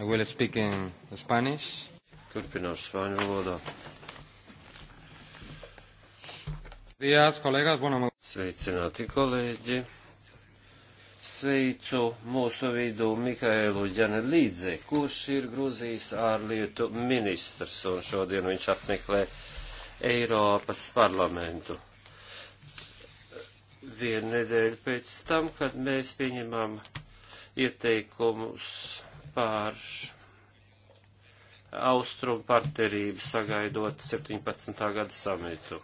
I will speak in Spanish. Turpināšu spāņu valodā. Dījās, kolēgās, bonam. Sveicināti, kolēģi. Sveicu mūsu vidū Mikaelu Ģanelīdze, kurš ir Gruzijas ārlietu ministrs, un šodien viņš apmeklē Eiropas parlamentu. Vienu nedēļu pēc tam, kad mēs pieņemam ieteikumus par austrumu partnerību sagaidot 17. gada samitu.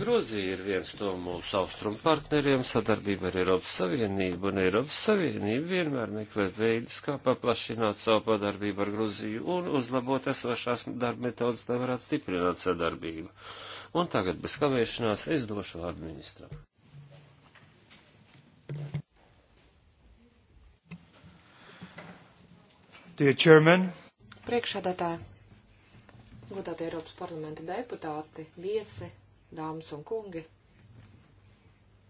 Grozija ir viens no mūsu austrumu partneriem sadarbība ar Eiropas Savienību, un Eiropas Savienība vienmēr meklē veidus, kā paplašināt savu padarbību ar Gruziju un uzlabot esošās darba metodas, lai varētu stiprināt sadarbību. Un tagad bez kavēšanās es došu vārdu ministram. Priekšādātāji, godātie Eiropas parlamenta deputāti, viesi, dāmas un kungi.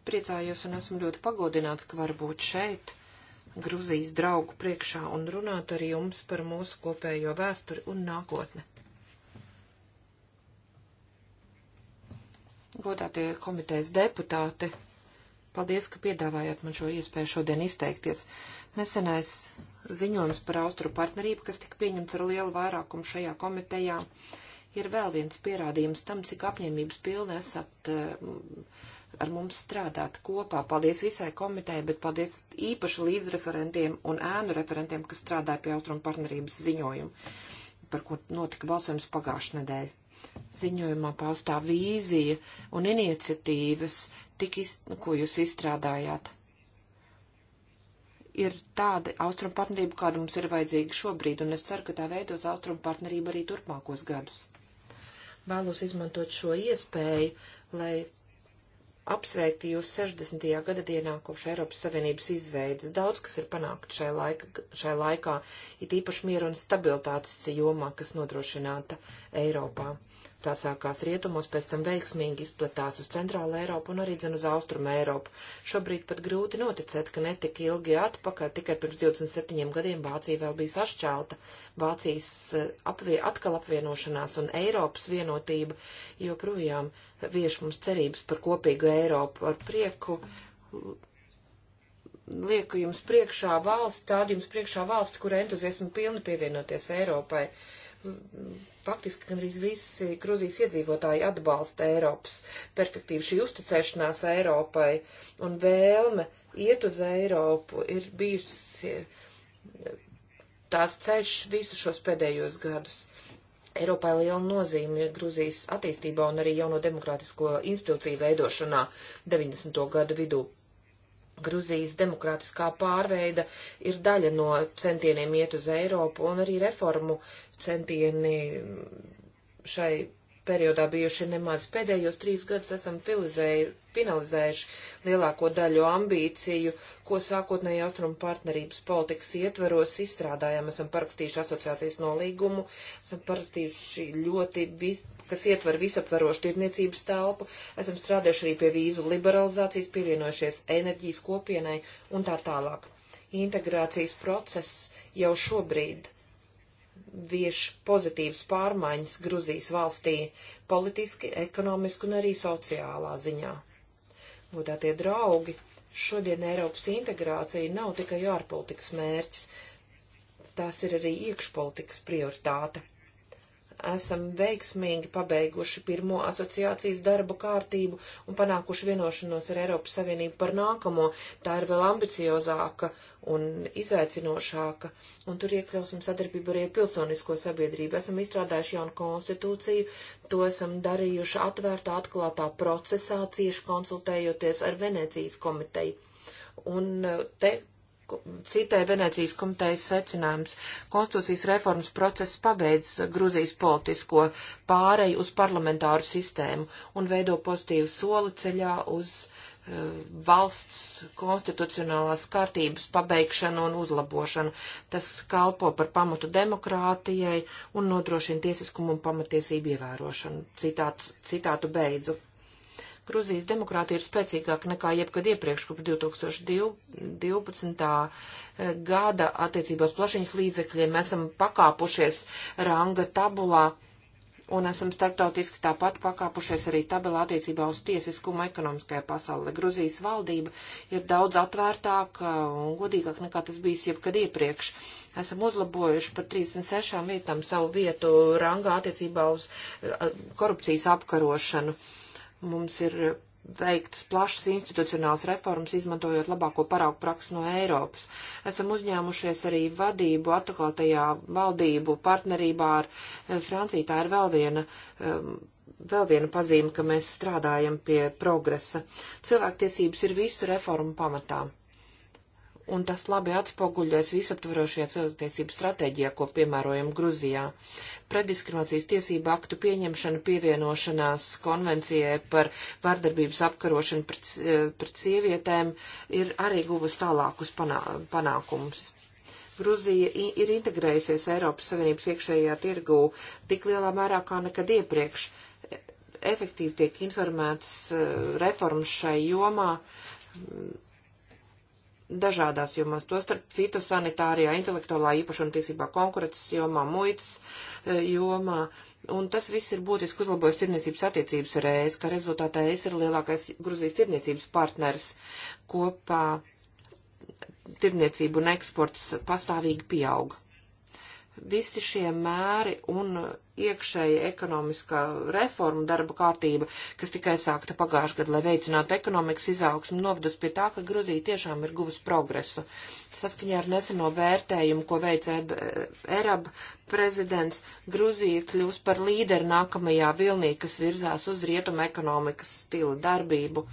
Priecājos un esmu ļoti pagodināts, ka var būt šeit, Gruzijas draugu priekšā, un runāt ar jums par mūsu kopējo vēsturi un nākotni. Godātie komitejas deputāti, paldies, ka piedāvājāt man šo iespēju šodien izteikties. Nesenais Ziņojums par austru partnerību, kas tika pieņemts ar lielu vairākumu šajā komitejā, ir vēl viens pierādījums tam, cik apņēmības pilni esat eh, ar mums strādāt kopā. Paldies visai komitejai, bet paldies īpaši līdzreferentiem un ēnu referentiem, kas strādāja pie austrumu partnerības ziņojumu, par ko notika balsojums pagājušajā nedēļā ziņojumā paustā vīzija un iniciatīvas, tik iz, ko jūs izstrādājāt ir tāda austrumu partnerība, kāda mums ir vajadzīga šobrīd, un es ceru, ka tā veidos austrumu partnerība arī turpmākos gadus. Vēlos izmantot šo iespēju, lai apsveiktu jūs 60. gada dienā, kopš Eiropas Savienības izveidas. Daudz, kas ir panākt šai, laika, šai laikā, ir īpaši mieru un stabilitātes jomā, kas nodrošināta Eiropā. Mm. Tā sākās rietumos, pēc tam veiksmīgi izplatās uz centrālu Eiropu un arī dzen uz austrumu Eiropu. Šobrīd pat grūti noticēt, ka netika ilgi atpakaļ, tikai pirms 27 gadiem Vācija vēl bija sašķelta. Vācijas eh, apvie, atkal apvienošanās un Eiropas vienotība joprojām vieš mums cerības par kopīgu Eiropu ar prieku lieku jums priekšā valsts, tādu jums priekšā valsts, kur entuziasmu pilni pievienoties Eiropai faktiski gandrīz visi Gruzijas iedzīvotāji atbalsta Eiropas perspektīvu. Šī uzticēšanās Eiropai un vēlme iet uz Eiropu ir bijusi tās ceļš visu šos pēdējos gadus. Eiropā liela nozīme Gruzijas attīstībā un arī jauno demokrātisko institūciju veidošanā 90. gadu vidū Gruzijas demokrātiskā pārveida ir daļa no centieniem iet uz Eiropu un arī reformu centieni šai periodā bijuši nemaz. Pēdējos trīs gadus esam finalizējuši lielāko daļu ambīciju, ko sākotnēji austrumu partnerības politikas ietveros izstrādājām. Esam parakstījuši asociācijas nolīgumu, esam parakstījuši ļoti, vis, kas ietver visaptvarošu tirniecības telpu, esam strādājuši arī pie vīzu liberalizācijas, pievienojušies enerģijas kopienai un tā tālāk. Integrācijas process jau šobrīd vieš pozitīvas pārmaiņas Gruzijas valstī politiski, ekonomiski un arī sociālā ziņā. Godātie draugi, šodien Eiropas integrācija nav tikai ārpolitikas mērķis, tās ir arī iekšpolitikas prioritāte esam veiksmīgi pabeiguši pirmo asociācijas darbu kārtību un panākuši vienošanos ar Eiropas Savienību par nākamo. Tā ir vēl ambiciozāka un izaicinošāka, un tur iekļausim sadarbību arī ar pilsonisko sabiedrību. Esam izstrādājuši jaunu konstitūciju, to esam darījuši atvērtā, atklātā procesā, cieši konsultējoties ar Venecijas komiteju. Un eh, te citē Venecijas komitejas secinājums. Konstitūcijas reformas process pabeidz Gruzijas politisko pāreju uz parlamentāru sistēmu un veido pozitīvu soli ceļā uz uh, valsts konstitucionālās kārtības pabeigšanu un uzlabošanu. Tas kalpo par pamatu demokrātijai un nodrošina tiesiskumu un pamatiesību ievērošanu. Citātu, citātu beidzu. Gruzijas demokrātija ir spēcīgāka nekā jebkad iepriekš, kopš 2012. Eh, gada attiecībās plašiņas līdzekļiem esam pakāpušies ranga tabulā un esam starptautiski tāpat pakāpušies arī tabelā attiecībā uz tiesiskumu ekonomiskajā pasaulē. Gruzijas valdība ir daudz atvērtāka un godīgāka nekā tas bijis jebkad iepriekš. Esam uzlabojuši par 36 vietām savu vietu rangā attiecībā uz eh, korupcijas apkarošanu. Uh, Mums ir veiktas plašas institucionāls reformas, izmantojot labāko paraugu praksi no Eiropas. Esam uzņēmušies arī vadību atklātajā valdību partnerībā ar eh, Franciju. Tā ir vēl viena. Um, Vēl viena pazīme, ka mēs strādājam pie progresa. Cilvēktiesības ir visu reformu pamatām un tas labi atspoguļojas visaptvarošajā cilvēktiesību stratēģijā, ko piemērojam Gruzijā. Prediskriminācijas tiesību aktu pieņemšana pievienošanās konvencijai par vardarbības apkarošanu pret, eh, pret sievietēm ir arī guvusi tālākus panā, panākumus. Gruzija ir integrējusies Eiropas Savienības iekšējā tirgū tik lielā mērā kā nekad iepriekš. E-, efektīvi tiek informētas eh, reformas šai jomā dažādās jomās, tostarp fitosanitārijā, intelektuālā īpašuma tiesībā, konkurences jomā, muitas e, jomā. Un tas viss ir būtiski uzlabojis tirniecības attiecības ar ES, ka rezultātā ES ir lielākais Gruzijas tirniecības partners kopā tirniecību un eksports pastāvīgi pieauga visi šie mēri un iekšēja ekonomiskā reforma darba kārtība, kas tikai sākta pagājušajā gadā, lai veicinātu ekonomikas izaugsmu, novedus pie tā, ka Gruzija tiešām ir guvusi progresu. Saskaņā ar neseno vērtējumu, ko veica ERAB prezidents, Gruzija kļūs par līderi nākamajā vilnī, kas virzās uz rietumu ekonomikas stila darbību.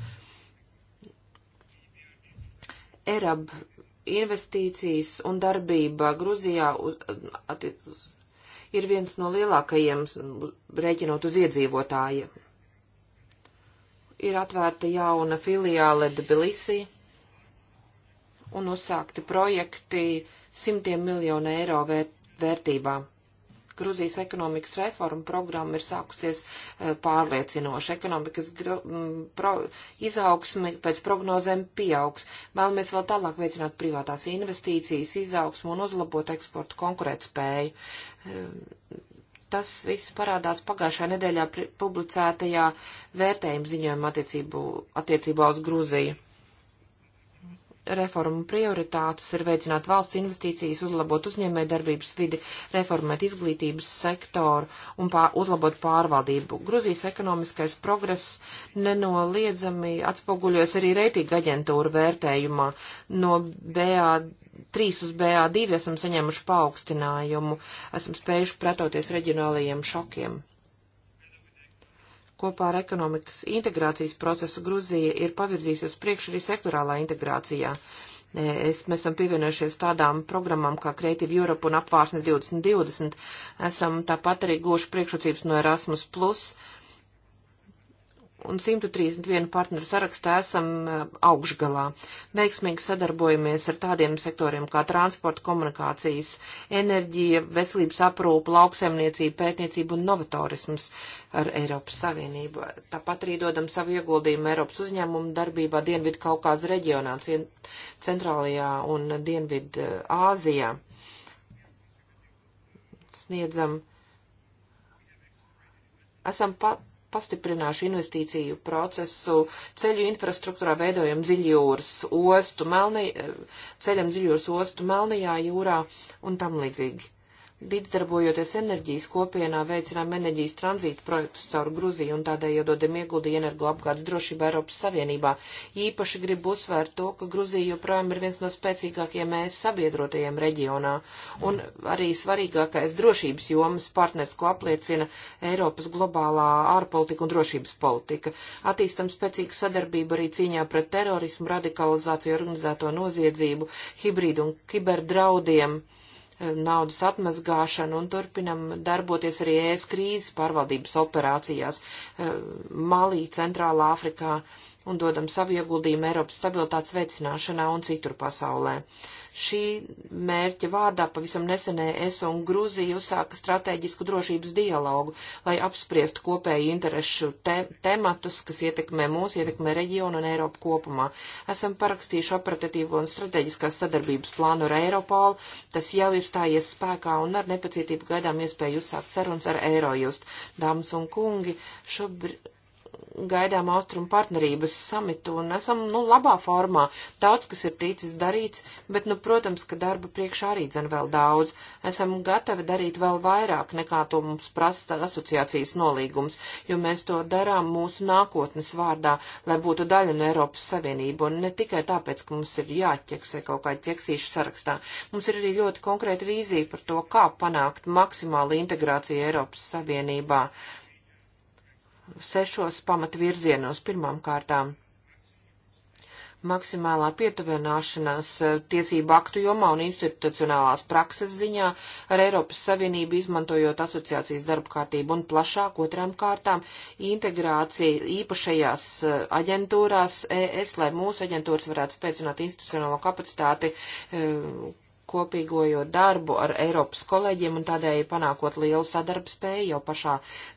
ERAB investīcijas un darbība Gruzijā uz, attiec, ir viens no lielākajiem, rēķinot uz iedzīvotājiem. Ir atvērta jauna filiāle Tbilisi un uzsākti projekti simtiem miljonu eiro vērt, vērtībā. Gruzijas ekonomikas reforma programma ir sākusies eh, pārliecinoši. Ekonomikas mm, pro, izaugsme pēc prognozēm pieaugs. Vēlamies vēl tālāk veicināt privātās investīcijas, izaugsmu un uzlabot eksportu konkurētspēju. Eh, tas viss parādās pagājušajā nedēļā publicētajā vērtējuma ziņojuma attiecībā uz Gruziju reformu prioritātes ir veicināt valsts investīcijas, uzlabot uzņēmē darbības vidi, reformēt izglītības sektoru un pār, uzlabot pārvaldību. Gruzijas ekonomiskais progress nenoliedzami atspoguļojas arī reitinga aģentūra vērtējumā. No BA3 uz BA2 esam saņēmuši paaugstinājumu, esam spējuši pretoties reģionālajiem šokiem. Kopā ar ekonomikas integrācijas procesu Gruzija ir pavirzījusies priekš arī sektorālā integrācijā. E, es, mēs esam pievienojušies tādām programmām kā Creative Europe un apvārsnes 2020. Esam tāpat arī guvuši priekšrocības no Erasmus un 131 partneru sarakstā esam e, augšgalā. Veiksmīgi sadarbojamies ar tādiem sektoriem kā transporta, komunikācijas, enerģija, veselības aprūpa, lauksaimniecība, pētniecība un novatorisms ar Eiropas Savienību. Tāpat arī dodam savu ieguldījumu Eiropas uzņēmumu darbībā Dienvidu Kaukāzu reģionā, centrālajā un Dienvidu e, Āzijā. Sniedzam. Esam pat pastiprināšu investīciju procesu ceļu infrastruktūrā, veidojam dziļjūras ostu, Melnī, ceļam dziļjūras ostu Melnajā jūrā un tam līdzīgi. Līdzdarbojoties enerģijas kopienā, veicinām enerģijas tranzītu projektus caur Gruziju un tādējādi dodam ieguldījumu energo apgādes drošībā Eiropas Savienībā. Īpaši gribu uzsvērt to, ka Gruzija joprojām ir viens no spēcīgākajiem ES sabiedrotajiem reģionā un arī svarīgākais drošības jomas partners, ko apliecina Eiropas globālā ārpolitika un drošības politika. Attīstam spēcīgu sadarbību arī cīņā pret terorismu, radikalizāciju, organizēto noziedzību, hibrīdu un kiberdraudiem naudas atmazgāšanu un turpinam darboties arī ēs krīzes pārvaldības operācijās eh, Malī, Centrālā Afrikā. Uh, un dodam savu ieguldījumu Eiropas stabilitātes veicināšanā un citur pasaulē. Šī mērķa vārdā pavisam nesenē es un Gruzija uzsāka strateģisku drošības dialogu, lai apspriestu kopēju interešu te tematus, kas ietekmē mūs, ietekmē reģionu un Eiropu kopumā. Esam parakstījuši operatīvo un strateģiskās sadarbības plānu ar Eiropolu, tas jau ir stājies spēkā un ar nepacietību gaidām iespēju uzsākt sarunas ar Eirojust. Dāmas un kungi, šobrīd gaidām austrumu partnerības samitu un esam, nu, labā formā. Daudz, kas ir ticis darīts, bet, nu, protams, ka darba priekšā arī dzen vēl daudz. Esam gatavi darīt vēl vairāk, nekā to mums prasa asociācijas nolīgums, jo mēs to darām mūsu nākotnes vārdā, lai būtu daļa no Eiropas Savienību un ne tikai tāpēc, ka mums ir jāķeksē kaut kā ķeksīšu sarakstā. Mums ir arī ļoti konkrēta vīzija par to, kā panākt maksimālu integrāciju Eiropas Savienībā. Savienībā sešos pamatvirzienos pirmām kārtām. Maksimālā pietuvināšanās e, tiesību aktu jomā un institucionālās prakses ziņā ar Eiropas Savienību izmantojot asociācijas darba kārtību un plašāk otrām kārtām integrācija īpašajās e, aģentūrās ES, lai mūsu aģentūras varētu spēcināt institucionālo kapacitāti, e, kopīgojot darbu ar Eiropas kolēģiem un tādēļ panākot lielu sadarbspēju jau pašā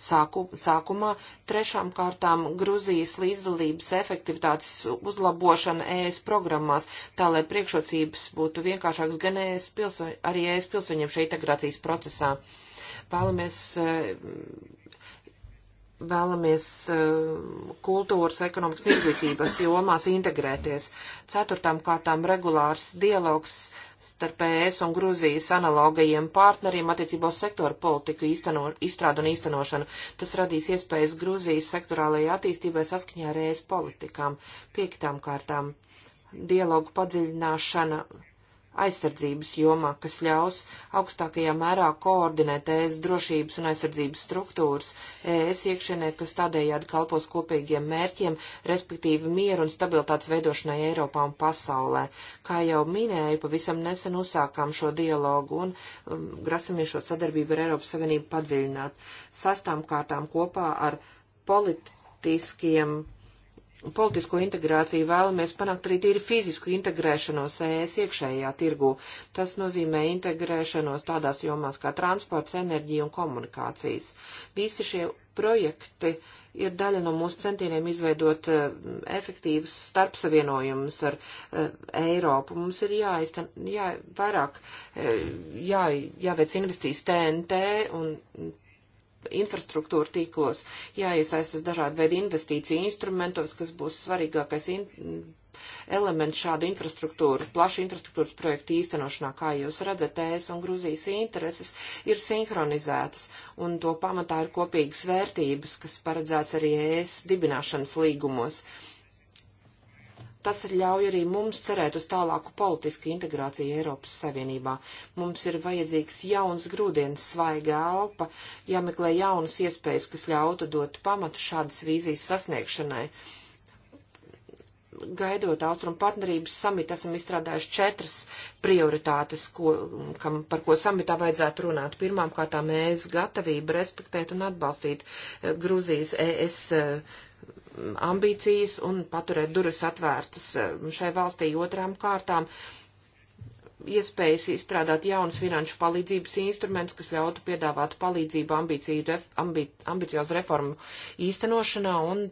sāku, sākumā. Trešām kārtām Gruzijas līdzdalības efektivitātes uzlabošana ES programmās, tā lai priekšrocības būtu vienkāršāks gan ES e pilsoņiem, arī ES pilsoņiem šajā integrācijas procesā. Vēlamies eh, vēlamies uh, kultūras, ekonomikas un izglītības jomās integrēties. Ceturtām kārtām regulārs dialogs starp ES un Grūzijas analogajiem partneriem attiecībā uz sektoru politiku īsteno, izstrādu un īstenošanu. Tas radīs iespējas Grūzijas sektorālajai attīstībai saskaņā ar ES politikām. Piektām kārtām dialogu padziļināšana aizsardzības jomā, kas ļaus augstākajā mērā koordinēt ES drošības un aizsardzības struktūras ES iekšienē, kas tādējādi kalpos kopīgiem mērķiem, respektīvi mieru un stabilitātes veidošanai Eiropā un pasaulē. Kā jau minēju, pavisam nesen uzsākām šo dialogu un um, grasamies šo sadarbību ar Eiropas Savienību padziļināt. Sastām kārtām kopā ar politiskiem politisko integrāciju vēlamies panākt arī tīri fizisku integrēšanos ES iekšējā tirgu. Tas nozīmē integrēšanos tādās jomās kā transports, enerģija un komunikācijas. Visi šie projekti ir daļa no mūsu centieniem izveidot uh, eh, efektīvas starpsavienojumus ar uh, Eiropu. Mums ir jāizten, jā, vairāk uh, jā, jāveic investīcijas TNT un infrastruktūra tīklos, jāiesaistas dažādi veidi investīciju instrumentos, kas būs svarīgākais in elements šādu infrastruktūru, plašu infrastruktūras projektu īstenošanā, kā jūs redzat, ES un Gruzijas intereses ir sinhronizētas, un to pamatā ir kopīgas vērtības, kas paredzēts arī ES dibināšanas līgumos. Uh, Tas ļauj arī mums cerēt uz tālāku politisku integrāciju Eiropas Savienībā. Mums ir vajadzīgs jauns grūdienis, svaiga elpa, jāmeklē jaunas iespējas, kas ļautu dot pamatu šādas vīzijas sasniegšanai. Gaidot Austrum partnerības samitu, esam izstrādājuši četras prioritātes, ko, kam, par ko samitā vajadzētu runāt. Pirmām kārtām ES gatavība respektēt un atbalstīt eh, Gruzijas ES eh, ambīcijas un paturēt durvis atvērtas um, šai valstī otrām kārtām iespējas izstrādāt jaunus finanšu palīdzības instrumentus, kas ļautu piedāvāt palīdzību ref, ambi, ambiciozu reformu īstenošanā, un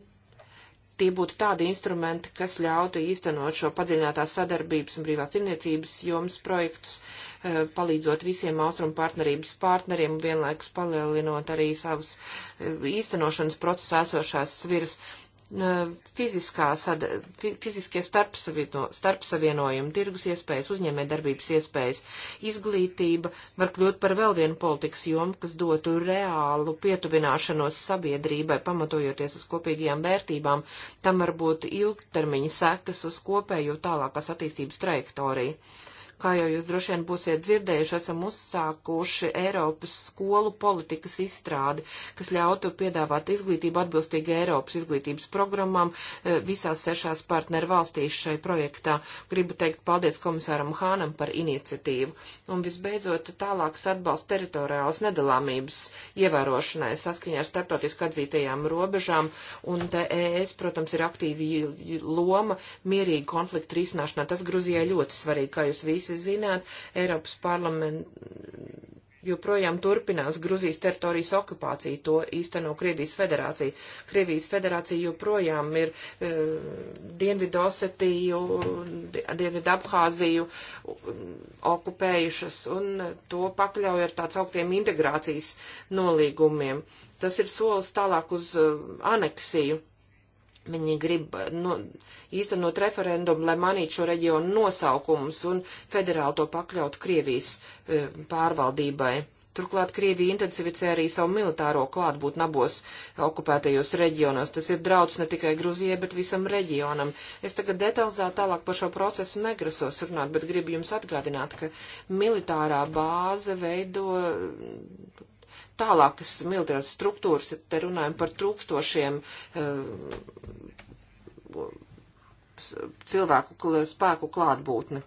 tie būtu tādi instrumenti, kas ļautu īstenot šo padziļinātās sadarbības un brīvās tirniecības jomas projektus, uh, E, palīdzot visiem austrumu partnerības partneriem un vienlaikus palielinot arī savus e, īstenošanas procesā esošās sviras e, fiziskā sada, fiziskie starpsavieno, starpsavienojumi, tirgus iespējas, uzņēmē darbības iespējas, izglītība var kļūt par vēl vienu politikas jomu, kas dotu reālu pietuvināšanos sabiedrībai, pamatojoties uz kopīgajām vērtībām, tam var būt ilgtermiņa sekas uz kopējo tālākās attīstības trajektoriju kā jau jūs droši vien būsiet dzirdējuši, esam uzsākuši Eiropas skolu politikas izstrādi, kas ļautu piedāvāt izglītību atbilstīgi Eiropas izglītības programmām e, visās sešās partneru valstīs šai projektā. Gribu teikt paldies komisāram Hānam par iniciatīvu. Un visbeidzot, tālāks atbalsts teritoriālas nedalāmības ievērošanai saskaņā ar starptautiski atzītajām robežām, un te ES, protams, ir aktīvi loma mierīga konflikta risināšanā. Tas Gruzijai ļoti svarīgi, kā jūs visi visi zināt, Eiropas parlaments joprojām turpinās Gruzijas teritorijas okupāciju, to īsteno Krievijas federācija. Krievijas federācija joprojām ir e, Dienvidu Osetiju, Dienvidu Abhāziju okupējušas un to pakļauj ar tāds augtiem integrācijas nolīgumiem. Tas ir solis tālāk uz e, aneksiju Viņi grib no, nu, īstenot referendumu, lai manītu šo reģionu nosaukumus un federāli to pakļaut Krievijas e, pārvaldībai. Turklāt Krievija intensificē arī savu militāro klātbūt nabos okupētajos reģionos. Tas ir drauds ne tikai Gruzijai, bet visam reģionam. Es tagad detalizēti tālāk par šo procesu negrasos runāt, bet gribu jums atgādināt, ka militārā bāze veido tālākas militārās struktūras, te runājam par trūkstošiem eh, cilvēku spēku klātbūtni.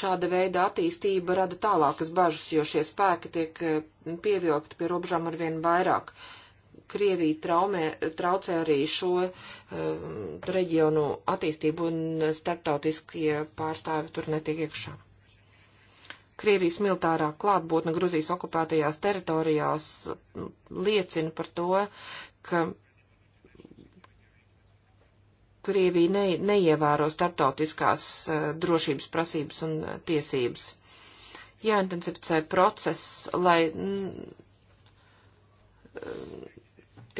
Šāda veida attīstība rada tālākas bažas, jo šie spēki tiek eh, pievilkti pie robežām arvien vairāk. Krievija traumē, traucē arī šo um, reģionu attīstību un starptautiskie pārstāvi tur netiek iekšā. Krievijas militārā klātbūtne Gruzijas okupētajās teritorijās liecina par to, ka Krievija ne, neievēro starptautiskās uh, drošības prasības un uh, tiesības. Jāintensificē process, lai m, e,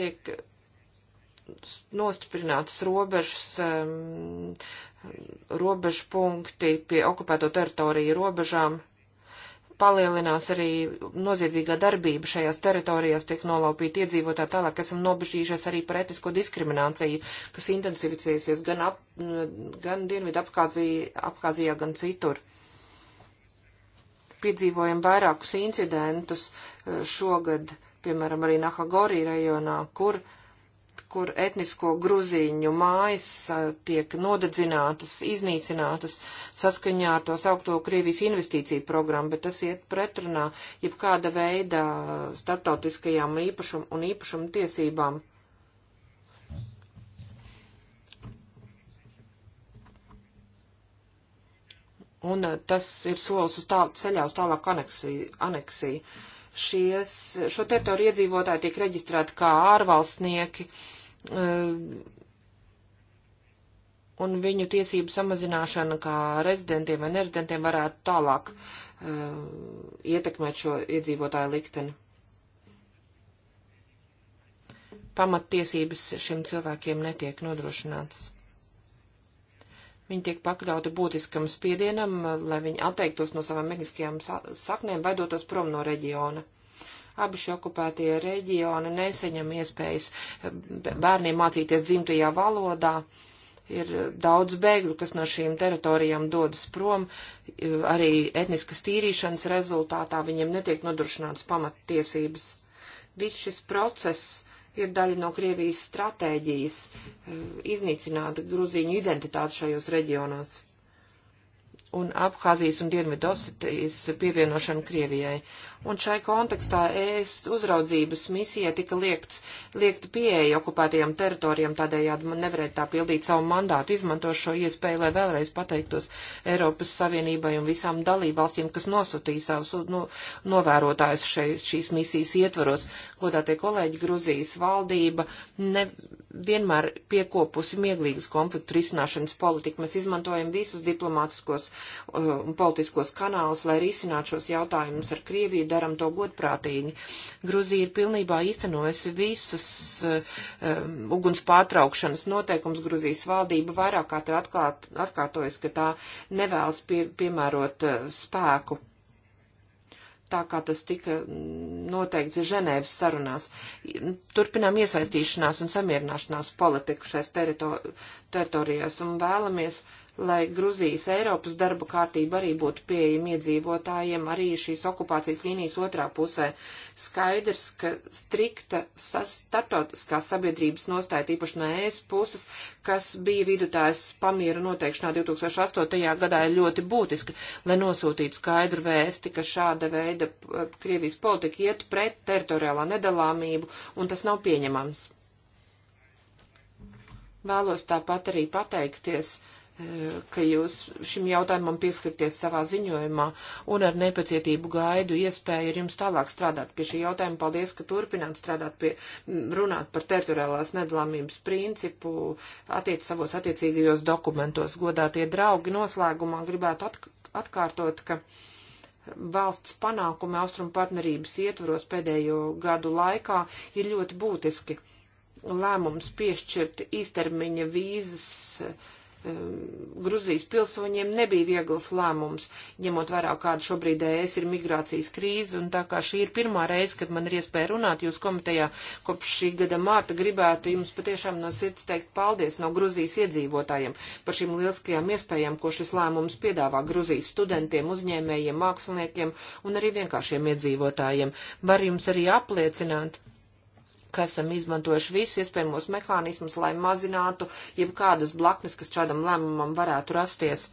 tiek nostiprinātas robežas, um, robežu punkti pie okupēto teritoriju robežām palielinās arī noziedzīgā darbība šajās teritorijās, tiek nolaupīti iedzīvotāji tālāk, esam nobežījušies arī par etisko diskrimināciju, kas intensificēsies gan, ap, gan Dienvidu Apkāzijā, Apkāzijā, gan citur. Piedzīvojam vairākus incidentus eh, šogad, piemēram, arī Nahagorī rajonā, kur uh, kur etnisko gruzīņu mājas tiek nodedzinātas, iznīcinātas saskaņā ar to saukto Krievijas investīciju programmu, bet tas iet pretrunā jebkāda veida starptautiskajām īpašum un īpašumu tiesībām. Un tas ir solis uz tālu ceļā uz tālāku aneksiju. aneksiju. Šies, šo teritoriju iedzīvotāji tiek reģistrēti kā ārvalstnieki. Uh, un viņu tiesību samazināšana kā rezidentiem vai nerezidentiem varētu tālāk e, ietekmēt šo iedzīvotāju likteni. Pamattiesības šiem cilvēkiem netiek nodrošinātas. Viņi tiek pakļauti būtiskam spiedienam, lai viņi atteiktos no savām etniskajām saknēm vai dotos prom no reģiona. Abi šie okupētie reģioni neseņem iespējas eh, bērniem mācīties dzimtajā valodā. Ir eh, daudz bēgļu, kas no šīm teritorijām dodas prom, eh, arī etniskas tīrīšanas rezultātā viņiem netiek nodrošinātas pamattiesības. Viss šis process ir daļa no Krievijas stratēģijas iznīcināt gruzīņu identitāti šajos reģionos. Un Abhāzijas un Dienvidosetijas pievienošana Krievijai un šai kontekstā ES uzraudzības misija tika liekts, liekta pieeja okupētajām teritorijām, tādējādi man nevarēja tā pildīt savu mandātu, izmanto šo iespēju, lai vēlreiz pateiktos Eiropas Savienībai un visām dalībvalstīm, kas nosūtīja savus nu, novērotājus šai, šīs misijas ietvaros. Godātie kolēģi, Gruzijas valdība ne, vienmēr piekopusi mieglīgas konfliktu risināšanas politiku. Mēs izmantojam visus diplomātiskos uh, un uh, politiskos kanālus, lai risinātu šos jautājumus ar Krieviju daram to godprātīgi. Gruzija ir pilnībā īstenojusi visus eh, um, uguns pārtraukšanas noteikums. Gruzijas valdība vairāk kā te atklāt, atkārtojas, ka tā nevēlas pie, piemērot uh, spēku tā kā tas tika mm, noteikts Ženēvas sarunās. Turpinām iesaistīšanās un samierināšanās politiku šais terito teritorijās un vēlamies uh, lai Gruzijas Eiropas darba kārtība arī būtu pieejama iedzīvotājiem arī šīs okupācijas līnijas otrā pusē. Skaidrs, ka strikta startautiskā sabiedrības nostāja tīpaši no ES puses, kas bija vidutājs pamieru noteikšanā 2008. gadā, ir ļoti būtiska, lai nosūtītu skaidru vēsti, ka šāda veida eh, Krievijas politika iet pret teritoriālā nedalāmību, un tas nav pieņemams. Vēlos tāpat arī pateikties uh, ka jūs šim jautājumam pieskarties savā ziņojumā un ar nepacietību gaidu iespēju ar jums tālāk strādāt pie šī jautājuma. Paldies, ka turpināt strādāt pie runāt par teritoriālās nedalāmības principu attiec savos attiecīgajos dokumentos. Godātie draugi noslēgumā gribētu atk atkārtot, ka valsts panākumi austrumu partnerības ietvaros pēdējo gadu laikā ir ļoti būtiski. Lēmums piešķirt īstermiņa vīzas Um, Gruzijas pilsoņiem nebija viegls lēmums, ņemot vērā, kāda šobrīd ES ir migrācijas krīze, un tā kā šī ir pirmā reize, kad man ir iespēja runāt jūs komitejā kopš šī gada mārta, gribētu jums patiešām no sirds teikt paldies no Gruzijas iedzīvotājiem par šīm lieliskajām iespējām, ko šis lēmums piedāvā Gruzijas studentiem, uzņēmējiem, māksliniekiem un arī vienkāršiem iedzīvotājiem. Var jums arī apliecināt, ka esam izmantojuši visus iespējamos mehānismus, lai mazinātu jebkādas blaknes, kas šādam lēmumam varētu rasties.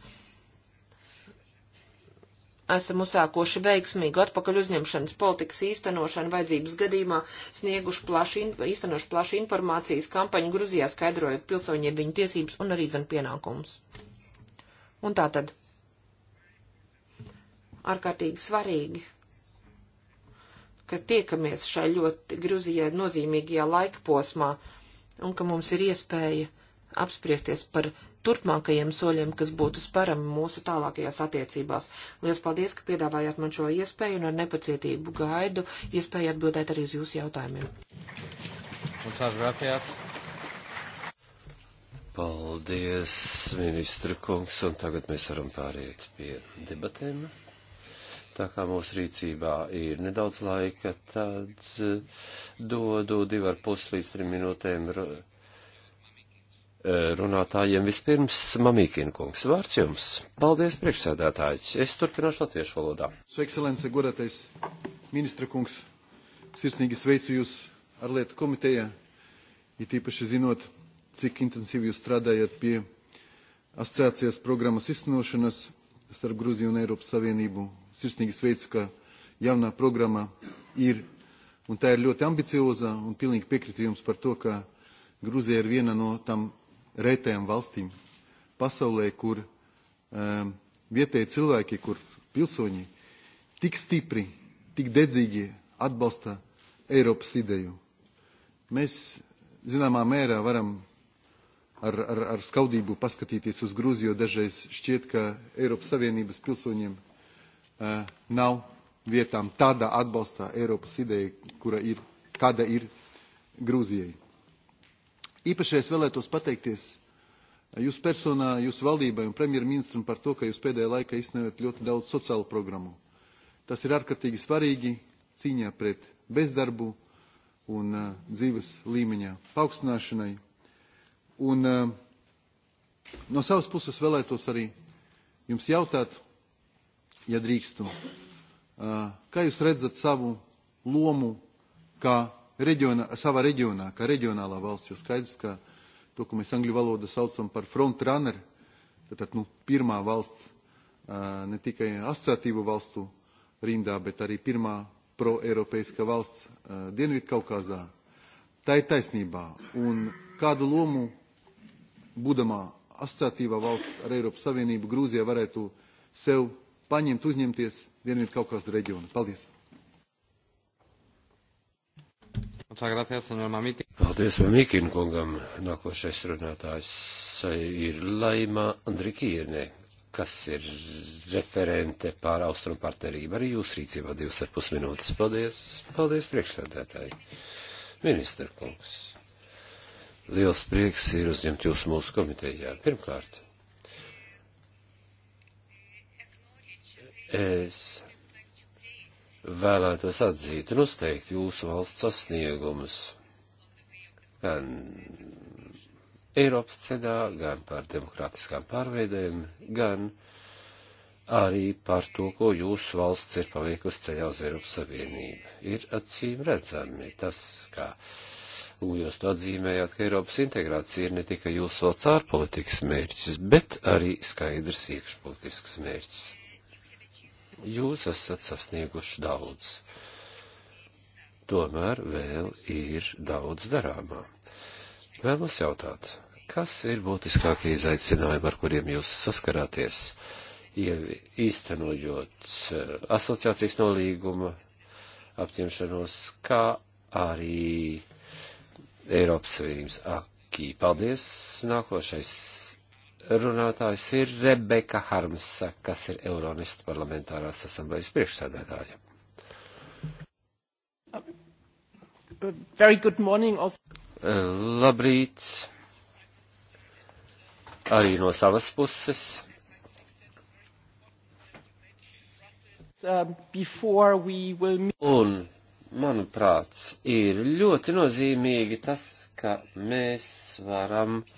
Esam uzsākoši veiksmīgu atpakaļ uzņemšanas politikas īstenošanu vajadzības gadījumā, snieguši plaši, īstenoši plaši informācijas kampaņu Gruzijā, skaidrojot pilsoņiem viņu tiesības un arī zem pienākumus. Un tā tad. Ārkārtīgi svarīgi ka tiekamies šai ļoti Gruzijai nozīmīgajā laika posmā un ka mums ir iespēja apspriesties par turpmākajiem soļiem, kas būtu sparami mūsu tālākajās attiecībās. Lielas paldies, ka piedāvājāt man šo iespēju un ar nepacietību gaidu iespēju atbildēt arī uz jūsu jautājumiem. Paldies, ministra kungs, un tagad mēs varam pāriet pie debatēm. Tā kā mūsu rīcībā ir nedaudz laika, tad eh, dodu divu ar pus līdz trim minūtēm eh, runātājiem. Vispirms Mamīkina kungs, vārds jums. Paldies, priekšsēdētāji. Es turpināšu latviešu valodā. Su ekscelence, godātais ministra kungs, sirsnīgi sveicu jūs ar lietu komiteja, it īpaši zinot, cik intensīvi jūs strādājat pie asociācijas programmas izcinošanas starp Gruziju un Eiropas Savienību sirsnīgi sveicu, ka jaunā programma ir, un tā ir ļoti ambicioza, un pilnīgi piekrītu jums par to, ka Gruzija ir viena no tam retajām valstīm pasaulē, kur um, vietēji cilvēki, kur pilsoņi tik stipri, tik dedzīgi atbalsta Eiropas ideju. Mēs zināmā mērā varam ar, ar, ar skaudību paskatīties uz Grūziju, jo dažreiz šķiet, ka Eiropas Savienības pilsoņiem Eh, nav vietām tādā atbalstā Eiropas ideja, kura ir, kāda ir Grūzijai. Īpaši es vēlētos pateikties eh, jūsu personā, jūsu valdībai un premjerministram par to, ka jūs pēdējā laikā izsniedzat ļoti daudz sociālu programmu. Tas ir ārkārtīgi svarīgi cīņā pret bezdarbu un uh, dzīves līmeņa paaugstināšanai. Un uh, no savas puses vēlētos arī jums jautāt ja drīkstu. Kā jūs redzat savu lomu kā reģionā, savā reģionā, kā reģionālā valsts, jo skaidrs, ka to, ko mēs angļu valodā saucam par frontrunner, tātad nu, pirmā valsts ne tikai asociatīvu valstu rindā, bet arī pirmā proeiropeiska valsts Dienvidkaukazā. Tā ir taisnībā. Un kādu lomu, būdamā asociatīvā valsts ar Eiropas Savienību, Grūzija varētu sev paņemt, uzņemties Dienvidu Kaukazu reģionu. Paldies! Paldies, Mamikina kungam. Nākošais runātājs ir Laima Andrikienē, kas ir referente pār austrumu partnerību. Arī jūs rīcībā divas ar pus minūtes. Paldies, paldies priekšsēdētāji. Ministra kungs. Liels prieks ir uzņemt jūs mūsu komitejā. Pirmkārt, Es vēlētos atzīt un uzteikt jūsu valsts sasniegumus gan Eiropas cedā, gan par demokrātiskām pārveidēm, gan arī par to, ko jūsu valsts ir paveikusi ceļā uz Eiropas Savienību. Ir acīm redzami tas, kā jūs to atzīmējāt, ka Eiropas integrācija ir ne tikai jūsu valsts ārpolitikas mērķis, bet arī skaidrs iekšpolitisks mērķis. Jūs esat sasnieguši daudz. Tomēr vēl ir daudz darāmā. Vēlos jautāt, kas ir būtiskākie izaicinājumi, ar kuriem jūs saskarāties, ja īstenojot eh, asociācijas nolīguma apņemšanos, kā arī Eiropas Savienības akī. Paldies! Nākošais runātājs ir Rebeka Harmsa, kas ir Euronistu parlamentārās asamblejas priekšsēdētāja. Very good morning. Also. Eh, labrīt. Arī no savas puses. Um, Un, manuprāt, ir ļoti nozīmīgi tas, ka mēs varam uh,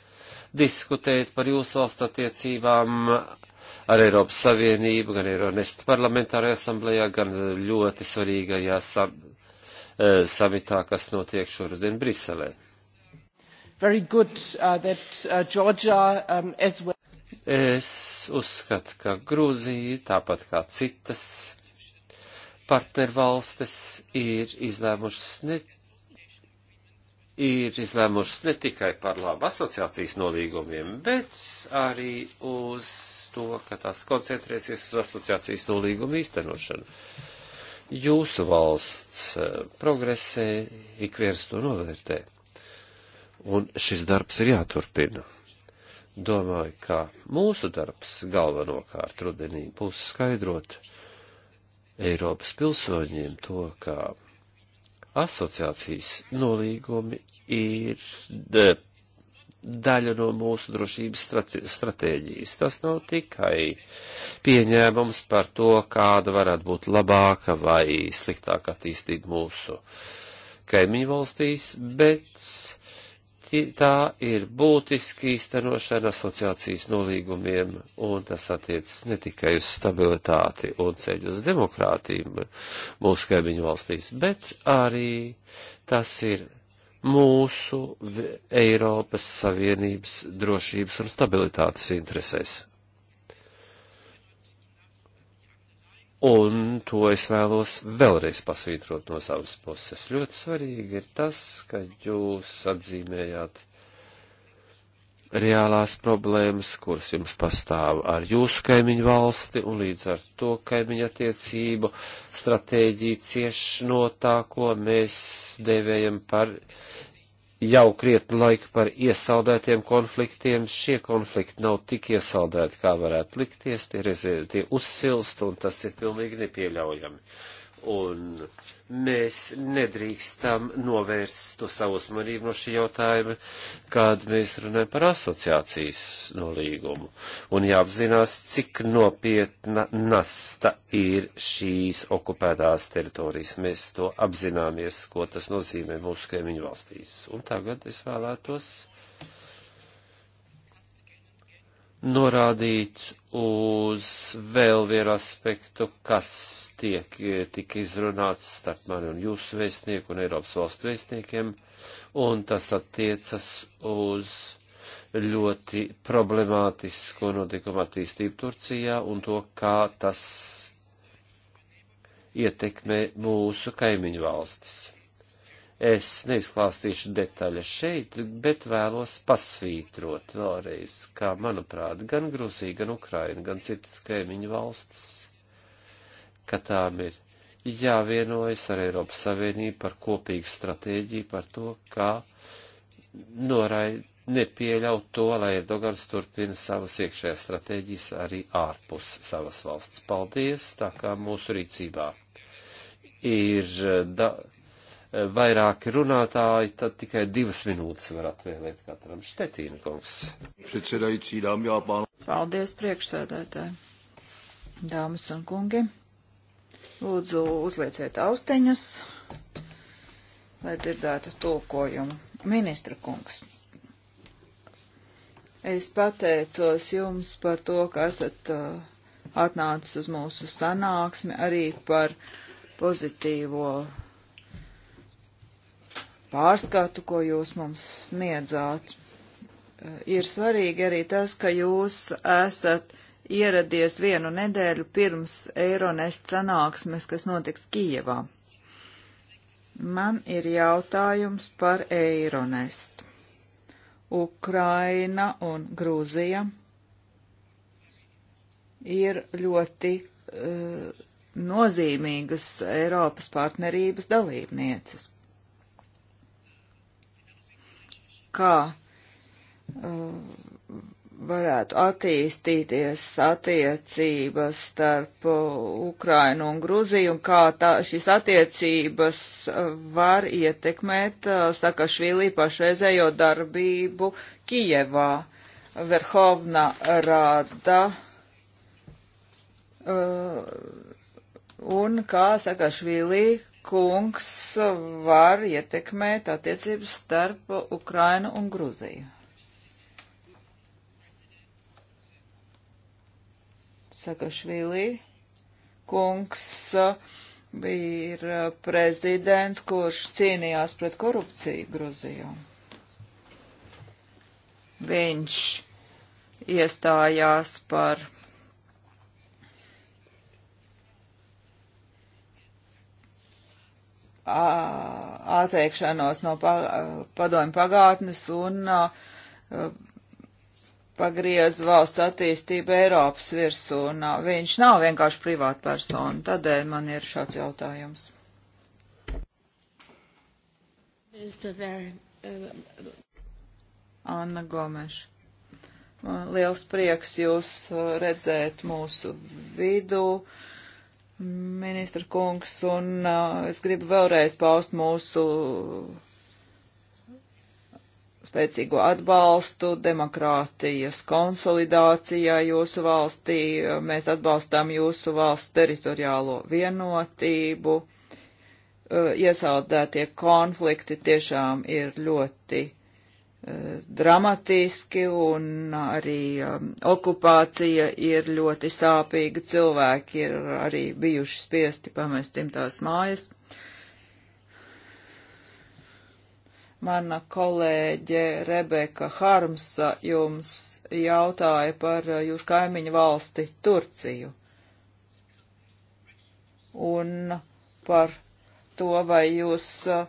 diskutēt par jūsu valsts attiecībām ar Eiropas Savienību, gan Eironest parlamentārajā asamblējā, gan ļoti svarīgajā sam eh, samitā, kas notiek šoruden Briselē. Very good uh, that uh, Georgia um, as well. Es uzskatu, ka Grūzija, tāpat kā citas partnervalstis, ir izlēmušas ne ir izlēmušas ne tikai par labu asociācijas nolīgumiem, bet arī uz to, ka tās koncentrēsies uz asociācijas nolīgumu īstenošanu. Jūsu valsts eh, progresē, ik viens to novērtē. Un šis darbs ir jāturpina. Domāju, ka mūsu darbs galvenokārt rudenī būs skaidrot Eiropas pilsoņiem to, ka asociācijas nolīgumi ir e, daļa no mūsu drošības stratēģijas. Tas nav tikai pieņēmums par to, kāda varētu būt labāka vai sliktāka attīstība mūsu kaimiņu valstīs, bet tā ir būtiski īstenošana asociācijas nolīgumiem, un tas attiecas ne tikai uz stabilitāti un ceļu uz demokrātīm mūsu kaimiņu valstīs, bet arī tas ir mūsu Eiropas Savienības drošības un stabilitātes interesēs. Un to es vēlos vēlreiz pasvītrot no savas puses. Ļoti svarīgi ir tas, ka jūs atzīmējāt reālās problēmas, kuras jums pastāv ar jūsu kaimiņu valsti, un līdz ar to kaimiņu attiecību stratēģija cieš no tā, ko mēs devējam par jau krietnu laiku par iesaldētiem konfliktiem. Šie konflikti nav tik iesaldēti, kā varētu likties, tie, tie uzsilst, un tas ir pilnīgi nepieļaujami. Un, uh, mēs nedrīkstam novērst to savu uzmanību no šī jautājuma, kad mēs runājam par asociācijas nolīgumu. Un jāapzinās, cik nopietna nasta ir šīs okupētās teritorijas. Mēs to apzināmies, ko tas nozīmē mūsu kaimiņu valstīs. Un tagad es vēlētos norādīt uz vēl vienu aspektu, kas tiek tik izrunāts starp mani un jūsu vēstnieku un Eiropas valstu vēstniekiem, un tas attiecas uz ļoti problemātisko notikumu attīstību Turcijā un to, kā tas ietekmē mūsu kaimiņu valstis. Es neizklāstīšu detaļas šeit, bet vēlos pasvītrot vēlreiz, kā manuprāt, gan Grūzija, gan Ukraina, gan citas kaimiņu valstis, ka tām ir jāvienojas ar Eiropas Savienību par kopīgu stratēģiju, par to, kā noraid, nepieļaut to, lai Erdogans turpina savas iekšējās stratēģijas arī ārpus savas valsts. Paldies, tā kā mūsu rīcībā ir eh, da vairāki runātāji, tad tikai divas minūtes var atvēlēt katram. Štetīna kungs. Paldies priekšsēdētāji. Dāmas un kungi, lūdzu uzlieciet austiņas, lai dzirdētu tulkojumu. Ministra kungs, es pateicos jums par to, ka esat uh, atnācis uz mūsu sanāksmi, arī par pozitīvo pārskatu, ko jūs mums sniedzāt. Eh, ir svarīgi arī tas, ka jūs esat ieradies vienu nedēļu pirms Eironest sanāksmes, kas notiks Kijevā. Man ir jautājums par Eironestu. Ukraina un Grūzija ir ļoti uh, nozīmīgas Eiropas partnerības dalībnieces. kā uh, varētu attīstīties attiecības starp uh, Ukrainu un Gruziju un kā tā, šīs attiecības uh, var ietekmēt uh, Sakašvili pašreizējo darbību Kijevā. Verhovna Rada un kā Sakašvili kungs var ietekmēt attiecības starp Ukrainu un Gruziju? Sakašvili kungs bija prezidents, kurš cīnījās pret korupciju Gruzijā. Viņš iestājās par atteikšanos no padomju pagātnes un pagriez valsts attīstību Eiropas virsū. Viņš nav vienkārši privāta persona, tādēļ man ir šāds jautājums. Uh, Anna Gomeša. Man liels prieks jūs uh, redzēt mūsu vidū. Uh, ministra kungs, un uh, es gribu vēlreiz paust mūsu spēcīgo atbalstu demokrātijas konsolidācijā jūsu valstī. Mēs atbalstām jūsu valsts teritoriālo vienotību. Uh, iesaldētie konflikti tiešām ir ļoti dramatiski un arī um, okupācija ir ļoti sāpīga. Cilvēki ir arī bijuši spiesti pamest cimtās mājas. Mana kolēģe Rebeka Harmsa jums jautāja par uh, jūsu kaimiņu valsti Turciju un par to, vai jūs uh,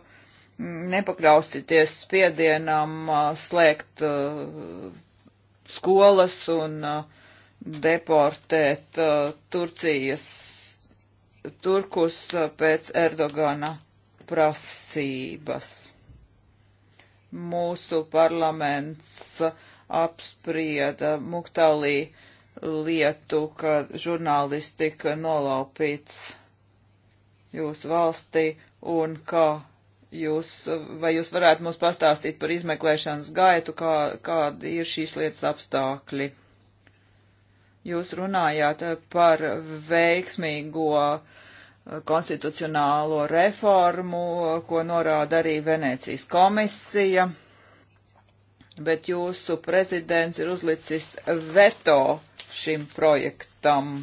nepakļausieties spiedienam slēgt skolas un deportēt Turcijas turkus pēc Erdogana prasības. Mūsu parlaments apsprieda Muktālī lietu, ka žurnālisti tika nolaupīts jūsu valstī un ka jūs, vai jūs varētu mums pastāstīt par izmeklēšanas gaitu, kā, kādi ir šīs lietas apstākļi? Jūs runājāt par veiksmīgo eh, konstitucionālo reformu, ko norāda arī Venēcijas komisija, bet jūsu prezidents ir uzlicis veto šim projektam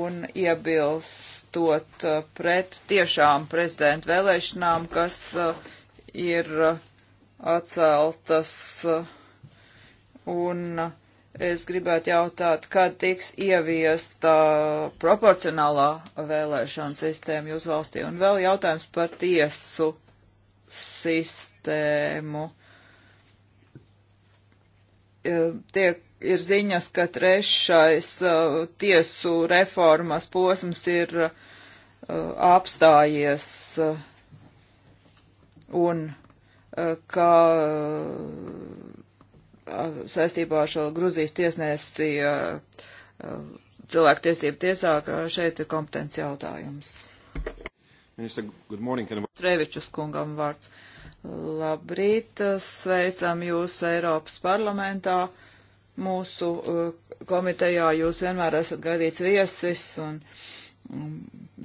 un iebilst izmantot uh, pret tiešām prezidenta vēlēšanām, kas uh, ir uh, atceltas. Un es gribētu jautāt, kad tiks ieviesta proporcionālā vēlēšana sistēma jūsu valstī. Un vēl jautājums par tiesu sistēmu. Tiek ir ziņas, ka trešais uh, tiesu reformas posms ir uh, apstājies uh, un uh, ka uh, saistībā ar šo Gruzijas tiesnēsi uh, cilvēktiesību tiesā, ka šeit ir kompetenci jautājums. Minister, good morning. Can... Trevičus kungam vārds. Labrīt, sveicam jūs Eiropas parlamentā. Uh, mūsu uh, komitejā jūs vienmēr esat gaidīts viesis un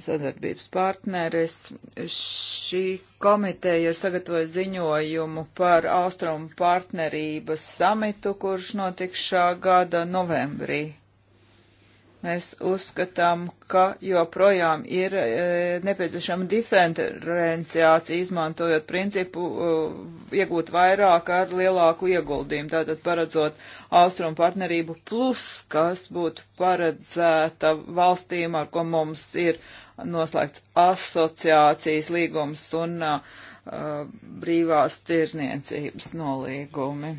sadarbības partneris. Šī komiteja ir sagatavojusi ziņojumu par Austrumu partnerības samitu, kurš notiks šā gada novembrī. Mēs uzskatām, ka joprojām ir e, nepieciešama diferenciācija, izmantojot principu e, iegūt vairāk ar lielāku ieguldījumu, tātad paredzot austrumu partnerību plus, kas būtu paredzēta valstīm, ar ko mums ir noslēgts asociācijas līgums un e, brīvās tirzniecības nolīgumi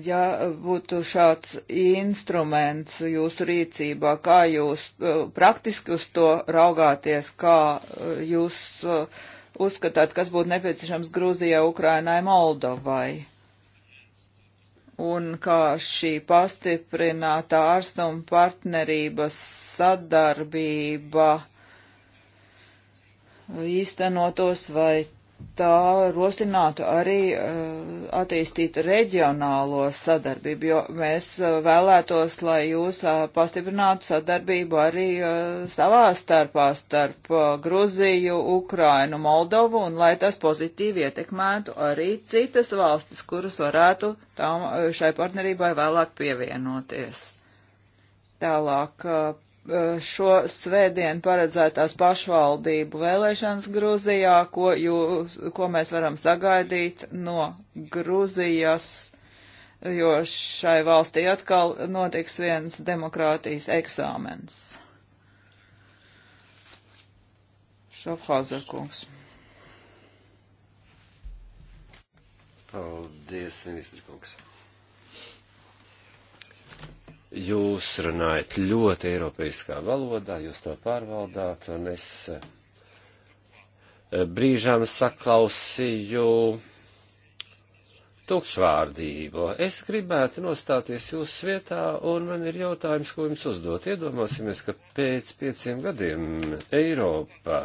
ja būtu šāds instruments jūsu rīcībā, kā jūs eh, praktiski uz to raugāties, kā eh, jūs eh, uzskatāt, kas būtu nepieciešams Grūzijai, Ukrainai, Moldovai? Un kā šī pastiprinātā ārstuma partnerības sadarbība īstenotos vai tā rosinātu arī uh, attīstīt reģionālo sadarbību, jo mēs uh, vēlētos, lai jūs uh, pastiprinātu sadarbību arī uh, savā starpā starp uh, Gruziju, Ukrainu, Moldovu un lai tas pozitīvi ietekmētu arī citas valstis, kuras varētu tam, uh, šai partnerībai vēlāk pievienoties. Tālāk Uh, šo svētdienu paredzētās pašvaldību vēlēšanas Grūzijā, ko, jū, ko mēs varam sagaidīt no Grūzijas, jo šai valstī atkal notiks viens demokrātijas eksāmens. Šofhauser kungs. Paldies, ministri kungs. Jūs runājat ļoti eiropeiskā valodā, jūs to pārvaldāt, un es eh, brīžām saklausīju tukšvārdību. Es gribētu nostāties jūsu vietā, un man ir jautājums, ko jums uzdot. Iedomāsimies, ka pēc pieciem gadiem Eiropā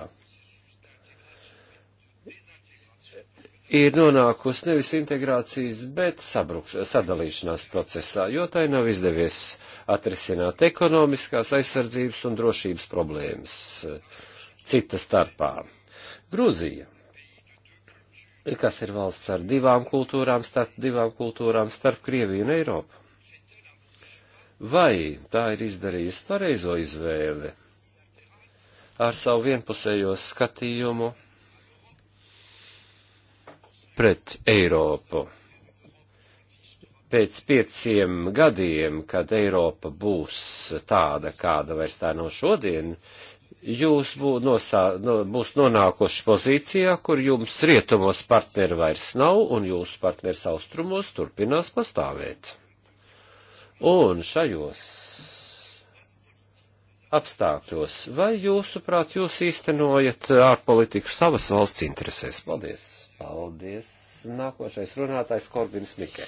ir nonākusi nevis integrācijas, bet sabrukš, sadalīšanās procesā, jo tai nav izdevies atrisināt ekonomiskās aizsardzības un drošības problēmas eh, cita starpā. Grūzija, kas ir valsts ar divām kultūrām, starp divām kultūrām, starp Krieviju un Eiropu. Vai tā ir izdarījusi pareizo izvēli ar savu vienpusējo skatījumu pret Eiropu. Pēc pieciem gadiem, kad Eiropa būs tāda, kāda vairs tā no šodien, jūs būs, nosā, no, būs nonākuši pozīcijā, kur jums rietumos partneri vairs nav, un jūsu partneri austrumos turpinās pastāvēt. Un šajos apstākļos, vai jūsuprāt jūs īstenojat ārpolitiku savas valsts interesēs? Paldies! Paldies. Nākošais runātājs Korbins Mikē.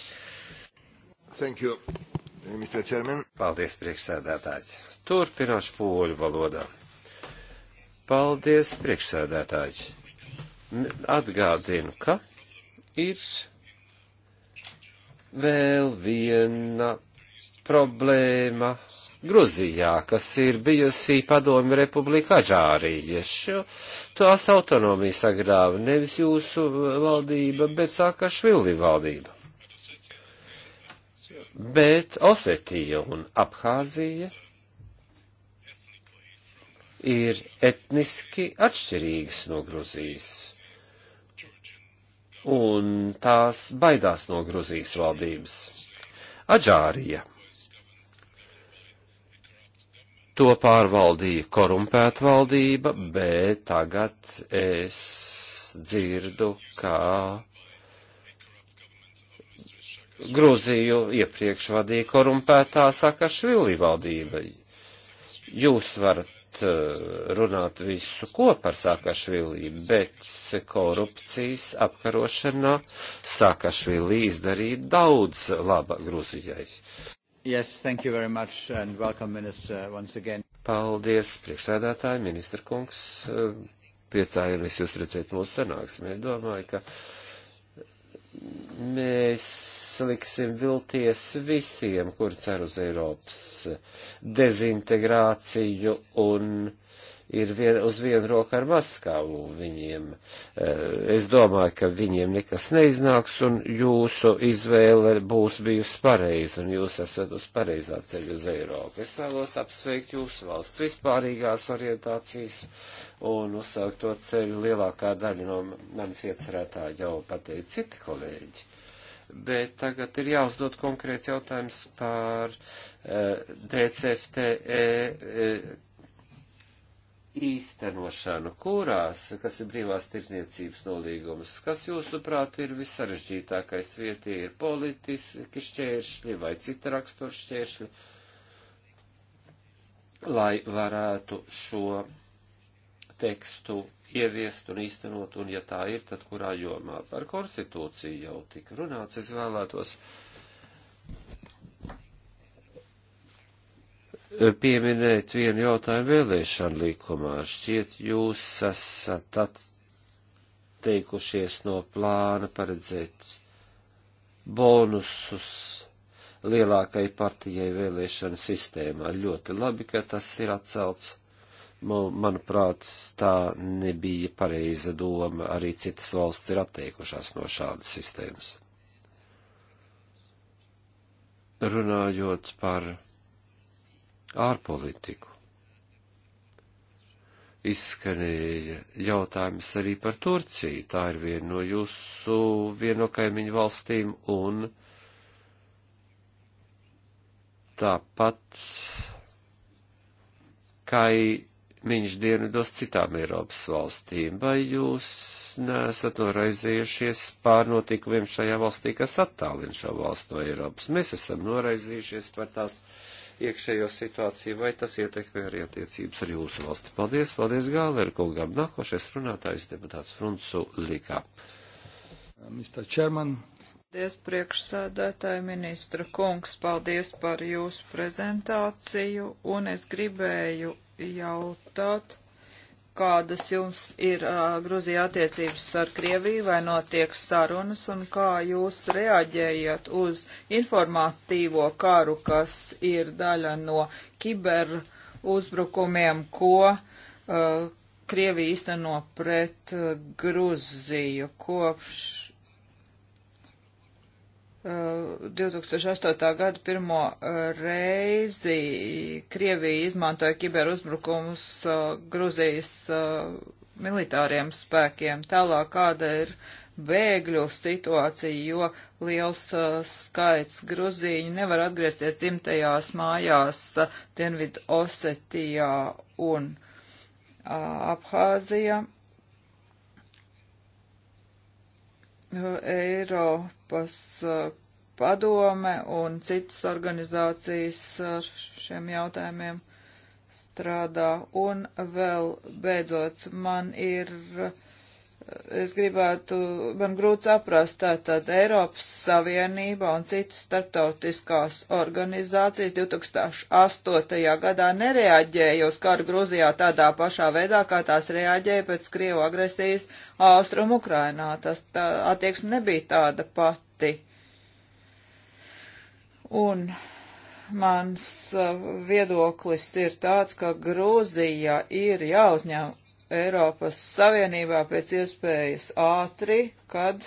Thank you, Mr. Chairman. Paldies, priekšsēdētāji. Turpināšu poļu valodā. Paldies, priekšsēdētāji. Atgādinu, ka ir vēl viena problēma Gruzijā, kas ir bijusi padomi republika Aģārīģiešu. Tās autonomija sagrāva nevis jūsu valdība, bet sāka Švilvi valdība. Bet Osetija un Abhāzija ir etniski atšķirīgas no Gruzijas. Un tās baidās no Gruzijas valdības. Aģārija To pārvaldīja korumpēta valdība, bet tagad es dzirdu, kā Grūziju iepriekš vadīja korumpētā Sakašvili valdība. Jūs varat eh, runāt visu ko par Sakašvilī, bet korupcijas apkarošanā Sakašvilī izdarīja daudz laba Gruzijai. Yes, thank you very much and welcome, minister, once again. Paldies, priekšsēdētāji, ministra kungs. Priecājamies jūs redzēt mūsu sanāksmē. Domāju, ka mēs liksim vilties visiem, kur cer uz Eiropas dezintegrāciju un ir vien, uz vienu roku ar maskāvu viņiem. E, es domāju, ka viņiem nekas neiznāks un jūsu izvēle būs bijusi pareiza un jūs esat uz pareizā ceļa uz Eiropu. Es vēlos apsveikt jūsu valsts vispārīgās orientācijas un uzsākt to ceļu. Lielākā daļa no manis iecerētā jau pateica citi kolēģi bet tagad ir jāuzdod konkrēts jautājums par uh, e, DCFTE uh, e, īstenošanu, kurās, kas ir brīvās tirzniecības nolīgumas, kas jūsuprāt ir visarežģītākais vietī, ir politiski šķēršļi vai cita rakstura šķēršļi, lai varētu šo tekstu ieviest un īstenot, un ja tā ir, tad kurā jomā par konstitūciju jau tik runāts, es vēlētos. Uh, pieminēt vienu jautājumu vēlēšanu likumā. Šķiet, jūs esat atteikušies no plāna paredzēt bonusus lielākai partijai vēlēšanu sistēmā. Ļoti labi, ka tas ir atcelts. Manuprāt, tā nebija pareiza doma. Arī citas valsts ir atteikušās no šādas sistēmas. Runājot par ārpolitiku. Izskanēja jautājums arī par Turciju. Tā ir viena no jūsu vieno kaimiņu valstīm un tāpat kaimiņš dienvidos citām Eiropas valstīm. Vai jūs neesat noraizējušies pār notikumiem šajā valstī, kas attālina šo valstu no Eiropas? Mēs esam noraizējušies par tās. Uh, iekšējo situāciju, vai tas ietekmē arī attiecības ar jūsu valsti. Paldies, paldies Gāleru kungam. Nākošais runātājs deputāts Frunzu Likā. Mr. Chairman. Paldies priekšsēdētāji ministra kungs, paldies par jūsu prezentāciju, un es gribēju jautāt kādas jums ir uh, Gruzija attiecības ar Krieviju, vai notiek sarunas, un kā jūs reaģējat uz informatīvo karu, kas ir daļa no kiber uzbrukumiem, ko uh, Krievija īsteno pret Gruziju kopš 2008. Uh, gada pirmo uh, reizi Krievija izmantoja kiberuzbrukumus uh, Gruzijas militāriem spēkiem. Tālāk kāda ir bēgļu situācija, jo liels skaits gruzīņu nevar atgriezties dzimtajās mājās Dienvidu Osetijā un Abhāzijā. Eiropas uh, padome un citas organizācijas ar šiem jautājumiem strādā. Un vēl beidzot, man ir uh, es gribētu, man grūti saprast, tātad Eiropas Savienība un citas starptautiskās organizācijas 2008. gadā nereaģēja uz karu Gruzijā tādā pašā veidā, kā tās reaģēja pēc Krievu agresijas Austrum Ukrainā. Tas tā, attieksme nebija tāda pati. Un mans uh, viedoklis ir tāds, ka Grūzija ir jāuzņem Eiropas Savienībā pēc iespējas ātri, kad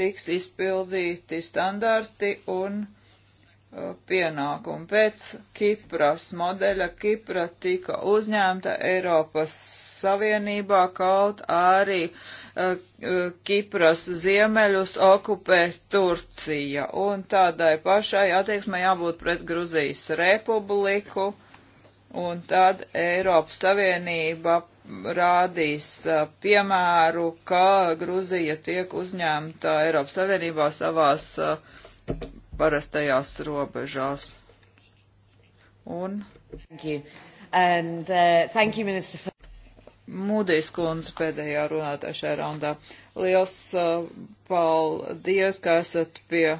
tiks izpildīti standarti un uh, pienākumi. Pēc Kipras modeļa Kipra tika uzņemta Eiropas Savienībā kaut arī uh, uh Kipras ziemeļus okupē Turcija. Un tādai pašai attieksmai jābūt pret Gruzijas republiku. Un tad Eiropas Savienība rādīs piemēru, ka Gruzija tiek uzņemta Eiropas Savienībā savās parastajās robežās. Un. Thank you. And, uh, thank you, Minister. For... Mūdīs kundze pēdējā runātā šajā raundā. Liels uh, paldies, ka esat pie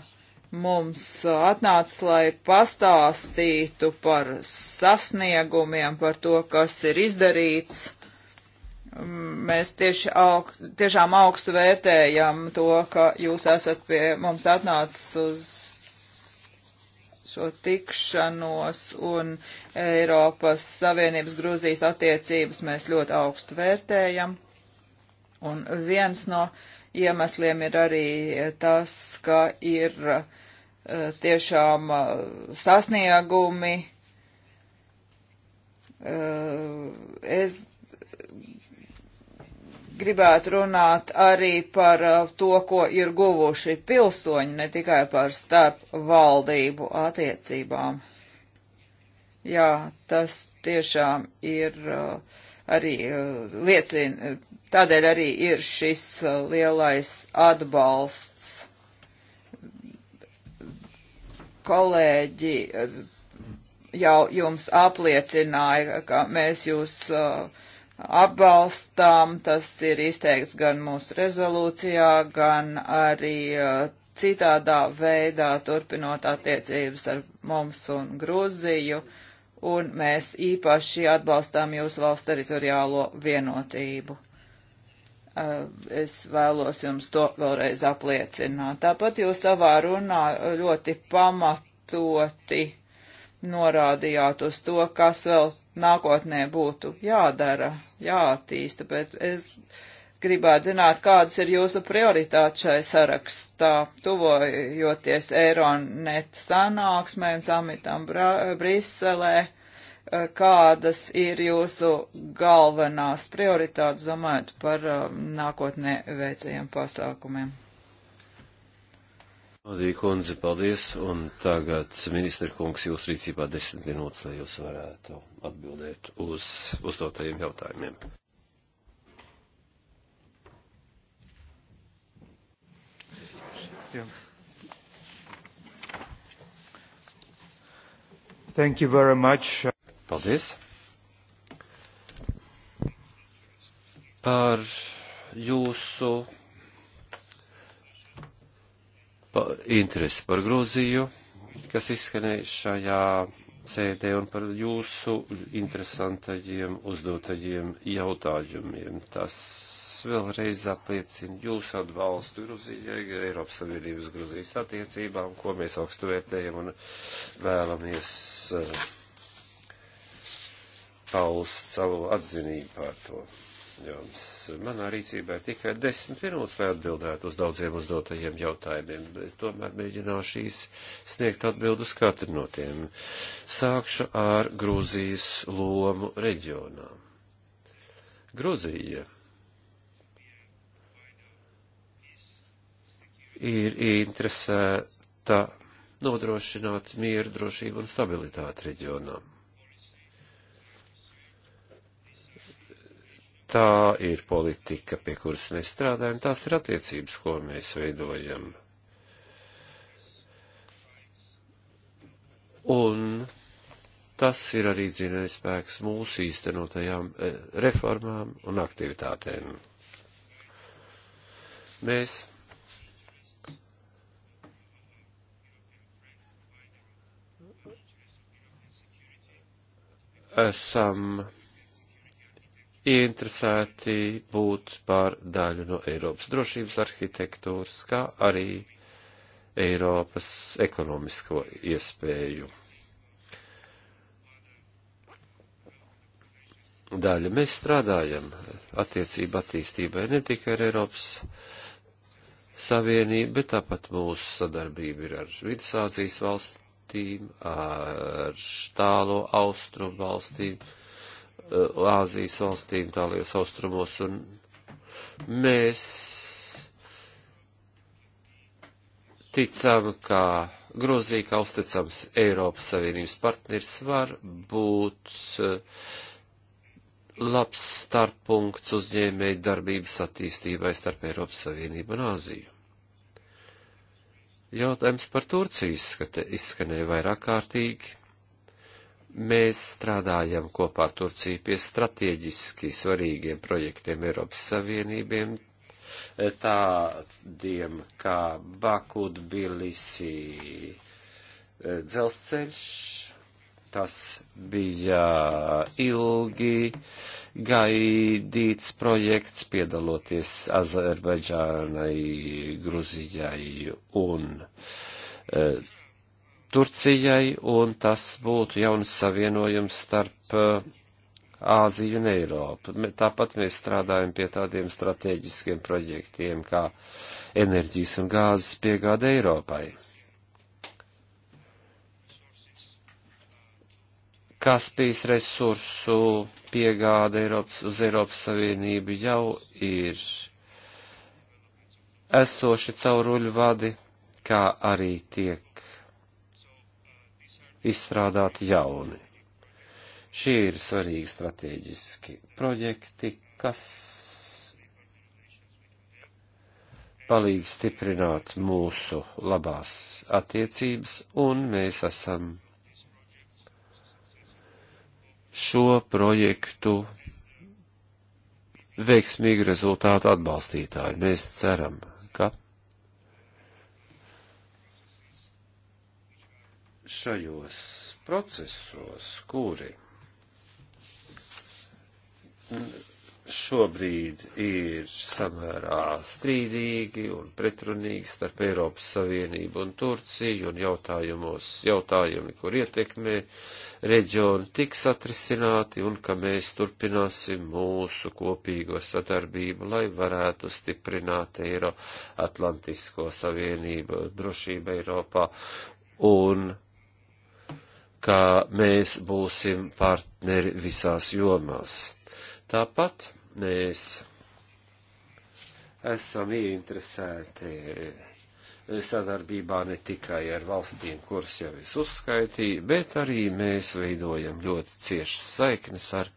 mums atnācis, lai pastāstītu par sasniegumiem, par to, kas ir izdarīts Mēs tieši aug, tiešām augstu vērtējam to, ka jūs esat pie mums atnācis uz šo tikšanos un Eiropas Savienības Grūzijas attiecības mēs ļoti augstu vērtējam. Un viens no iemesliem ir arī tas, ka ir eh, tiešām eh, sasniegumi. Eh, es gribētu runāt arī par uh, to, ko ir guvuši pilsoņi, ne tikai par starp valdību attiecībām. Jā, tas tiešām ir uh, arī uh, liecina, tādēļ arī ir šis lielais atbalsts kolēģi jau jums apliecināja, ka mēs jūs uh, apbalstām. Tas ir izteikts gan mūsu rezolūcijā, gan arī uh, citādā veidā turpinot attiecības ar mums un Grūziju, un mēs īpaši atbalstām jūsu valsts teritoriālo vienotību. Uh, es vēlos jums to vēlreiz apliecināt. Tāpat jūs savā runā ļoti pamatoti norādījāt uz to, kas vēl nākotnē būtu jādara, jāattīsta, bet es gribētu zināt, kādas ir jūsu prioritātes šai sarakstā, tuvojoties Eironet sanāksmē un samitam Briselē, kādas ir jūsu galvenās prioritātes, domājot par um, nākotnē veicajiem pasākumiem. Paldies, kundze, paldies. Un tagad, ministra kungs, jūs rīcībā desmit minūtes, lai jūs varētu atbildēt uz uzdotajiem jautājumiem. Yeah. Thank you very much. Paldies. Par jūsu interesi par Grūziju, kas izskanēja šajā sēdē un par jūsu interesantajiem uzdotajiem jautājumiem. Tas vēlreiz apliecina jūsu atbalstu Gruzijai, Eiropas Savienības Gruzijas attiecībām, ko mēs augstu vērtējam un vēlamies eh, paust savu atzinību par to jums. Manā rīcībā ir tikai desmit minūtes, lai atbildētu uz daudziem uzdotajiem jautājumiem. Es tomēr mēģināšu īs sniegt atbildu uz katru no tiem. Sākšu ar Grūzijas lomu reģionā. Grūzija ir interesēta nodrošināt mieru, drošību un stabilitāti reģionām tā ir politika, pie kuras mēs strādājam, tās ir attiecības, ko mēs veidojam. Un tas ir arī dzinējs spēks mūsu īstenotajām eh, reformām un aktivitātēm. Mēs esam ieinteresēti būt par daļu no Eiropas drošības arhitektūras, kā arī Eiropas ekonomisko iespēju. Daļa mēs strādājam attiecību attīstībai ne tikai ar Eiropas Savienību, bet tāpat mūsu sadarbība ir ar Vidusāzijas valstīm, ar tālo austrumu valstīm. Mm Uh, Āzijas valstīm, tālajos austrumos, un mēs ticam, ka Grozija, kā uzticams Eiropas Savienības partners, var būt uh, labs starppunkts uzņēmēju darbības attīstībai starp Eiropas Savienību un Āziju. Jautājums par Turciju izskate, izskanēja vairāk kārtīgi. Mēs strādājam kopā ar Turciju pie strateģiski svarīgiem projektiem Eiropas Savienībiem, tādiem kā Baku, Tbilisi, dzelzceļš. Tas bija ilgi gaidīts projekts, piedaloties Azerbaidžānai, Gruzijai un uh, Turcijai, un tas būtu jauns savienojums starp uh, Āziju un Eiropu. Tāpat mēs strādājam pie tādiem strateģiskiem projektiem kā enerģijas un gāzes piegāde Eiropai. Kaspijas resursu piegāde Eiropas, uz Eiropas Savienību jau ir esoši cauruļu vadi, kā arī tiek izstrādāti jauni. Šie ir svarīgi strateģiski projekti, kas palīdz stiprināt mūsu labās attiecības, un mēs esam šo projektu veiksmīgu rezultātu atbalstītāji. Mēs ceram, šajos procesos, kuri šobrīd ir samērā strīdīgi un pretrunīgi starp Eiropas Savienību un Turciju, un jautājumos, jautājumi, kur ietekmē reģionu, tiks atrisināti, un ka mēs turpināsim mūsu kopīgo sadarbību, lai varētu stiprināt Eiro Atlantisko Savienību drošību Eiropā un ka mēs būsim partneri visās jomās. Tāpat mēs esam ieinteresēti sadarbībā ne tikai ar valstīm, kuras jau es uzskaitīju, bet arī mēs veidojam ļoti ciešas saiknes ar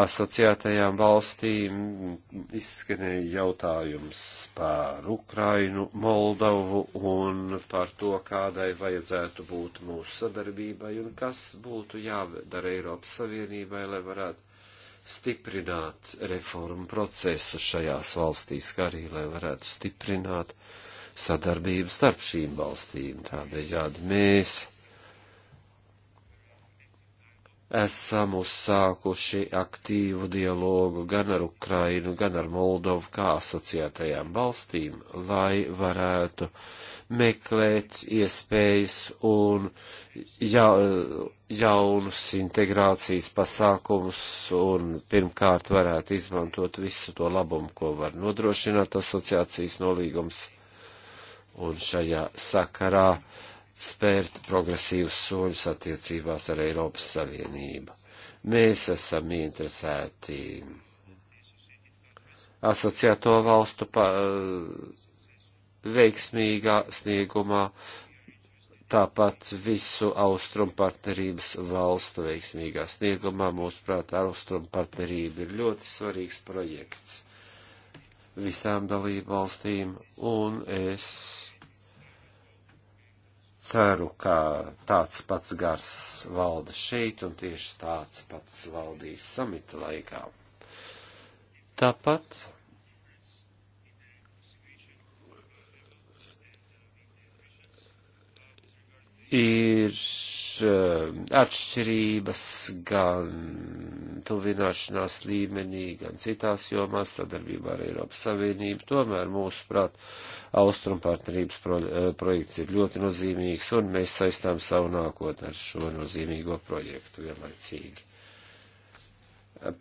asociētajām valstīm izskanēja jautājums par Ukrainu, Moldovu un par to, kādai vajadzētu būt mūsu sadarbībai un kas būtu jādara Eiropas Savienībai, lai varētu stiprināt reformu procesu šajās valstīs, kā arī lai varētu stiprināt sadarbību starp šīm valstīm. Tādējādi mēs esam uzsākuši aktīvu dialogu gan ar Ukrainu, gan ar Moldovu kā asociētajām valstīm, lai varētu meklēt iespējas un ja, jaunus integrācijas pasākumus un pirmkārt varētu izmantot visu to labumu, ko var nodrošināt asociācijas nolīgums. Un šajā sakarā uh, spērt progresīvus soļus attiecībās ar Eiropas Savienību. Mēs esam interesēti asociēto valstu pa, veiksmīgā sniegumā, tāpat visu austrumu partnerības valstu veiksmīgā sniegumā. Mūsuprāt, austrumu partnerība ir ļoti svarīgs projekts visām dalību valstīm, un es ceru, ka tāds pats gars valda šeit un tieši tāds pats valdīs samita laikā. Tāpat ir Eh, atšķirības gan tuvināšanās līmenī, gan citās jomās sadarbībā ar Eiropas Savienību. Tomēr mūsu prāt Austrum partnerības pro, eh, projekts ir ļoti nozīmīgs un mēs saistām savu nākotni ar šo nozīmīgo projektu vienlaicīgi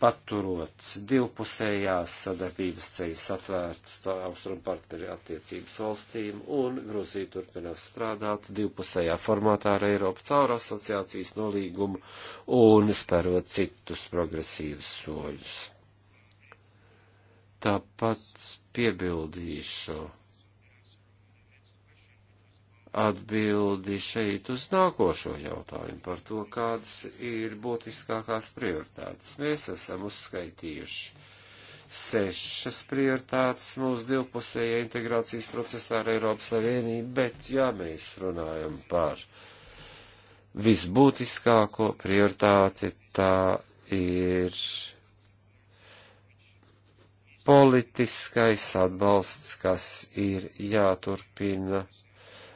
paturot divpusējās sadarbības ceļus atvērtus austrumu partneri attiecības valstīm un Grūzija turpinās strādāt divpusējā formātā ar Eiropu caur asociācijas nolīgumu un sperot citus progresīvus soļus. Tāpat piebildīšu atbildi šeit uz nākošo jautājumu par to, kādas ir būtiskākās prioritātes. Mēs esam uzskaitījuši sešas prioritātes mūsu divpusējā integrācijas procesā ar Eiropas Savienību, bet ja mēs runājam par visbūtiskāko prioritāti, tā ir politiskais atbalsts, kas ir jāturpina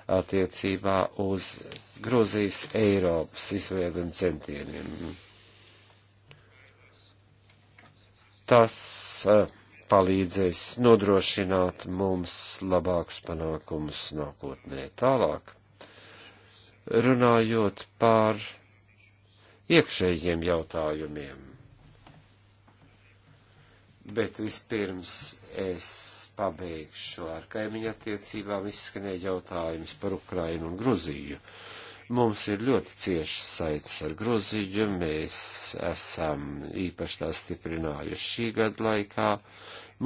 attiecībā uz Grūzijas Eiropas izveidu un centieniem. Tas eh, palīdzēs nodrošināt mums labākus panākumus nākotnē tālāk. Runājot par iekšējiem jautājumiem, bet vispirms es pabeigšu ar kaimiņa attiecībām izskanēja jautājums par Ukrainu un Gruziju. Mums ir ļoti ciešas saites ar Gruziju, mēs esam īpaši tās stiprinājuši šī gada laikā.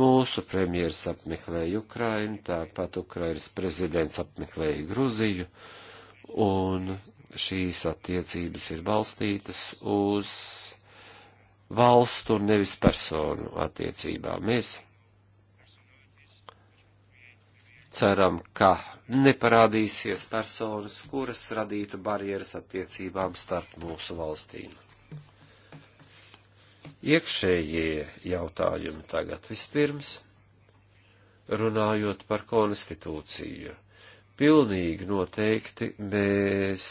Mūsu premjeras apmeklēja Ukrainu, tāpat Ukrainas prezidents apmeklēja Gruziju, un šīs attiecības ir balstītas uz valstu un nevis personu attiecībām. Mēs Ceram, ka neparādīsies personas, kuras radītu barjeras attiecībām starp mūsu valstīm. Iekšējie jautājumi tagad vispirms, runājot par konstitūciju. Pilnīgi noteikti mēs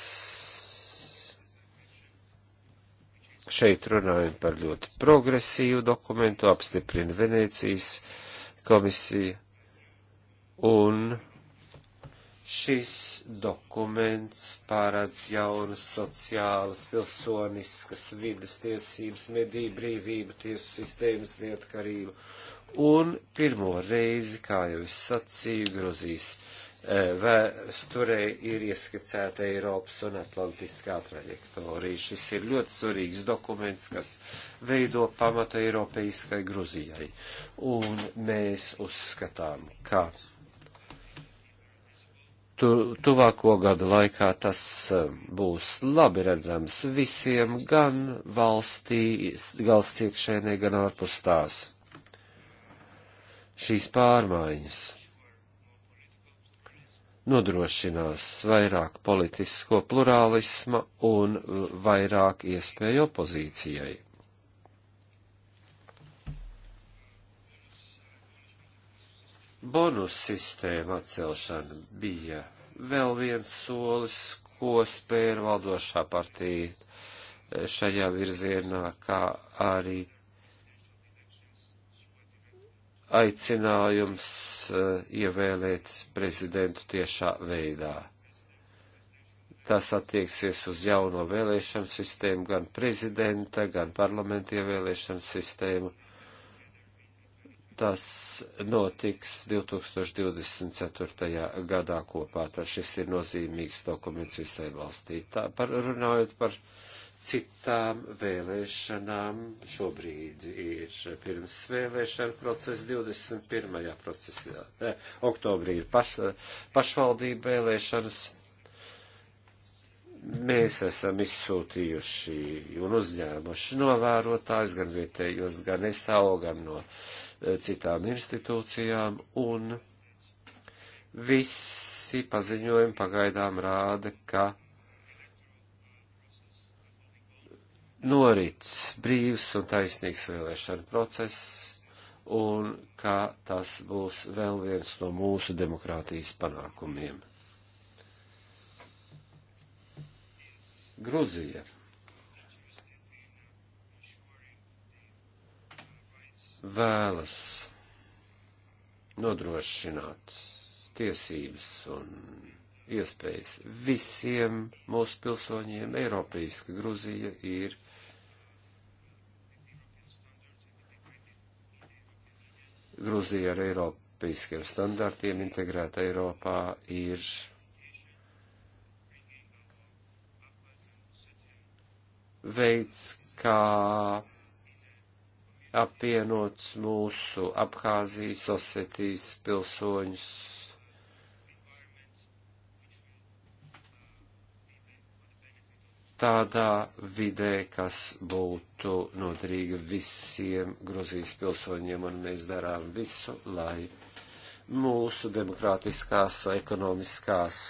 šeit runājam par ļoti progresīvu dokumentu, apstiprina Venēcijas komisija Un šis dokuments pārādz jaunas sociālas, pilsoniskas, vidas tiesības, mediju brīvību, tiesu sistēmas neatkarību. Un pirmo reizi, kā jau es sacīju, grozīs e, vēsturē ir ieskicēta Eiropas un Atlantiskā trajektorija. Šis ir ļoti svarīgs dokuments, kas veido pamatu Eiropeiskai Gruzijai. Un mēs uzskatām, ka tu, tuvāko gadu laikā tas eh, būs labi redzams visiem, gan valstī, valsts iekšēnē, gan ārpus tās. Šīs pārmaiņas nodrošinās vairāk politisko plurālisma un eh, vairāk iespēju opozīcijai. bonus sistēma atcelšana bija vēl viens solis, ko spēra valdošā partija eh, šajā virzienā, kā arī aicinājums eh, ievēlēt prezidentu tiešā veidā. Tas attieksies uz jauno vēlēšanu sistēmu, gan prezidenta, gan parlamenta ievēlēšanu sistēmu Tas notiks 2024. gadā kopā, tad šis ir nozīmīgs dokuments visai valstī. Tā, par, runājot par citām vēlēšanām, šobrīd ir pirms vēlēšana procesa, 21. procesā, ne, eh, oktobrī ir paš, pašvaldība vēlēšanas mēs esam izsūtījuši un uzņēmuši novērotājus gan vietējos, gan SAO, gan no Eh, citām institūcijām, un visi paziņojumi pagaidām rāda, ka norit brīvs un taisnīgs vēlēšana process, un ka tas būs vēl viens no mūsu demokrātijas panākumiem. Gruzija. vēlas nodrošināt tiesības un iespējas visiem mūsu pilsoņiem. Eiropīska Gruzija ir Gruzija ar Eiropīskiem standartiem integrēta Eiropā ir veids, kā apvienots mūsu Abhāzijas, Osetijas pilsoņus. Tādā vidē, kas būtu noderīga visiem Gruzijas pilsoņiem, un mēs darām visu, lai mūsu demokrātiskās, ekonomiskās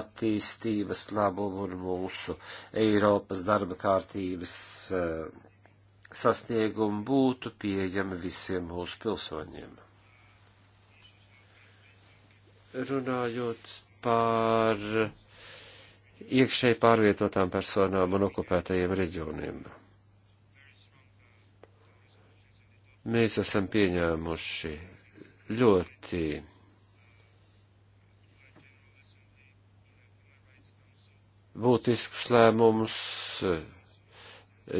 attīstības labumu un mūsu Eiropas darba kārtības uh, sasniegumi būtu pieejami visiem mūsu pilsoņiem. Runājot par iekšēji pārvietotām personām un okupētajiem reģioniem. Mēs esam pieņēmuši ļoti būtiskus lēmumus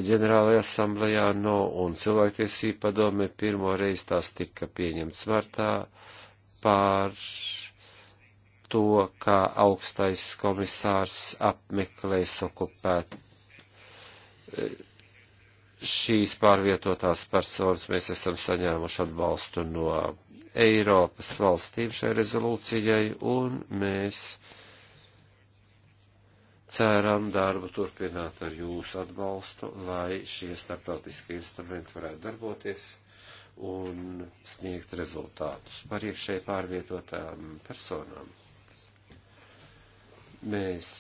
ģenerālajā asamblējā no un cilvēktiesība padome pirmo reizi tās tika pieņemts martā pār to, kā augstais komisārs apmeklēs okupēt e, šīs pārvietotās personas. Mēs esam saņēmuši atbalstu no Eiropas valstīm šai rezolūcijai un mēs ceram darbu turpināt ar jūsu atbalstu, lai šie starptautiskie instrumenti varētu darboties un sniegt rezultātus par iekšēji pārvietotām personām. Mēs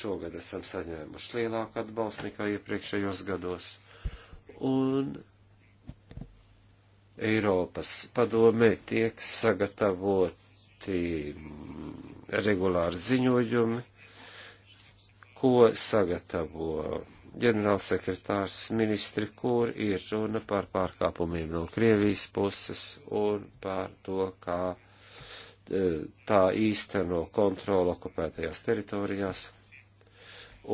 šogad esam saņēmuši lielāku atbalstu nekā iepriekšējos gados, un Eiropas padomē tiek sagatavoti regulāri ziņojumi, ko sagatavo ģenerālsekretārs ministri, kur ir runa par pārkāpumiem no Krievijas puses un par to, kā e, tā īsteno kontroli okupētajās teritorijās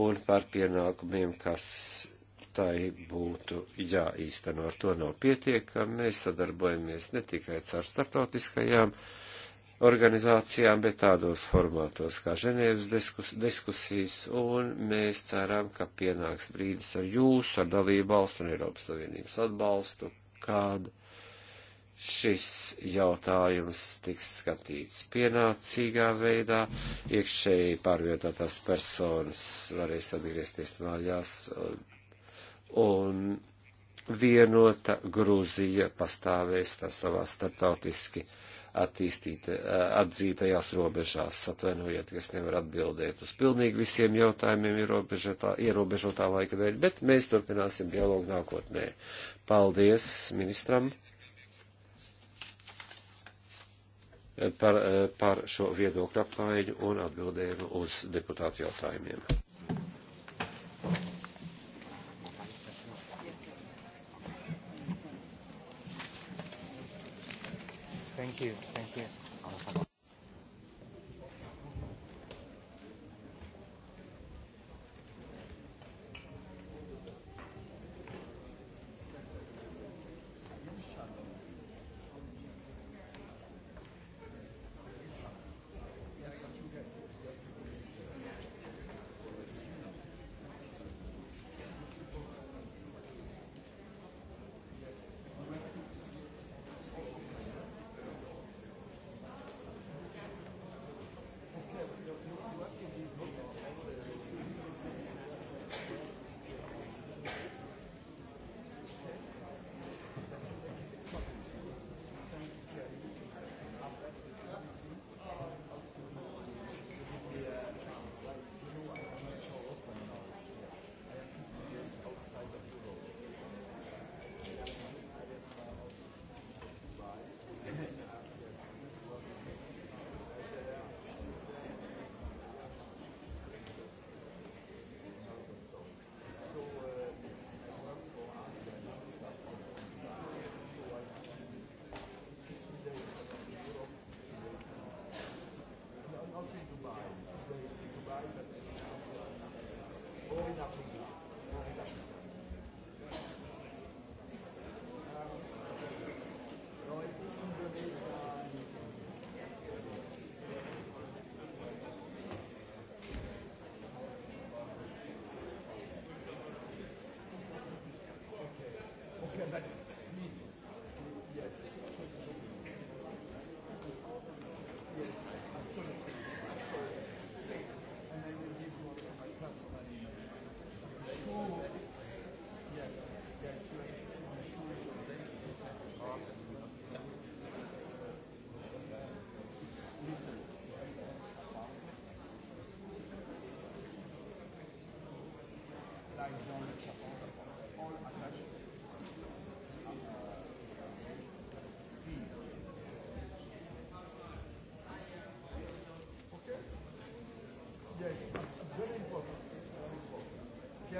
un par pienākumiem, kas tai būtu jāīsteno. Ar to nav pietiekami. Mēs sadarbojamies ne tikai ar starptautiskajām uh, organizācijām, bet tādos formātos kā Ženēvas diskus, diskusijas, un mēs ceram, ka pienāks brīdis ar jūsu, ar dalību valstu un Eiropas Savienības atbalstu, kad šis jautājums tiks skatīts pienācīgā veidā, iekšēji pārvietotās personas varēs atgriezties mājās, un, un vienota Grūzija pastāvēs tā savā starptautiski attīstīt, eh, atzītajās robežās. Atvainojiet, ka es nevaru atbildēt uz pilnīgi visiem jautājumiem ierobežotā, ierobežotā laika dēļ, bet mēs turpināsim dialogu nākotnē. Paldies ministram par, eh, par šo viedokļu apmaiņu un atbildējumu uz deputātu jautājumiem. you.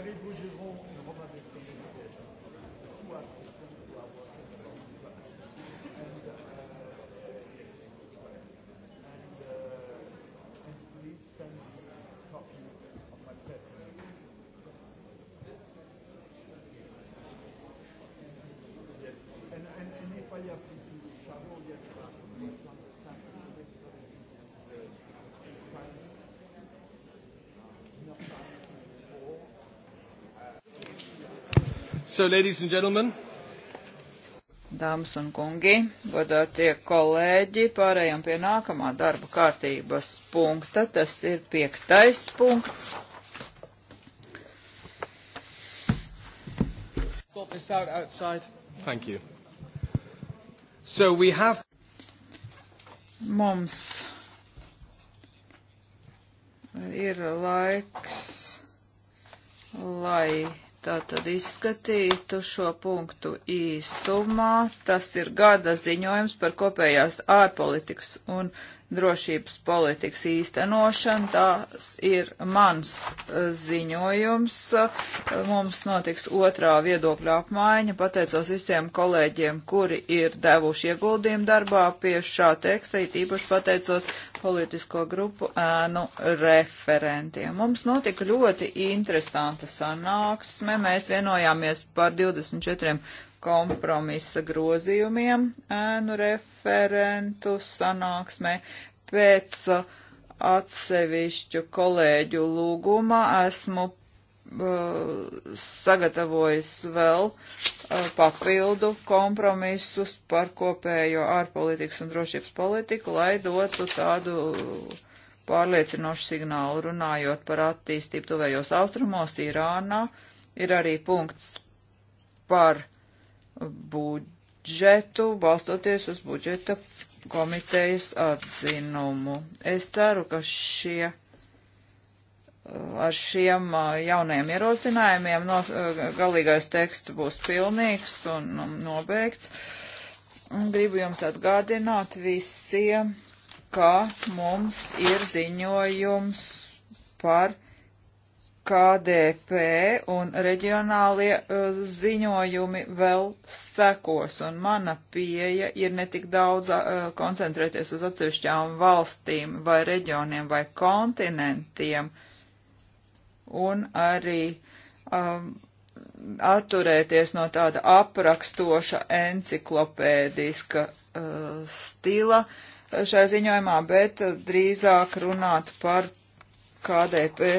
Thierry Bougeron et Romain Dessalines. So, ladies and gentlemen. Dāmas un kungi, godātie kolēģi, pārējām pie nākamā darba kārtības punkta. Tas ir piektais punkts. Thank you. So we have... Mums ir laiks, lai Tātad izskatītu šo punktu īsumā. Tas ir gada ziņojums par kopējās ārpolitikas un drošības politikas īstenošanu. Tās ir mans eh, ziņojums. Eh, mums notiks otrā viedokļa apmaiņa. Pateicos visiem kolēģiem, kuri ir devuši ieguldījumu darbā pie šā teksta, it īpaši pateicos politisko grupu ēnu referentiem. Mums notika ļoti interesanta sanāksme. Mēs vienojāmies par 24 kompromisa grozījumiem ēnu referentu sanāksmē pēc uh, atsevišķu kolēģu lūguma esmu uh, sagatavojis vēl uh, papildu kompromisus par kopējo ārpolitikas un drošības politiku, lai dotu tādu pārliecinošu signālu runājot par attīstību tuvējos austrumos, Irānā. Ir arī punkts par budžetu, balstoties uz budžeta komitejas atzinumu. Es ceru, ka šie ar šiem jaunajiem ierosinājumiem no, galīgais teksts būs pilnīgs un nobeigts. Gribu jums atgādināt visiem, ka mums ir ziņojums par KDP un reģionālie uh, ziņojumi vēl sekos, un mana pieeja ir ne tik daudz uh, koncentrēties uz atsevišķām valstīm vai reģioniem vai kontinentiem, un arī um, atturēties no tāda aprakstoša enciklopēdiska uh, stila šajā ziņojumā, bet drīzāk runāt par KDP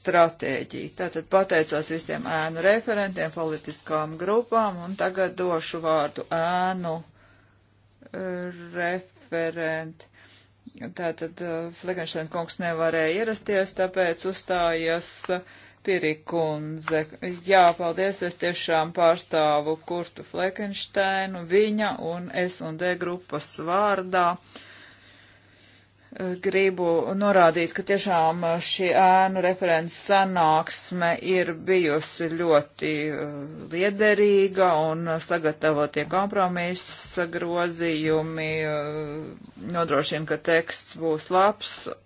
stratēģiju. Tātad pateicos visiem ēnu referentiem, politiskām grupām un tagad došu vārdu ēnu eh, referenti. Tātad eh, Flegenšteina kungs nevarēja ierasties, tāpēc uzstājas eh, Pirikundze. Jā, paldies, es tiešām pārstāvu Kurtu Flegenšteinu, viņa un S un D grupas vārdā. Uh, gribu norādīt, ka tiešām šī ēnu referents sanāksme ir bijusi ļoti uh, liederīga un sagatavotie kompromisa grozījumi uh, nodrošina, ka teksts būs labs uh,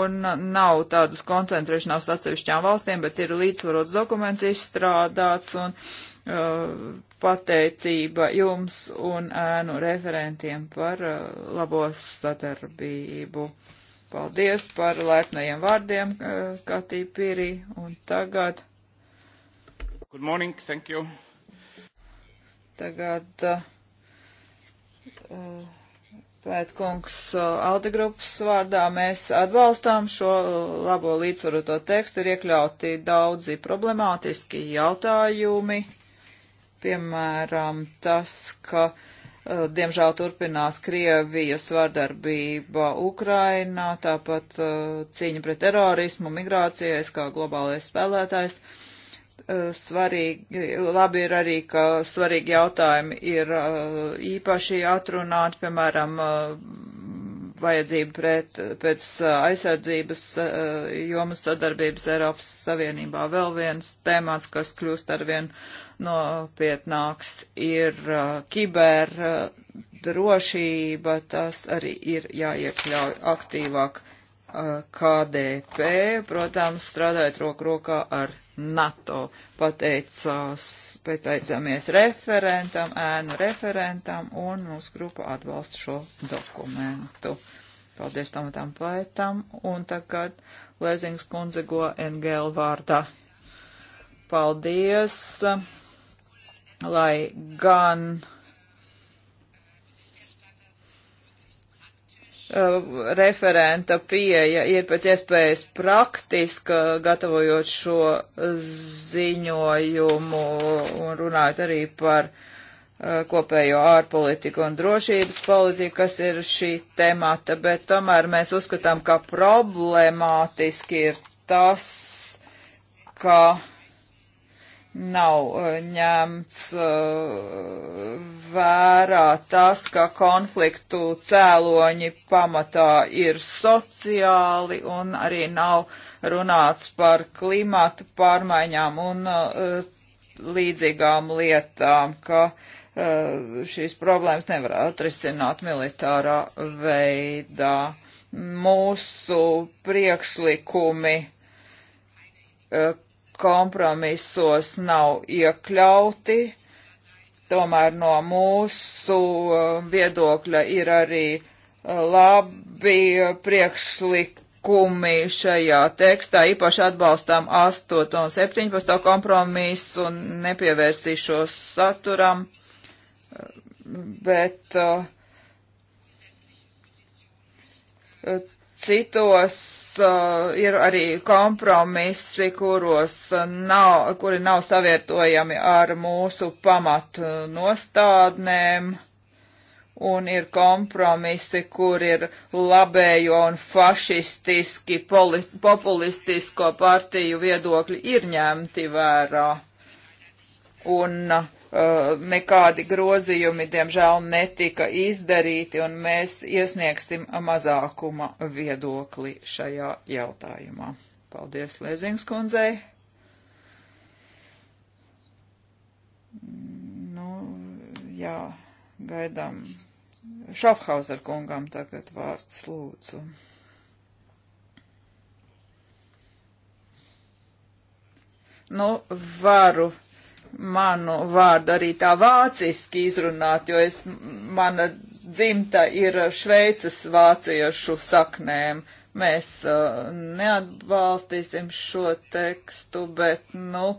un nav tādas koncentrēšanās atsevišķām valstīm, bet ir līdzsvarots dokuments izstrādāts un uh, pateicība jums un ēnu referentiem par uh, labo sadarbību. Paldies par laipnajiem vārdiem, uh, Katī Pirī, un tagad. Good morning, thank you. Tagad uh, uh pētkungs uh, Alde grupas vārdā mēs atbalstām šo labo līdzsvaroto tekstu, ir iekļauti daudzi problemātiski jautājumi Piemēram, tas, ka eh, diemžēl turpinās Krievijas vardarbība Ukrainā, tāpat eh, cīņa pret terorismu, migrācijas kā globālais spēlētājs. Eh, svarīgi, labi ir arī, ka svarīgi jautājumi ir īpaši atrunāti, piemēram, vajadzību pret, pēc uh, aizsardzības uh, jomas sadarbības Eiropas Savienībā. Vēl viens temats, kas kļūst arvien nopietnāks, ir uh, kiber drošība. Tas arī ir jāiekļauj aktīvāk KDP, protams, strādājot roku rokā ar NATO. Pateicos, pateicamies referentam, ēnu referentam un mūsu grupa atbalsta šo dokumentu. Paldies tam tam poetam. Un tagad Lēzings kundze go NGL vārdā. Paldies, lai gan Eh, referenta pieeja ir pēc iespējas praktiska, gatavojot šo ziņojumu un runājot arī par eh, kopējo ārpolitiku un drošības politiku, kas ir šī temata, bet tomēr mēs uzskatām, ka problemātiski ir tas, ka uh, nav uh, ņemts uh, vērā tas, ka konfliktu cēloņi pamatā ir sociāli un arī nav runāts par klimatu pārmaiņām un uh, līdzīgām lietām, ka šīs problēmas nevar atrisināt militārā veidā. Mūsu priekšlikumi kompromisos nav iekļauti. Tomēr no mūsu uh, viedokļa ir arī uh, labi priekšlikumi šajā tekstā. Īpaši atbalstām 8 un 17 kompromisu un nepievērsīšos saturam, bet uh, citos uh, ir arī kompromisi, kuros nav, kuri nav savietojami ar mūsu pamatu nostādnēm, un ir kompromisi, kur ir labējo un fašistiski poli, populistisko partiju viedokļi ir ņemti vērā. Un uh, Uh, nekādi grozījumi, diemžēl, netika izdarīti, un mēs iesniegsim mazākuma viedokli šajā jautājumā. Paldies Lēzings kundzei. Nu, jā, gaidām. Šafhauser kungam tagad vārds lūdzu. Nu, varu manu vārdu arī tā vāciski izrunāt, jo es, mana dzimta ir Šveicas vāciešu saknēm. Mēs uh, neatbalstīsim šo tekstu, bet, nu,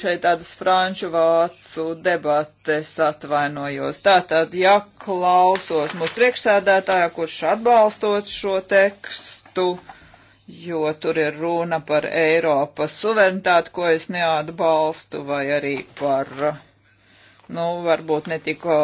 šeit tādas franču vācu debates atvainojos. Tātad, ja klausos mūsu priekšsēdētājā, kurš atbalstot šo tekstu, uh, jo tur ir runa par Eiropas suverenitāti, ko es neatbalstu, vai arī par, nu, varbūt netiko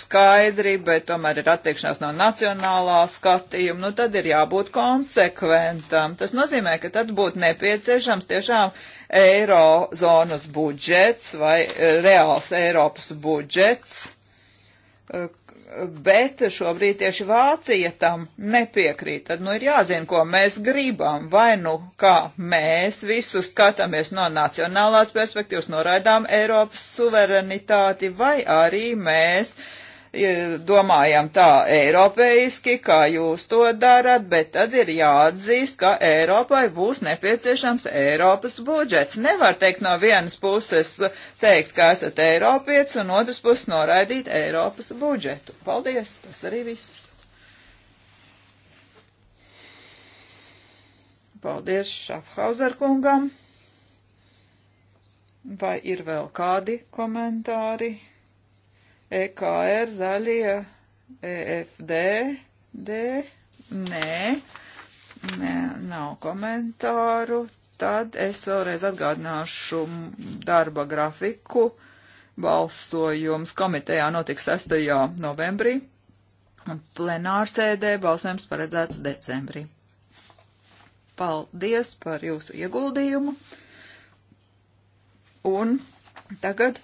skaidri, bet tomēr ir attiekšanās no nacionālā skatījuma, nu, tad ir jābūt konsekventam. Tas nozīmē, ka tad būtu nepieciešams tiešām eirozonas budžets vai e, reāls Eiropas budžets e, bet šobrīd tieši Vācija tam nepiekrīt. Tad nu ir jāzina, ko mēs gribam, vai nu kā mēs visu skatāmies no nacionālās perspektīvas, noraidām Eiropas suverenitāti, vai arī mēs uh, domājam tā eiropeiski, kā jūs to darat, bet tad ir jāatzīst, ka Eiropai būs nepieciešams Eiropas budžets. Nevar teikt no vienas puses teikt, ka esat Eiropiec, un otras puses noraidīt Eiropas budžetu. Paldies, tas arī viss. Paldies Šafhauser kungam. Vai ir vēl kādi komentāri? EKR, zaļie, EFD, D, nē, nē, nav komentāru. Tad es vēlreiz atgādināšu darba grafiku. Balsojums komitejā notiks 6. novembrī un plenārsēdē balsojums paredzēts decembrī. Paldies par jūsu ieguldījumu. Un tagad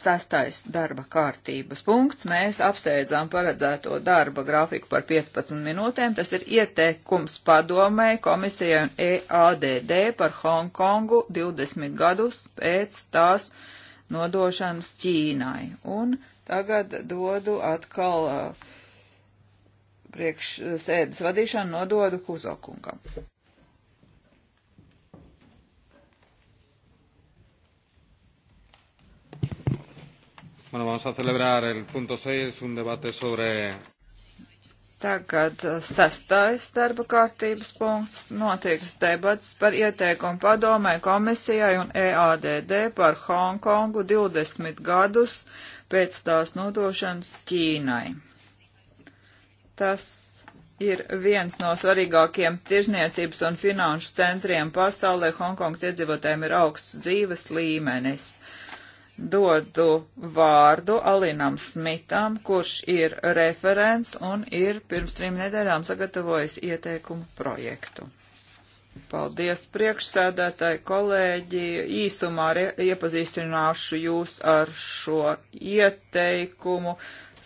sastais darba kārtības punkts. Mēs apsteidzām paredzēto darba grafiku par 15 minūtēm. Tas ir ieteikums padomēji komisijai un EADD par Hongkongu 20 gadus pēc tās nodošanas Ķīnai. Un tagad dodu atkal uh, priekš sēdes vadīšanu nododu Kuzokungam. Bueno, vamos a celebrar el punto 6, un debate sobre. Tagad eh, sastais darba kārtības punkts notiks debats par ieteikumu padomē komisijai un EADD par Hongkongu 20 gadus pēc tās nodošanas Ķīnai. Tas ir viens no svarīgākiem tirzniecības un finanšu centriem pasaulē. Hongkongs iedzīvotājiem ir augsts dzīves līmenis. Uh, dodu vārdu Alinam Smitam, kurš ir referents un ir pirms trim nedēļām sagatavojis ieteikumu projektu. Paldies priekšsēdētāji, kolēģi. Īsumā iepazīstināšu jūs ar šo ieteikumu.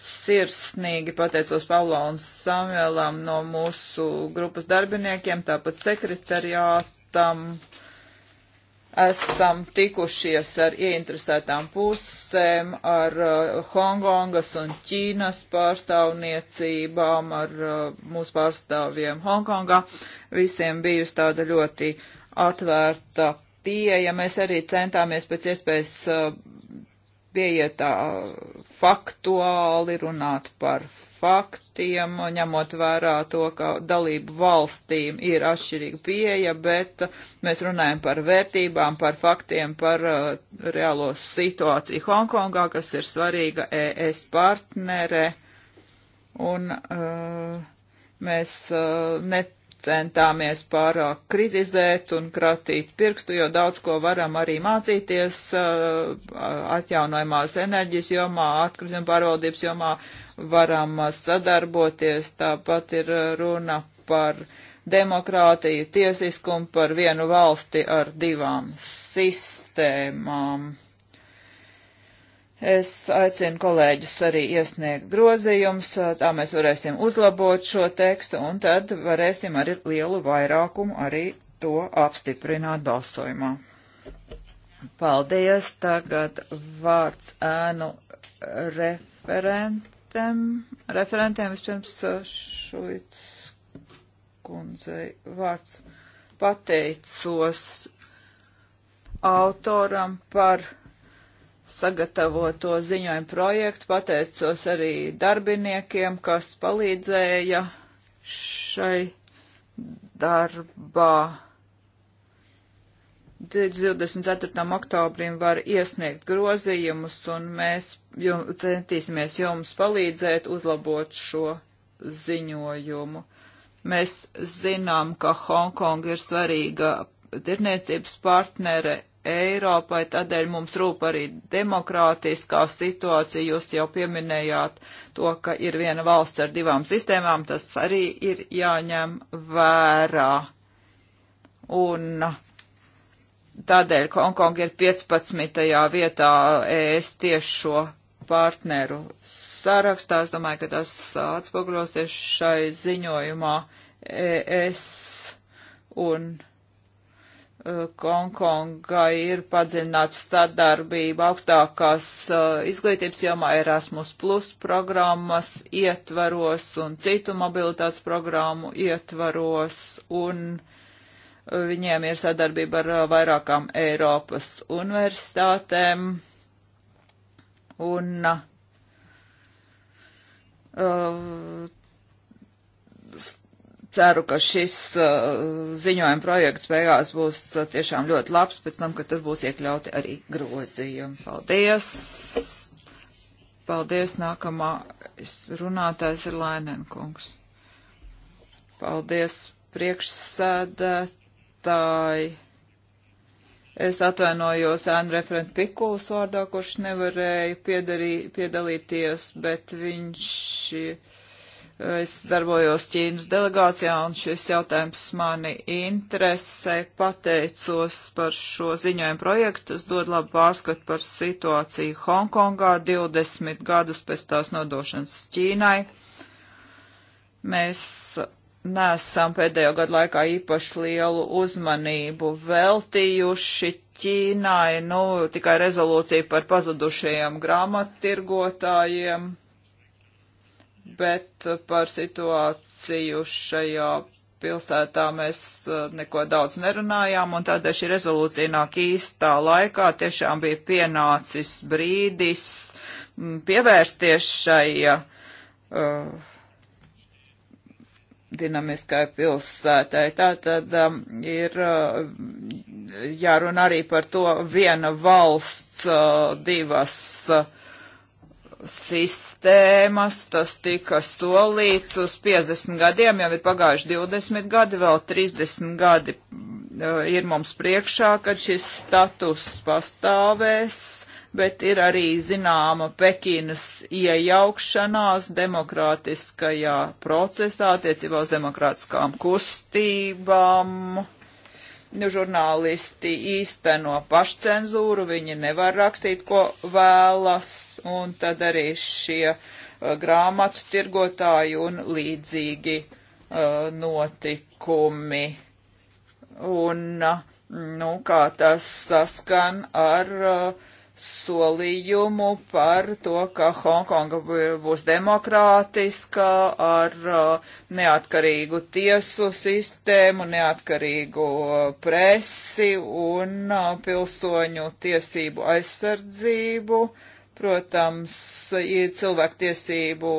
Sirsnīgi pateicos Pavlo un Samuelam no mūsu grupas darbiniekiem, tāpat sekretariātam. Uh, esam tikušies ar ieinteresētām pusēm, ar uh, Hongkongas un Ķīnas pārstāvniecībām, ar uh, mūsu pārstāvjiem Hongkongā. Visiem bijusi tāda ļoti atvērta pieeja. Mēs arī centāmies pēc iespējas uh, pieiet faktuāli, runāt par faktiem, ņemot vērā to, ka dalību valstīm ir atšķirīga pieeja, bet mēs runājam par vērtībām, par faktiem, par uh, reālo situāciju Hongkongā, kas ir svarīga ES partnere. Un uh, mēs uh, ne centāmies pārāk kritizēt un kratīt pirkstu, jo daudz ko varam arī mācīties uh, atjaunojumās enerģijas jomā, atkrituma pārvaldības jomā, varam uh, sadarboties. Tāpat ir uh, runa par demokrātiju, tiesiskumu, par vienu valsti ar divām sistēmām. Es aicinu kolēģus arī iesniegt grozījumus, tā mēs varēsim uzlabot šo tekstu un tad varēsim ar lielu vairākumu arī to apstiprināt balsojumā. Paldies, tagad vārds ēnu referentiem. Referentiem vispirms Šuits kundzei vārds pateicos autoram par sagatavoto ziņojumu projektu, pateicos arī darbiniekiem, kas palīdzēja šai darbā. 24. oktobrim var iesniegt grozījumus, un mēs jum, centīsimies jums palīdzēt uzlabot šo ziņojumu. Mēs zinām, ka Hongkong ir svarīga tirniecības partnere Eiropai, tādēļ mums rūp arī demokrātiskā situācija. Jūs jau pieminējāt to, ka ir viena valsts ar divām sistēmām, tas arī ir jāņem vērā. Un tādēļ Hongkonga ir 15. vietā ES tiešo partneru sarakstā. Es domāju, ka tas atspoguļosies šai ziņojumā e ES un. Hongkonga ir padziļināta sadarbība augstākās uh, izglītības jomā Erasmus Plus programmas ietvaros un citu mobilitātes programmu ietvaros, un eh, viņiem ir sadarbība ar uh, vairākām Eiropas universitātēm, un uh, ceru, ka šis uh, ziņojuma projekts beigās būs uh, tiešām ļoti labs, pēc tam, ka tur būs iekļauti arī grozījumi. Paldies! Paldies! Nākamā runātājs ir Lainenkungs. Paldies, priekšsēdētāji! Es atvainojos ēnu referentu Pikulas vārdā, kurš nevarēja piedarī, piedalīties, bet viņš. Uh, Es darbojos Ķīnas delegācijā un šis jautājums mani interesē. Pateicos par šo ziņojumu projektu. Tas dod labu pārskatu par situāciju Hongkongā 20 gadus pēc tās nodošanas Ķīnai. Mēs neesam pēdējo gadu laikā īpaši lielu uzmanību veltījuši Ķīnai, nu, tikai rezolūcija par pazudušajiem grāmattirgotājiem bet uh, par situāciju šajā pilsētā mēs uh, neko daudz nerunājām, un tādēļ šī rezolūcija nāk īstā laikā. Tiešām bija pienācis brīdis mm, pievērsties šai uh, dinamiskai pilsētai. Tātad um, ir uh, jārunā arī par to viena valsts, uh, divas. Uh, sistēmas, tas tika solīts uz 50 gadiem, jau ir pagājuši 20 gadi, vēl 30 gadi eh, ir mums priekšā, kad šis status pastāvēs, bet ir arī zināma Pekinas iejaukšanās demokrātiskajā procesā attiecībā uz demokrātiskām kustībām Nu, žurnālisti īsteno pašcenzūru, viņi nevar rakstīt, ko vēlas, un tad arī šie uh, grāmatu tirgotāji un līdzīgi uh, notikumi. Un, uh, nu, kā tas saskan ar uh, solījumu par to, ka Hongkonga būs demokrātiska ar uh, neatkarīgu tiesu sistēmu, neatkarīgu uh, presi un uh, pilsoņu tiesību aizsardzību. Protams, ir cilvēktiesību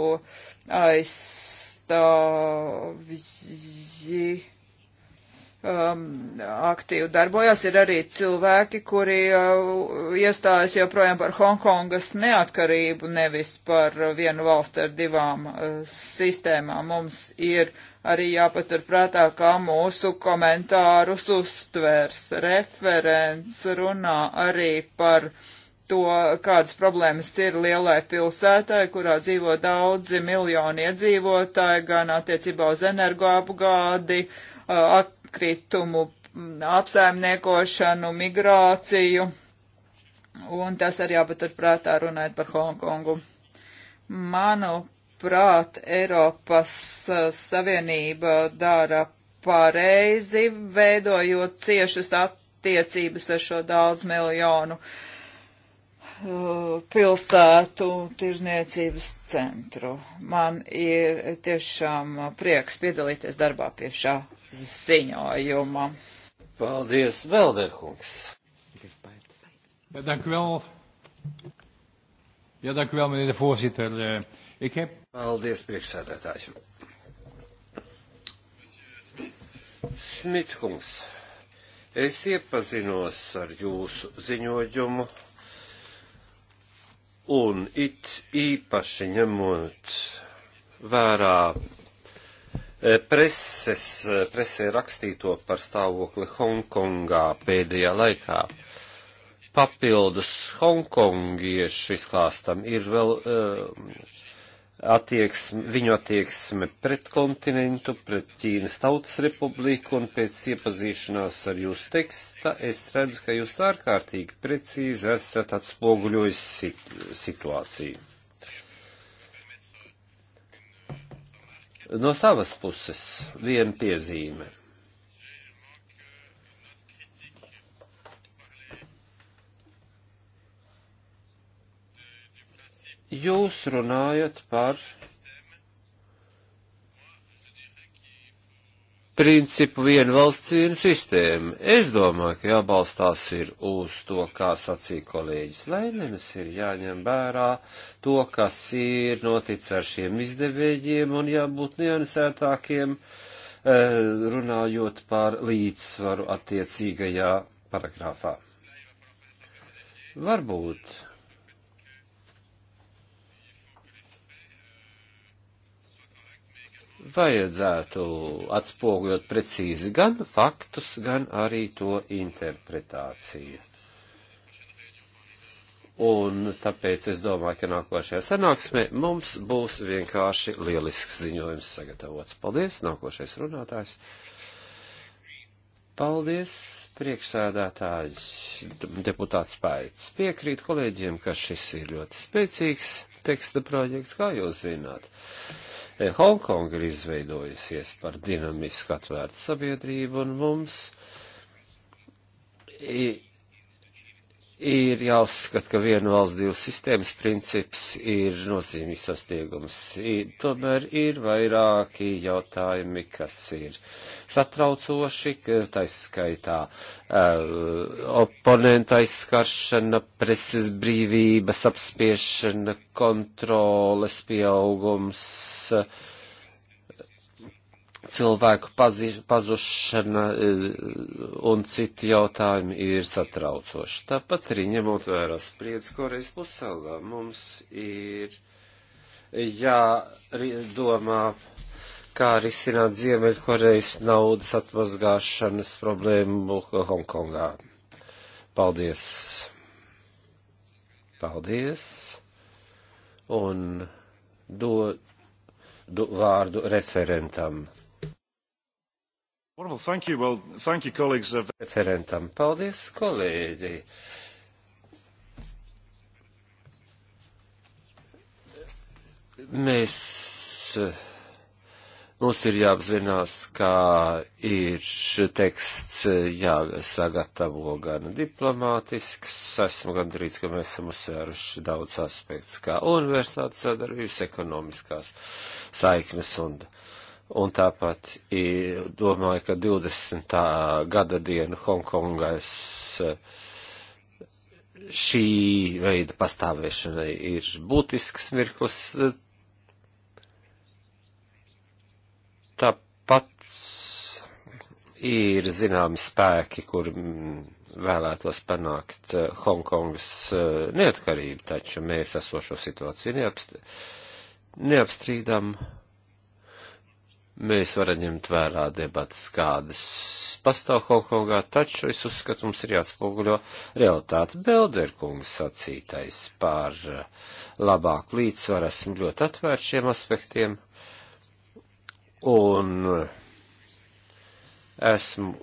aizstāvji um, aktīvi darbojas. Ir arī cilvēki, kuri uh, iestājas joprojām par Hongkongas neatkarību, nevis par vienu valstu ar divām uh, sistēmām. Mums ir arī jāpaturprātā, kā mūsu komentārus uztvers. Referents runā arī par to, kādas problēmas ir lielai pilsētai, kurā dzīvo daudzi miljoni iedzīvotāji, gan attiecībā uz energoapgādi, uh, at atkritumu mm, apsaimniekošanu, migrāciju, un tas arī jāpaturprātā runājot par Hongkongu. Manuprāt, Eiropas eh, Savienība dara pareizi, veidojot ciešas attiecības ar šo daudz miljonu uh, Uh, pilsētu tirzniecības centru. Man ir tiešām prieks piedalīties darbā pie šā ziņojuma. Paldies, Velderkungs! Ja, dank u wel. Ja, dank u wel, meneer de voorzitter. Eh, ik heb... Paldies, priekšsēdētāji. Smitkungs, es iepazinos ar jūsu ziņojumu un it īpaši ņemot vērā e, preses, e, presē rakstīto par stāvokli Hongkongā pēdējā laikā. Papildus Hongkongiešu izklāstam ir vēl uh, attieksme, viņu attieksme pret kontinentu, pret Ķīnas Tautas Republiku, un pēc iepazīšanās ar jūsu teksta es redzu, ka jūs ārkārtīgi precīzi esat atspoguļojis sit situāciju. No savas puses viena piezīme. Jūs runājat par principu viena valsts, viena sistēma. Es domāju, ka jābalstās ir uz to, kā sacīja kolēģis Lēnenes, ir jāņem vērā to, kas ir noticis ar šiem izdevējiem un jābūt niansētākiem, eh, runājot par līdzsvaru attiecīgajā paragrāfā. Varbūt vajadzētu atspoguļot precīzi gan faktus, gan arī to interpretāciju. Un tāpēc es domāju, ka nākošajā sanāksmē mums būs vienkārši lielisks ziņojums sagatavots. Paldies, nākošais runātājs. Paldies, priekšsēdētājs, deputāts Paits. Piekrīt kolēģiem, ka šis ir ļoti spēcīgs teksta projekts, kā jūs zināt. Uh, Eh, Hongkonga ir izveidojusies par dinamisku atvērtu sabiedrību, un mums ir jāuzskata, ka vienu valsts divas sistēmas princips ir nozīmīgs sastiegums. Ir, tomēr ir vairāki jautājumi, kas ir satraucoši, taiskaitā uh, oponenta aizskaršana, preses brīvības apspiešana, kontroles pieaugums. Uh, cilvēku pazi, pazušana eh, un citi jautājumi ir satraucoši. Tāpat arī ņemot vērā spriedz Korejas puselā, mums ir jādomā, kā risināt Ziemeļkorejas naudas atmazgāšanas problēmu Hongkongā. Paldies! Paldies! Un do, do vārdu referentam. Well, thank you. Well, thank you, colleagues. Uh, Referentam. Paldies, kolēģi. Mēs, mums ir jāapzinās, kā ir teksts jāsagatavo gan diplomātisks, esmu gandrīz, ka mēs esam uzsvēruši daudz aspektus, kā universitātes sadarbības, ekonomiskās saiknes un Un tāpat domāju, ka 20. gada dienu Hongkongas e, šī veida pastāvēšanai ir būtisks mirklis. E, tāpat ir zināmi spēki, kur vēlētos panākt e, Hongkongas neatkarību, taču mēs esošo situāciju neapst neapstrīdam. Mēs varam ņemt vērā debatas, kādas pastāv Hongkongā, taču es uzskatu, mums ir jāatspoguļo realitāte. Belderkungs sacītais par labāku līdzsvaru esmu ļoti atvērts šiem aspektiem un esmu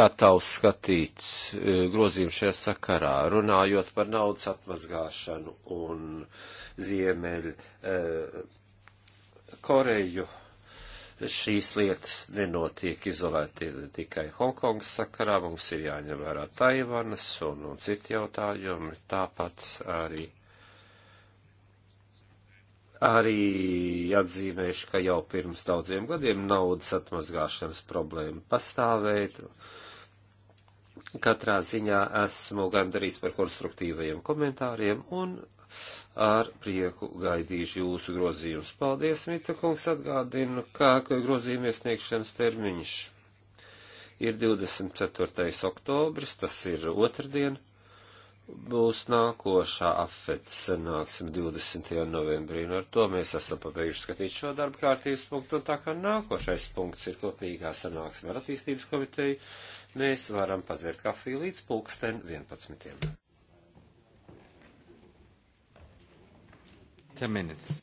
gatavs skatīt e, grozījumu šajā sakarā, runājot par naudas atmazgāšanu un ziemeļu e, Koreju šīs lietas nenotiek izolēti tikai Hongkongas sakarā, mums ir jāņem vērā Taivanas un, un citi jautājumi, tāpat arī, arī atzīmēšu, ka jau pirms daudziem gadiem naudas atmazgāšanas problēma pastāvēt. Katrā ziņā esmu gandarīts par konstruktīvajiem komentāriem un ar prieku gaidīšu jūsu grozījumus. Paldies, Mita kungs, atgādinu, kā grozījuma iesniegšanas termiņš ir 24. oktobris, tas ir otrdien. Būs nākošā afets sanāksim 20. novembrī, un ar to mēs esam pabeiguši skatīt šo darba kārtības punktu, un tā kā nākošais punkts ir kopīgā sanāksme ar attīstības komiteju, mēs varam pazert kafiju līdz pulksten 11. 10 minutes.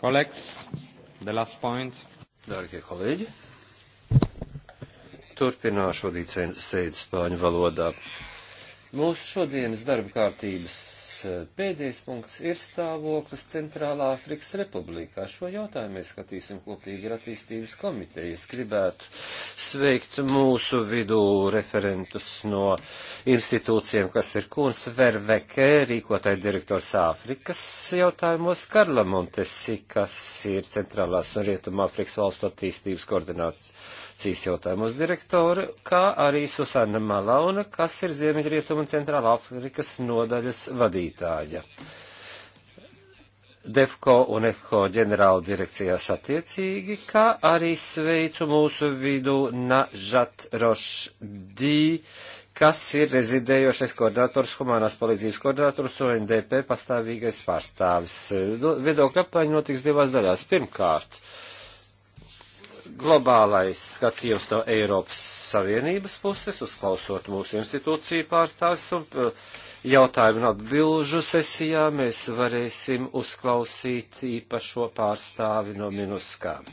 Colleagues, the last point. Dārgie kolēģi, turpināšu vadīt sēdi spāņu valodā. Mūsu šodienas darba kārtības eh, pēdējais punkts ir stāvoklis Centrālā Afrikas Republikā. Šo jautājumu mēs skatīsim kopīgi ar attīstības komiteju. Es gribētu sveikt mūsu vidū referentus no uh, institūcijiem, kas ir Kuns Verveke, rīkotāji direktors Āfrikas jautājumos, Karla Montesi, kas ir centrālās un rietuma Āfrikas valstu attīstības koordinācijas jautājumos direktori, kā arī Susanna Malauna, kas ir Ziemeļrietuma un centrālā Āfrikas nodaļas vadītāja. DEFCO un EFCO ģenerāla direkcijās attiecīgi, kā arī sveicu mūsu vidū Nažat Rošdī, kas ir rezidējošais koordinators, humanās palīdzības koordinators, UNDP pastāvīgais pārstāvis. Viedokļa apmaiņa notiks divās daļās. Pirmkārt, globālais skatījums no Eiropas Savienības puses, uzklausot mūsu institūciju pārstāvis un eh, jautājumu un atbilžu sesijā mēs varēsim uzklausīt īpašo pārstāvi no Minuskām.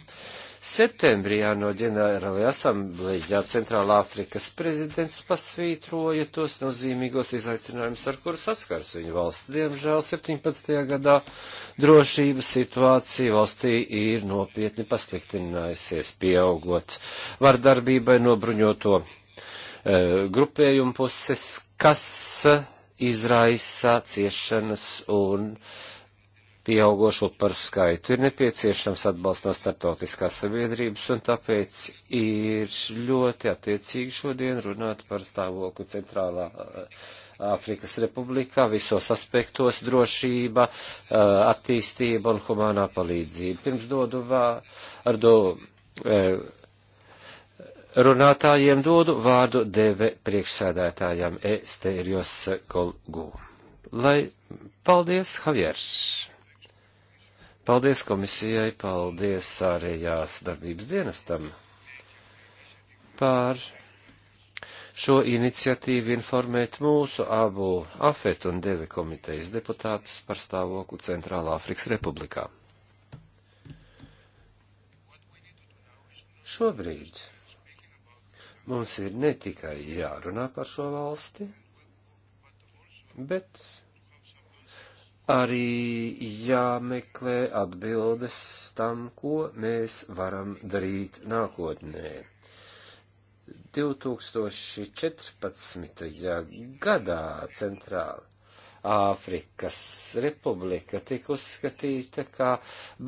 Septembrī no ģenerālajā asamblēģā Centrāla Āfrikas prezidents pasvītroja tos nozīmīgos izaicinājumus, ar kuru saskars viņa valsts. Diemžēl 17. gadā drošības situācija valstī ir nopietni pasliktinājusies, pieaugot vardarbībai nobruņoto e, grupējumu puses, kas izraisa ciešanas un pieaugošo par skaitu. Ir nepieciešams atbalsts no starptautiskās sabiedrības, un tāpēc ir ļoti attiecīgi šodien runāt par stāvokli centrālā eh, Āfrikas republikā visos aspektos - drošība, eh, attīstība un humānā palīdzība. Pirms dodu vārdu eh, runātājiem dodu vārdu DV priekšsēdētājam Esterios Kolgū. Lai paldies, Javierš! Paldies komisijai, paldies ārējās darbības dienestam par šo iniciatīvu informēt mūsu abu AFET un DEVE komitejas deputātus par stāvokli Centrālā Afrikas Republikā. Šobrīd mums ir ne tikai jārunā par šo valsti, bet arī jāmeklē atbildes tam, ko mēs varam darīt nākotnē. 2014. gadā centrāla Āfrikas republika tika uzskatīta kā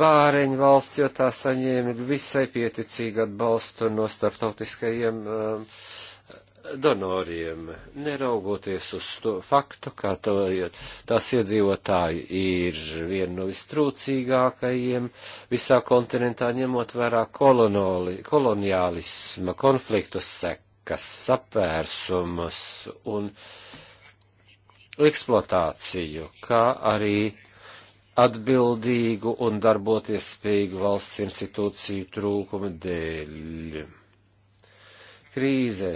bāreņu valsts, jo tā saņēma visai pieticīgu atbalstu no starptautiskajiem uh, um, donoriem, neraugoties uz to faktu, ka tā, tās iedzīvotāji ir viena no vistrūcīgākajiem visā kontinentā, ņemot vērā kolonoli, koloniālisma, konfliktu sekas, sapērsumus un eksploatāciju, kā arī atbildīgu un darboties spīgu valsts institūciju trūkuma dēļ. Krīze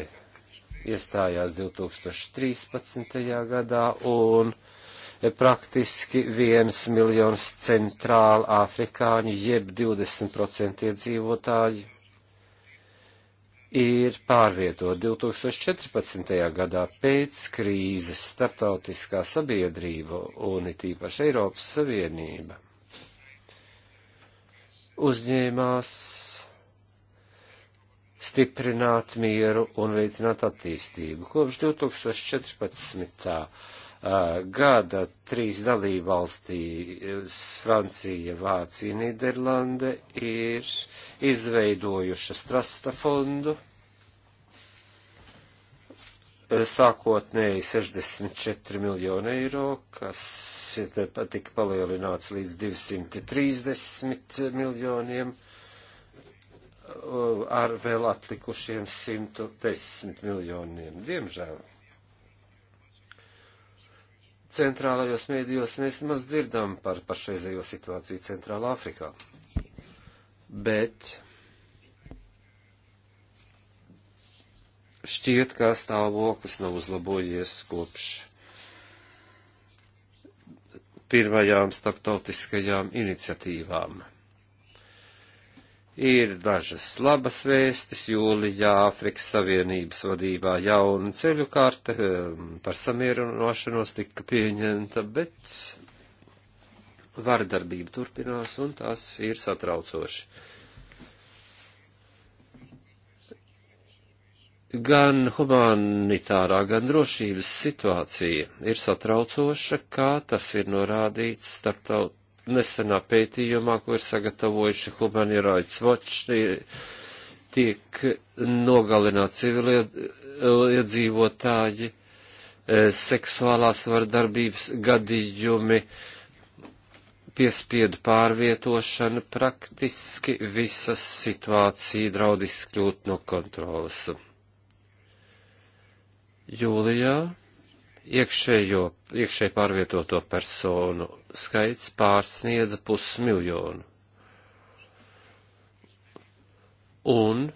iestājās 2013. gadā un e, praktiski viens miljons centrāla afrikāņu, jeb 20% iedzīvotāji ir pārvietot 2014. gadā pēc krīzes starptautiskā sabiedrība un it īpaši Eiropas Savienība uzņēmās stiprināt mieru un veicināt attīstību. Kopš 2014. gada trīs dalībvalstīs - Francija, Vācija, Niderlande - ir izveidojušas trasta fondu sākotnēji 64 miljoni eiro, kas tika palielināts līdz 230 miljoniem eiro Uh, ar vēl atlikušiem 110 miljoniem. Diemžēl. Centrālajos mēdījos mēs maz dzirdam par pašreizējo situāciju Centrālā Afrikā. Bet šķiet, ka stāvoklis nav uzlabojies kopš pirmajām starptautiskajām iniciatīvām. Ir dažas labas vēstis, jūlijā Āfrikas Savienības vadībā jauna ceļu kārta ehm, par samierinošanos tika pieņemta, bet vardarbība turpinās un tas ir satraucoši. Gan humanitārā, gan drošības situācija ir satraucoša, kā tas ir norādīts starptaut nesenā pētījumā, ko ir sagatavojuši Human Rights Watch, tiek nogalināti civiliedzīvotāji, eh, eh, seksuālās vardarbības gadījumi, piespiedu pārvietošana, praktiski visas situācija draud izkļūt no kontrolas. Jūlijā iekšējo, iekšēji pārvietoto personu skaits pārsniedza pusmiljonu. Un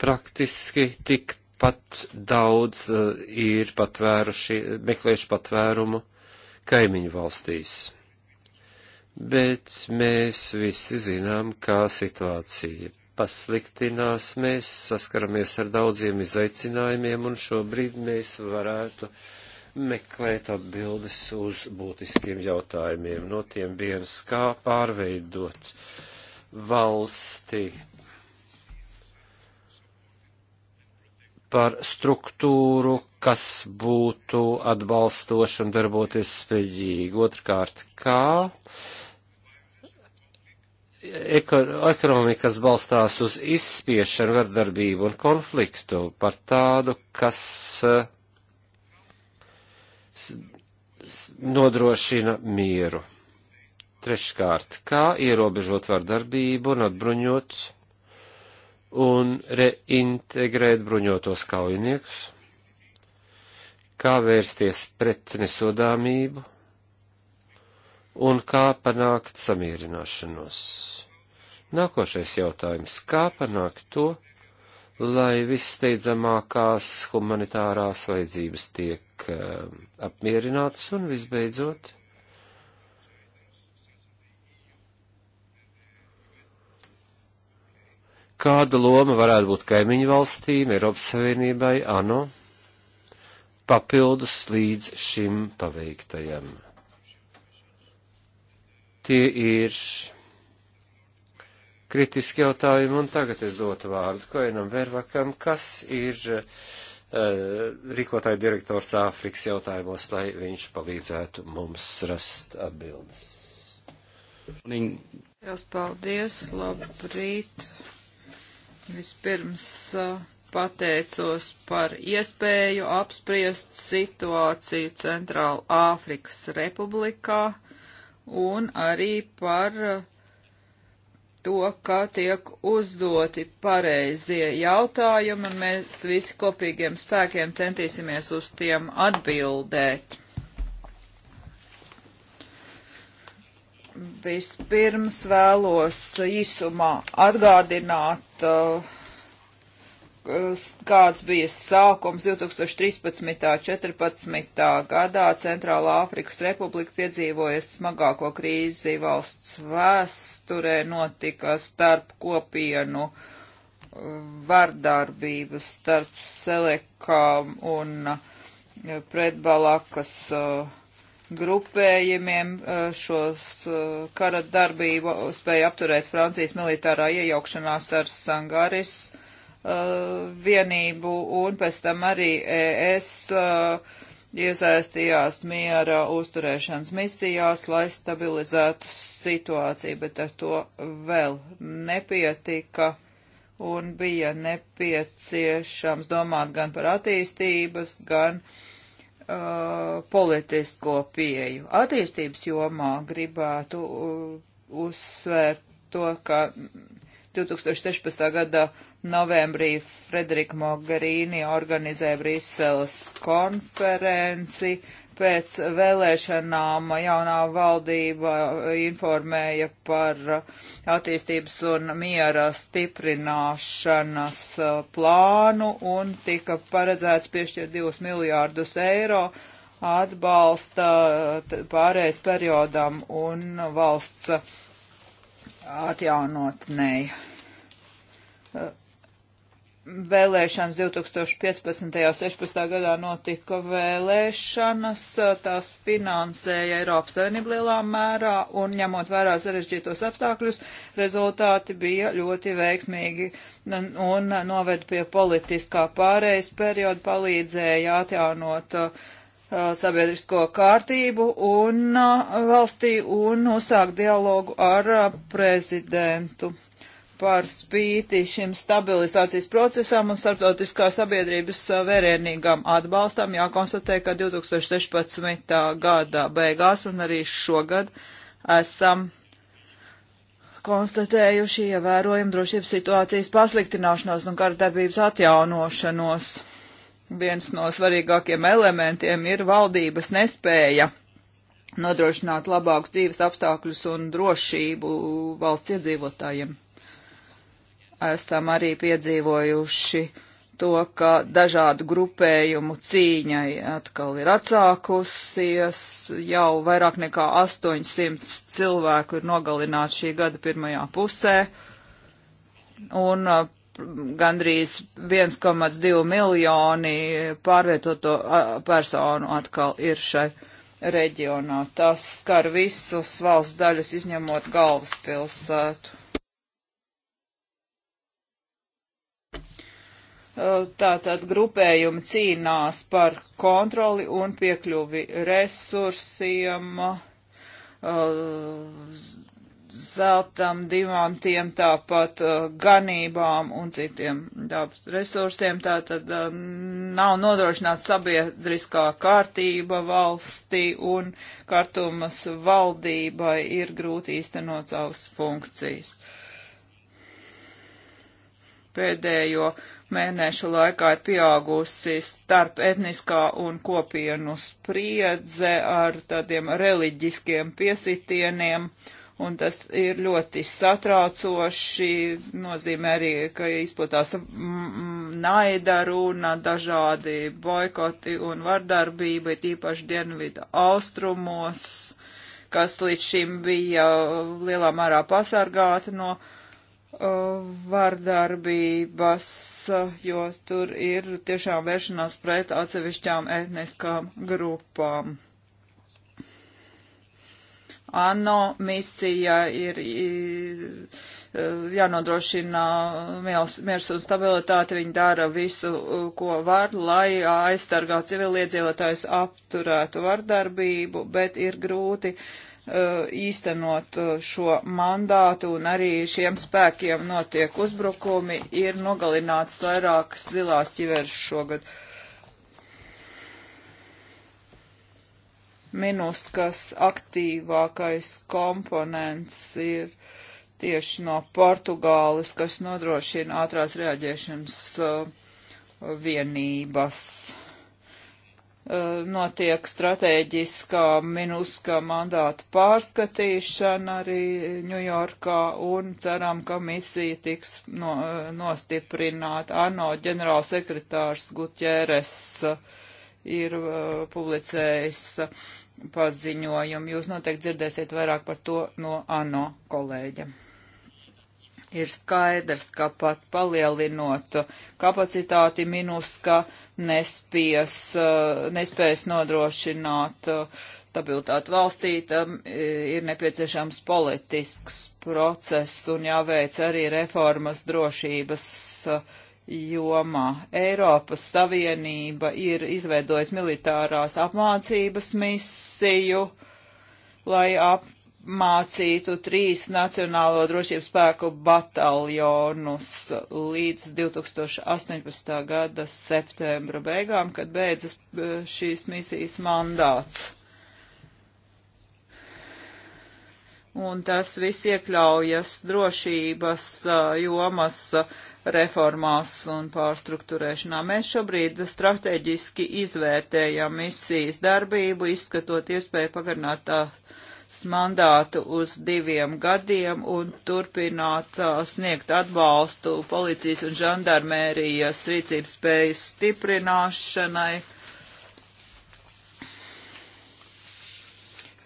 praktiski tikpat daudz uh, ir patvēruši, meklējuši patvērumu kaimiņu valstīs. Bet mēs visi zinām, kā situācija pasliktinās, mēs saskaramies ar daudziem izaicinājumiem, un šobrīd mēs varētu meklēt atbildes uz būtiskiem jautājumiem. No tiem viens, kā pārveidot valsti par struktūru, kas būtu atbalstoši un darboties spējīgi. Otrkārt, kā ekonomikas balstās uz izspiešanu, vardarbību un konfliktu par tādu, kas eh, nodrošina mieru. Treškārt, kā ierobežot vardarbību un atbruņot un reintegrēt bruņotos kaujiniekus, kā vērsties pret nesodāmību, un kā panākt samierināšanos. Nākošais jautājums - kā panākt to, lai visteidzamākās humanitārās vajadzības tiek uh, apmierinātas un visbeidzot? Kāda loma varētu būt kaimiņu valstīm, Eiropas Savienībai, ANO, papildus līdz šim paveiktajam? Tie ir kritiski jautājumi, un tagad es dotu vārdu Koenam Vervakam, kas ir uh, rīkotāja direktors Āfrikas jautājumos, lai viņš palīdzētu mums rast atbildes. Jūs paldies, labrīt. Vispirms uh, pateicos par iespēju apspriest situāciju Centrāla Āfrikas Republikā un arī par uh, to, kā tiek uzdoti pareizie jautājumi, un mēs visi kopīgiem spēkiem centīsimies uz tiem atbildēt. Vispirms vēlos īsumā atgādināt uh, kāds bija sākums 2013. 14. gadā Centrālā Āfrikas Republika piedzīvoja smagāko krīzi valsts vēsturē, notika starp kopienu uh, vardarbības starp selekām un uh, pretbalakas uh, grupējumiem uh, šos kara darbību spēja apturēt Francijas militārā iejaukšanās ar Sangaris Uh, vienību un pēc tam arī ES uh, iesaistījās miera uzturēšanas misijās, lai stabilizētu situāciju, bet ar to vēl nepietika un bija nepieciešams domāt gan par attīstības, gan uh, politisko pieju. Attīstības jomā gribētu uh, uzsvērt to, ka 2016. gada uh, novembrī Frederika Mogherini organizē Briseles konferenci. Pēc vēlēšanām jaunā valdība informēja par attīstības un miera stiprināšanas plānu un tika paredzēts piešķirt 2 miljārdus eiro atbalsta pārējais periodam un valsts atjaunotnēji vēlēšanas 2015. un 16. gadā notika vēlēšanas, tās finansēja Eiropas Savienība lielā mērā, un ņemot vērā sarežģītos apstākļus, rezultāti bija ļoti veiksmīgi un, un noved pie politiskā pārējais perioda, palīdzēja atjaunot uh, sabiedrisko kārtību un uh, valstī un uzsākt dialogu ar uh, prezidentu par spīti šim stabilizācijas procesam un starptautiskā sabiedrības vērienīgam atbalstam jākonstatē, ka 2016. gada beigās un arī šogad esam konstatējuši ievērojumu drošības situācijas pasliktināšanos un kara darbības atjaunošanos. Viens no svarīgākiem elementiem ir valdības nespēja nodrošināt labākus dzīves apstākļus un drošību valsts iedzīvotājiem esam arī piedzīvojuši to, ka dažādu grupējumu cīņai atkal ir atsākusies. Jau vairāk nekā 800 cilvēku ir nogalināti šī gada pirmajā pusē. Un uh, gandrīz 1,2 miljoni pārvietoto uh, personu atkal ir šai reģionā. Tas skar visus valsts daļas, izņemot galvaspilsētu. Eh, tātad grupējumi cīnās par kontroli un piekļuvi resursiem, eh, zeltam, divantiem, tāpat eh, ganībām un citiem dabas resursiem. Tātad nav nodrošināta sabiedriskā kārtība valstī un kartumas valdībai ir grūti īstenot savas funkcijas. Pēdējo uh, mēnešu laikā ir pieaugusi starp etniskā un kopienu spriedze ar tādiem reliģiskiem piesitieniem, un tas ir ļoti satraucoši, nozīmē arī, ka izplatās naida runa, dažādi boikoti un vardarbība, tīpaši dienvidu austrumos, kas līdz šim bija lielā mērā pasargāta no uh, vardarbības Eh, jo tur ir tiešām vēršanās pret atsevišķām etniskām grupām. ANO misija ir eh, jānodrošina miers un stabilitāte. Viņi dara visu, eh, ko var, lai aizsargātu civiliedzīvotājus, apturētu vardarbību, bet ir grūti uh, Eh, īstenot eh, šo mandātu un arī šiem spēkiem notiek uzbrukumi, ir nogalināts vairākas zilās ķiveres šogad. Minus, kas aktīvākais komponents ir tieši no Portugāles, kas nodrošina ātrās reaģēšanas uh, vienības. Eh, notiek strateģiskā minuska mandāta pārskatīšana arī Ņujorkā un ceram, ka misija tiks no, eh, nostiprināta. ANO ģenerālsekretārs Gutjēres eh, ir uh, publicējis paziņojumu. Jūs noteikti dzirdēsiet vairāk par to no ANO kolēģa. Ir skaidrs, ka pat palielinot kapacitāti minuska nespies, eh, nespējas nodrošināt eh, stabilitāti valstī, tam eh, ir nepieciešams politisks process un jāveic arī reformas drošības jomā. Eiropas Savienība ir izveidojusi militārās apmācības misiju, lai ap apmācītu trīs Nacionālo drošības spēku bataljonus līdz 2018. gada septembra beigām, kad beidzas e, šīs misijas mandāts. Un tas viss iekļaujas drošības e, jomas e, reformās un pārstruktūrēšanā. Mēs šobrīd strateģiski izvērtējam misijas darbību, izskatot iespēju pagarināt tā mandātu uz diviem gadiem un turpināt uh, sniegt atbalstu policijas un žandarmērijas rīcības spējas stiprināšanai.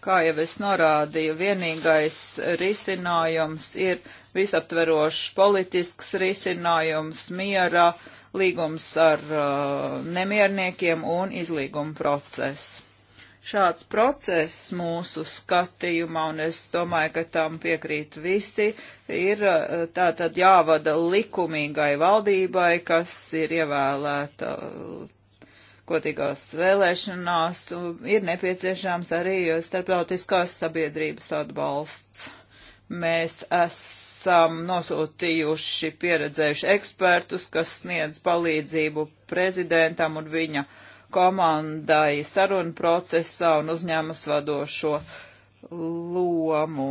Kā jau es norādīju, vienīgais risinājums ir visaptverošs politisks risinājums miera, līgums ar uh, nemierniekiem un izlīguma process šāds process mūsu skatījumā, un es domāju, ka tam piekrīt visi, ir eh, tātad jāvada likumīgai valdībai, kas ir ievēlēta kotīgās eh, vēlēšanās, ir nepieciešams arī starptautiskās sabiedrības atbalsts mēs esam nosūtījuši pieredzējuši ekspertus, kas sniedz palīdzību prezidentam un viņa uh, komandai sarunu procesā un uzņēmas vadošo lomu.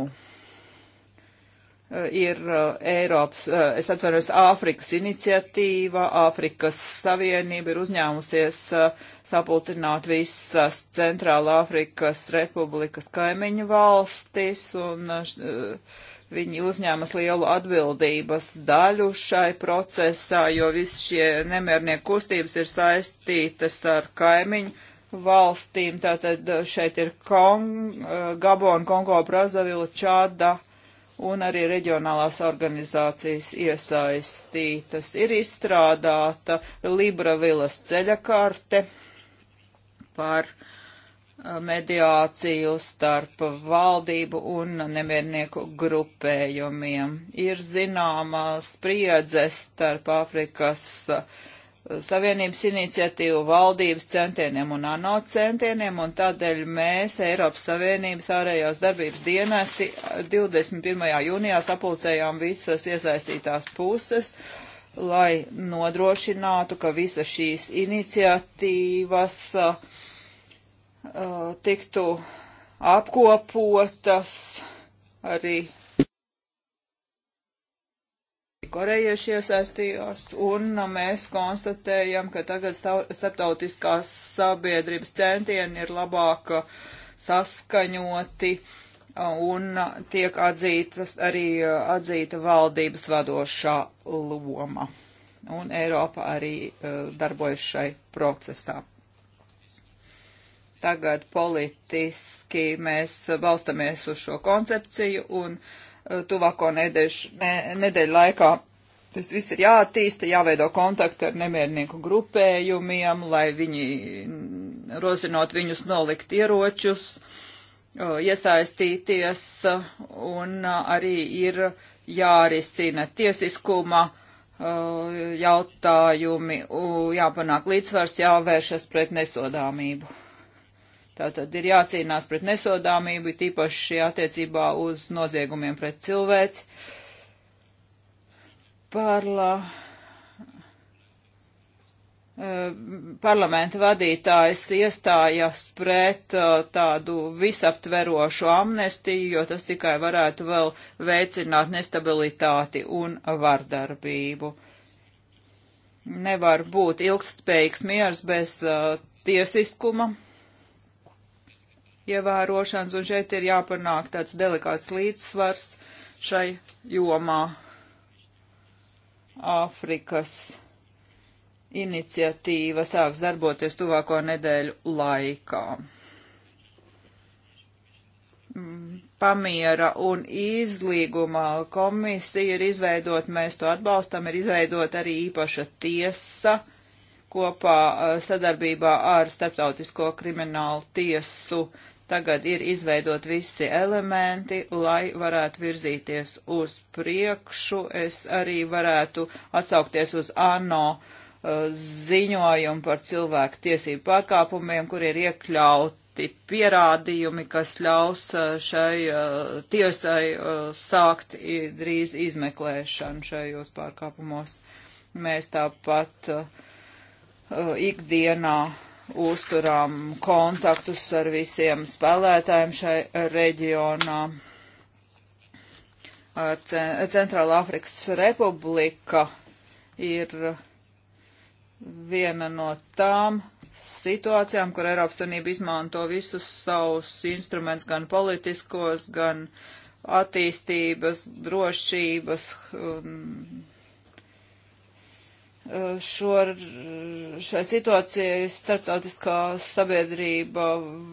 Eh, ir eh, Eiropas, eh, es atvainojos, Āfrikas iniciatīva, Āfrikas Savienība ir uzņēmusies sapulcināt visas Centrāla Āfrikas Republikas kaimiņu valstis un uh, Viņi uzņēmas lielu atbildības daļu šai procesā, jo viss šie nemiernieku kustības ir saistītas ar kaimiņu valstīm. Tātad šeit ir Kong, eh, Gabon, Kongo, Brazavila, Čāda un arī reģionālās organizācijas iesaistītas. Ir izstrādāta Libra vilas ceļakarte par uh, mediāciju starp valdību un nemiernieku grupējumiem. Ir zināma spriedze starp Āfrikas eh, Savienības iniciatīvu valdības centieniem un ANO centieniem, un tādēļ mēs Eiropas Savienības ārējās darbības dienesti 21. jūnijā sapulcējām visas iesaistītās puses, lai nodrošinātu, ka visas šīs iniciatīvas uh, Uh, tiktu apkopotas arī korejieši iesaistījās, un mēs konstatējam, ka tagad starptautiskās sabiedrības centieni ir labāk saskaņoti uh, un tiek atzītas arī uh, atzīta valdības vadošā loma. Un Eiropa arī darbojas šai procesā. Tagad politiski mēs balstamies uz šo koncepciju un eh, tuvāko nedēļu, ne, nedēļu laikā tas viss ir jāattīsta, jāveido kontakti ar nemiernieku grupējumiem, lai viņi, mm, rozinot viņus nolikt ieročus, eh, iesaistīties un eh, arī ir jārisina tiesiskuma jautājumi, jāpanāk līdzsvars, jāvēršas pret nesodāmību. Tātad ir jācīnās pret nesodāmību, tīpaši attiecībā uz noziegumiem pret cilvēci. Parla, eh, parlamenta vadītājs iestājas pret eh, tādu visaptverošu amnestiju, jo tas tikai varētu vēl veicināt nestabilitāti un vardarbību. Nevar būt ilgstspējīgs miers bez eh, tiesiskuma ievērošanas, un šeit ir jāpanāk tāds delikāts līdzsvars šai jomā Āfrikas iniciatīva sāks darboties tuvāko nedēļu laikā. Pamiera un izlīguma komisija ir izveidot, mēs to atbalstam, ir izveidot arī īpaša tiesa kopā eh, sadarbībā ar Starptautisko kriminālu tiesu Tagad ir izveidot visi elementi, lai varētu virzīties uz priekšu. Es arī varētu atsaukties uz ANO uh, ziņojumu par cilvēku tiesību pārkāpumiem, kur ir iekļauti pierādījumi, kas ļaus eh, šai uh, tiesai uh, sākt drīz izmeklēšanu šajos pārkāpumos. Mēs tāpat ikdienā uzturām kontaktus ar visiem spēlētājiem šai reģionā. Centrāla Afrikas Republika ir viena no tām situācijām, kur Eiropas Savienība izmanto visus savus instrumentus, gan politiskos, gan attīstības, drošības, um, šo, šai situācijai starptautiskā sabiedrība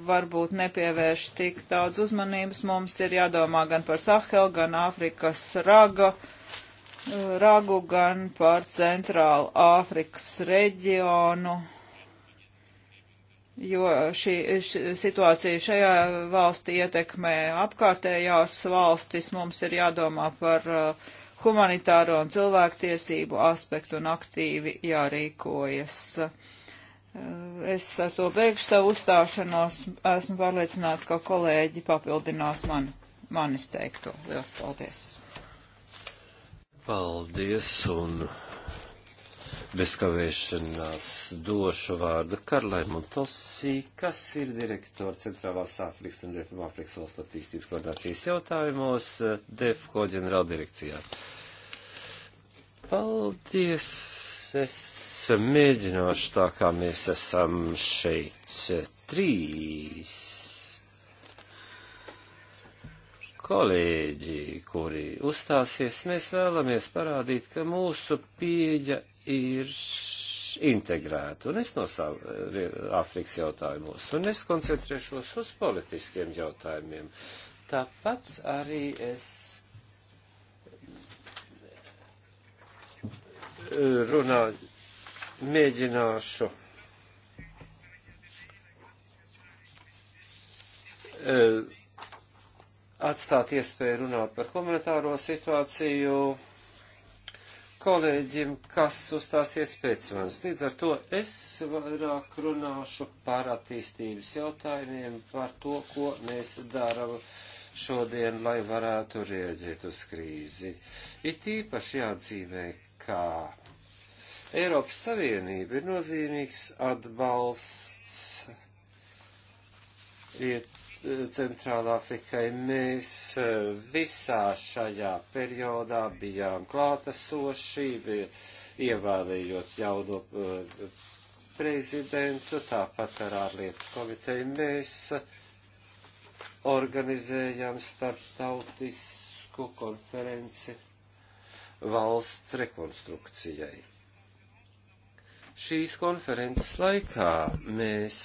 varbūt nepievērš tik daudz uzmanības. Mums ir jādomā gan par Sahelu, gan Āfrikas raga, ragu, gan par Centrālu Āfrikas reģionu, jo šī, šī situācija šajā valstī ietekmē apkārtējās valstis. Mums ir jādomā par uh, humanitāro un cilvēktiesību aspektu un aktīvi jārīkojas. Es ar to beigšu savu uzstāšanos. Esmu pārliecināts, ka kolēģi papildinās man, manis teikto. Lielas paldies! Paldies! Un bez kavēšanās došu vārdu Karlai Montosī, kas ir direktora Centrālās Āfrikas un Rietumāfrikas valsts attīstības koordinācijas jautājumos DFKO ģenerāldirekcijā. Paldies! Es mēģināšu tā kā mēs esam šeit trīs kolēģi, kuri uzstāsies, mēs vēlamies parādīt, ka mūsu pieeja ir integrēta, un es no savu Āfrikas jautājumos, un es koncentrēšos uz politiskiem jautājumiem. Tāpat arī es e, runā, mēģināšu e, atstāt iespēju runāt par komunitāro situāciju kolēģim, kas uzstāsies pēc manis. Līdz ar to es vairāk runāšu par attīstības jautājumiem, par to, ko mēs darām šodien, lai varētu rieģēt uz krīzi. It īpaši jādzīmē, kā Eiropas Savienība ir nozīmīgs atbalsts iet Centrālā Afrikai. Mēs eh, visā šajā periodā bijām klātesoši, bija ievēlējot jauno eh, prezidentu, tāpat ar ārlietu komiteju mēs organizējām starptautisku konferenci valsts rekonstrukcijai. Šīs konferences laikā mēs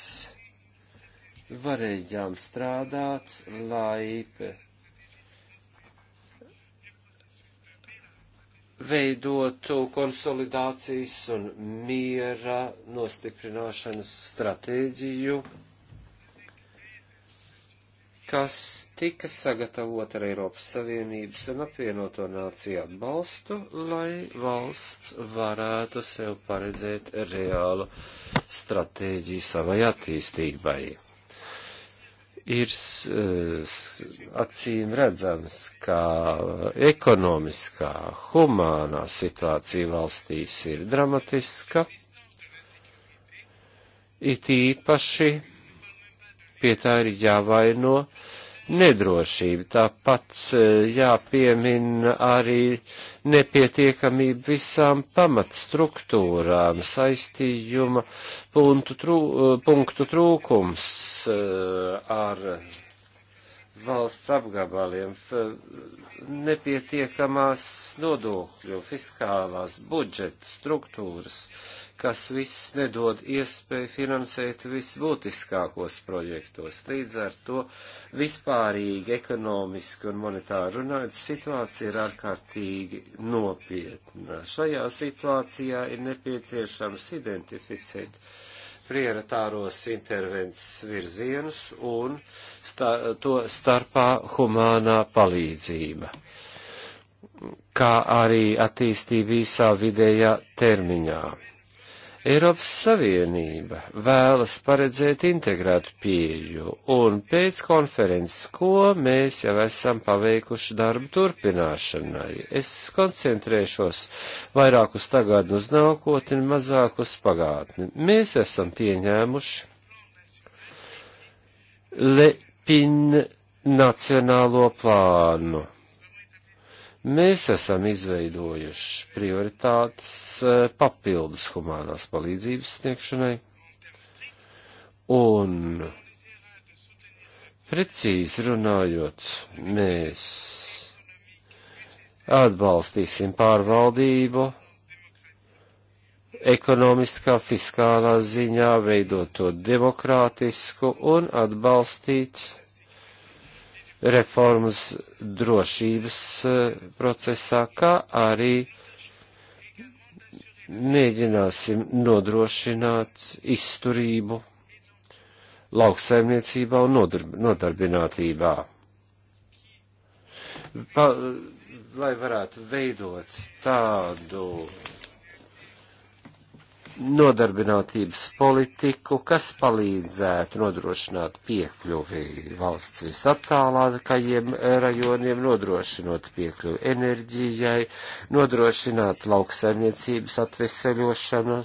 varējām strādāt, lai veidotu konsolidācijas un miera nostiprināšanas stratēģiju, kas tika sagatavota ar Eiropas Savienības un apvienoto nāciju atbalstu, lai valsts varētu sev paredzēt reālu stratēģiju savai attīstībai ir acīm redzams, ka ekonomiskā, humānā situācija valstīs ir dramatiska, it īpaši pie tā ir jāvaino nedrošība. Tāpat e, jāpiemina arī nepietiekamība visām pamatstruktūrām, saistījuma punktu, trū, e, punktu trūkums e, ar valsts apgabaliem, nepietiekamās nodokļu, fiskālās budžeta struktūras kas viss nedod iespēju finansēt visbūtiskākos projektos. Līdz ar to vispārīgi ekonomiski un monetāri runājot, situācija ir ārkārtīgi nopietna. Šajā situācijā ir nepieciešams identificēt prioritāros intervences virzienus un sta to starpā humānā palīdzība kā arī attīstība īsā vidējā termiņā. Eiropas Savienība vēlas paredzēt integrētu pieju, un pēc konferences, ko mēs jau esam paveikuši darbu turpināšanai, es koncentrēšos vairāk uz tagadni, uz nākotni, mazāk uz pagātni. Mēs esam pieņēmuši Lepin nacionālo plānu Mēs esam izveidojuši prioritātes eh, papildus humānās palīdzības sniegšanai un Precīzi runājot, mēs atbalstīsim pārvaldību ekonomiskā, fiskālā ziņā, veidot to demokrātisku un atbalstīt reformas drošības eh, procesā, kā arī mēģināsim nodrošināt izturību lauksaimniecībā un nodarbinātībā. Pa, lai varētu veidot tādu nodarbinātības politiku, kas palīdzētu nodrošināt piekļuvi valsts visattālākajiem rajoniem, nodrošinot piekļuvi enerģijai, nodrošināt lauksaimniecības atveseļošanu,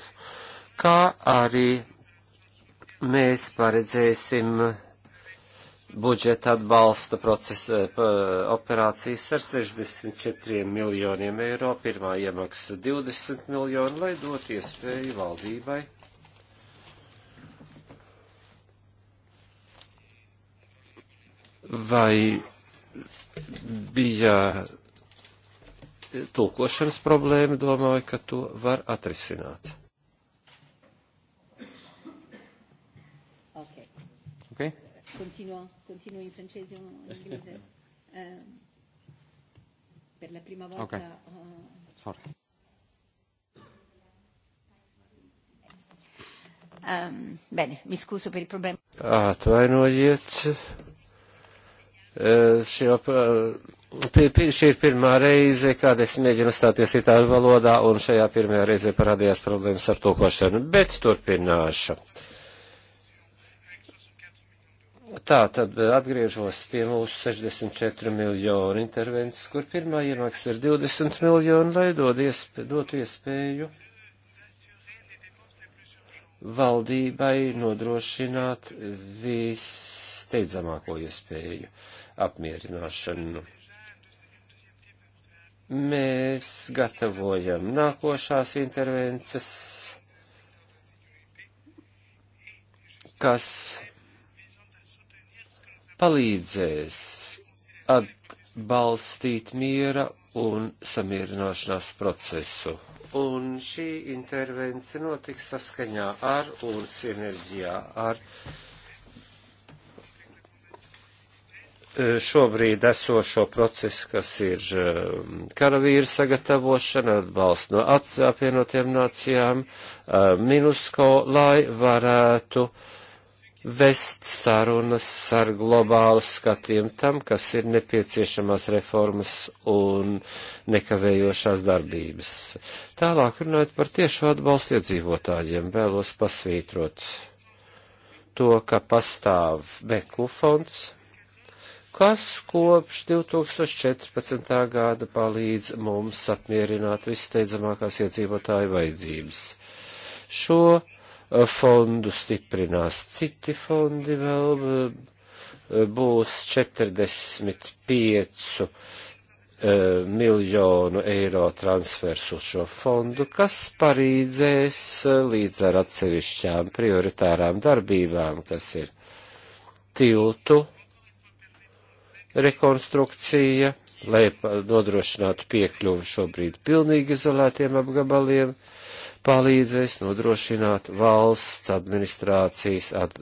kā arī mēs paredzēsim budžeta atbalsta procesa, eh, operācijas ar 64 miljoniem eiro, pirmā iemaksa 20 miljonu, lai dot iespēju valdībai vai bija tulkošanas problēma, domāju, ka to var atrisināt. Continuo, continuo in francese o in inglese. eh, per la prima volta okay. ho... Eh, Sorry. Um, bene, mi scuso per il problema. Atvainojiet. Uh, šī, uh, šī ir pirmā reize, kad es mēģinu stāties itāļu valodā, un šajā pirmajā reizē parādījās problēmas ar tulkošanu, bet turpināšu. Uh, Tā tad atgriežos pie mūsu 64 miljonu intervences, kur pirmā iemaksa ir 20 miljoni, lai dod iespē, dotu iespēju valdībai nodrošināt visteidzamāko iespēju apmierināšanu. Mēs gatavojam nākošās intervences, kas palīdzēs atbalstīt miera un samierināšanās procesu. Un šī intervence notiks saskaņā ar un sinerģijā ar e, šobrīd esošo procesu, kas ir e, karavīru sagatavošana, atbalsts no apvienotiem nācijām, e, Minusko, lai varētu uh, vest sarunas ar globālu skatījumu tam, kas ir nepieciešamās reformas un nekavējošās darbības. Tālāk runājot par tiešo atbalstu iedzīvotājiem, vēlos pasvītrot to, ka pastāv Beku fonds, kas kopš 2014. gada palīdz mums apmierināt visteidzamākās iedzīvotāju vajadzības. Šo fondu stiprinās citi fondi vēl, e, būs 45 e, miljonu eiro transfers uz šo fondu, kas parīdzēs e, līdz ar atsevišķām prioritārām darbībām, kas ir tiltu rekonstrukcija, lai nodrošinātu piekļuvu šobrīd pilnīgi izolētiem apgabaliem, uh, palīdzēs nodrošināt valsts administrācijas at,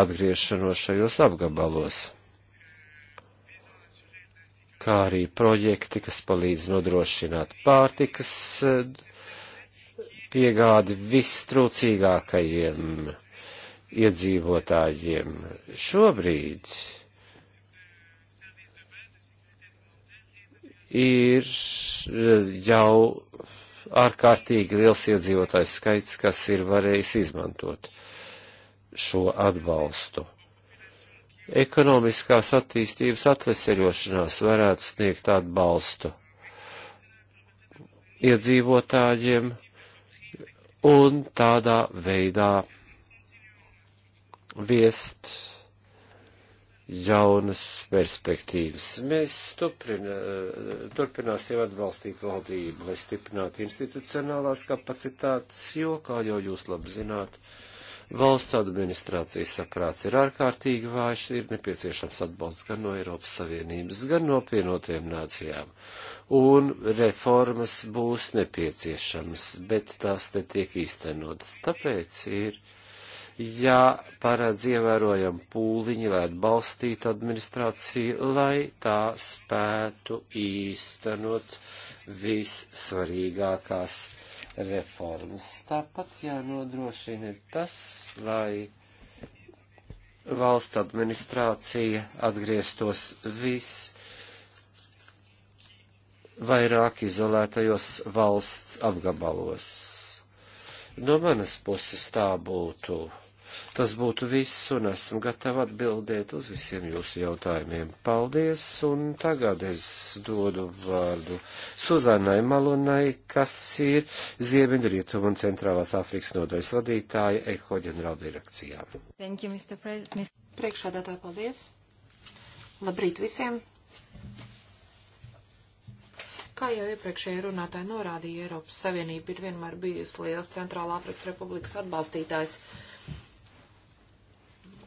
atgriešanos šajos apgabalos, kā arī projekti, kas palīdz nodrošināt pārtikas eh, piegādi vistrūcīgākajiem iedzīvotājiem. Šobrīd ir eh, jau ārkārtīgi liels iedzīvotājs skaits, kas ir varējis izmantot šo atbalstu. Ekonomiskās attīstības atveseļošanās varētu sniegt atbalstu iedzīvotājiem un tādā veidā viest jaunas perspektīvas. Mēs stuprina, turpināsim atbalstīt valdību, lai stiprinātu institucionālās kapacitātes, jo, kā jau jūs labi zināt, valsts administrācijas saprāts ir ārkārtīgi vājš, ir nepieciešams atbalsts gan no Eiropas Savienības, gan no pienotiem nācijām. Un reformas būs nepieciešamas, bet tās netiek īstenotas. Tāpēc ir jāparedz ievērojam pūliņi, lai atbalstītu administrāciju, lai tā spētu īstenot vissvarīgākās reformas. Tāpat jānodrošina ir tas, lai valsts administrācija atgrieztos viss vairāk izolētajos valsts apgabalos. No manas puses tā būtu Tas būtu viss, un esmu gatava atbildēt uz visiem jūsu jautājumiem. Paldies, un tagad es dodu vārdu Suzanai Malonai, kas ir Ziemeņu Rietumu un Centrālās Afrikas nodaļas vadītāja EHO ģenerāldirekcijā. Thank you, Mr. President. Priekšādātāji, paldies. Labrīt visiem. Kā jau iepriekšēji runātāji norādīja, Eiropas Savienība ir vienmēr bijusi liels Centrālā Afrikas Republikas atbalstītājs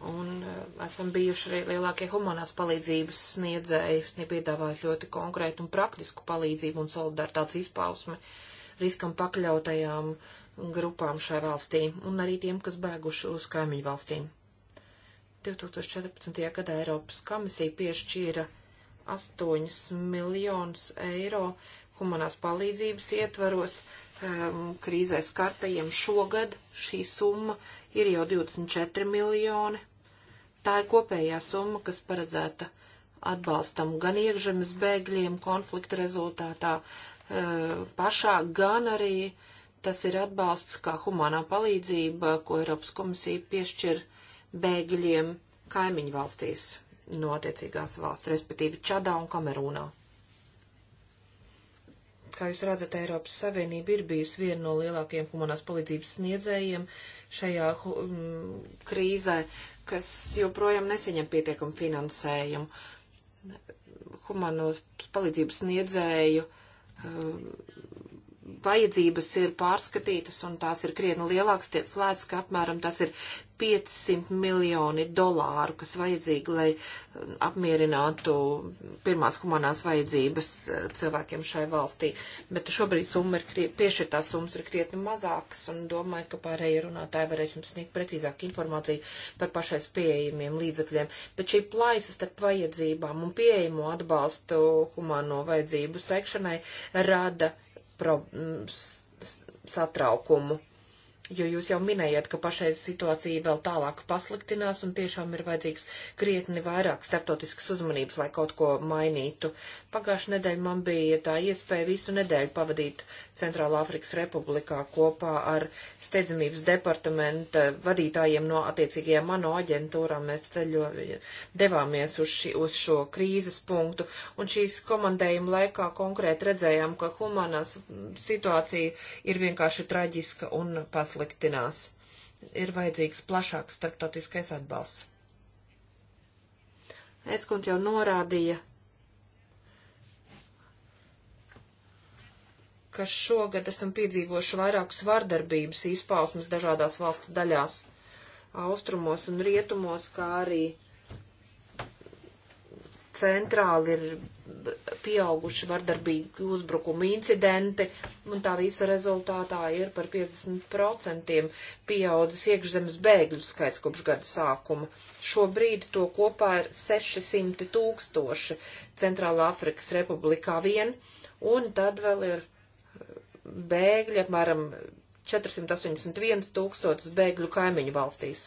un eh, esam bijuši arī lielākie humanās palīdzības sniedzēji, viņi piedāvāja ļoti konkrētu un praktisku palīdzību un solidaritātes izpausmi riskam pakļautajām grupām šai valstī un arī tiem, kas bēguši uz kaimiņu valstīm. 2014. gadā Eiropas komisija piešķīra 8 miljonus eiro humanās palīdzības ietvaros um, ehm, krīzē skartajiem šogad šī summa ir jau 24 miljoni. Tā ir kopējā summa, kas paredzēta atbalstam gan iekšzemes bēgļiem konflikta rezultātā e, pašā, gan arī tas ir atbalsts kā humanā palīdzība, ko Eiropas komisija piešķir bēgļiem kaimiņu valstīs no attiecīgās valsts, respektīvi Čadā un Kamerūnā. Kā jūs redzat, Eiropas Savienība ir bijusi viena no lielākajiem humanās palīdzības sniedzējiem šajā um, krīzē, kas joprojām nesaņem pietiekamu finansējumu. Humanos palīdzības sniedzēju um, vajadzības ir pārskatītas un tās ir krietni lielākas, tiek flēts, ka apmēram tas ir 500 miljoni dolāru, kas vajadzīgi, lai um, apmierinātu pirmās humanās vajadzības uh, cilvēkiem šai valstī. Bet šobrīd summa ir, piešķirtās summas ir krietni mazākas un domāju, ka pārējie runātāji varēs jums sniegt precīzāk informāciju par pašais pieejamiem līdzekļiem. Bet šī plaisa starp vajadzībām un pieejamo atbalstu humano vajadzību sekšanai rada pro, mm, satraukumu. Jo jūs jau minējat, ka pašreiz situācija vēl tālāk pasliktinās un tiešām ir vajadzīgs krietni vairāk starptautiskas uzmanības, lai kaut ko mainītu. Pagājušajā nedēļā man bija tā iespēja visu nedēļu pavadīt Centrālā Afrikas Republikā kopā ar steidzamības departamenta vadītājiem no attiecīgajām ANO aģentūrām. Mēs ceļo, devāmies uz, ši, uz šo krīzes punktu, un šīs komandējuma laikā konkrēti redzējām, ka humanās situācija ir vienkārši traģiska un pasliktinās. Ir vajadzīgs plašāks starptautiskais atbalsts. Eskund jau norādīja, ka šogad esam piedzīvojuši vairākus vardarbības izpausmus dažādās valsts daļās, austrumos un rietumos, kā arī centrāli ir pieauguši vardarbīgi uzbrukumi incidenti, un tā visa rezultātā ir par 50% pieaudzis iekšzemes bēgļu skaits kopš gada sākuma. Šobrīd to kopā ir 600 tūkstoši Centrālā Afrikas Republikā vien, un tad vēl ir bēgļi, apmēram 481 tūkstotis bēgļu kaimiņu valstīs.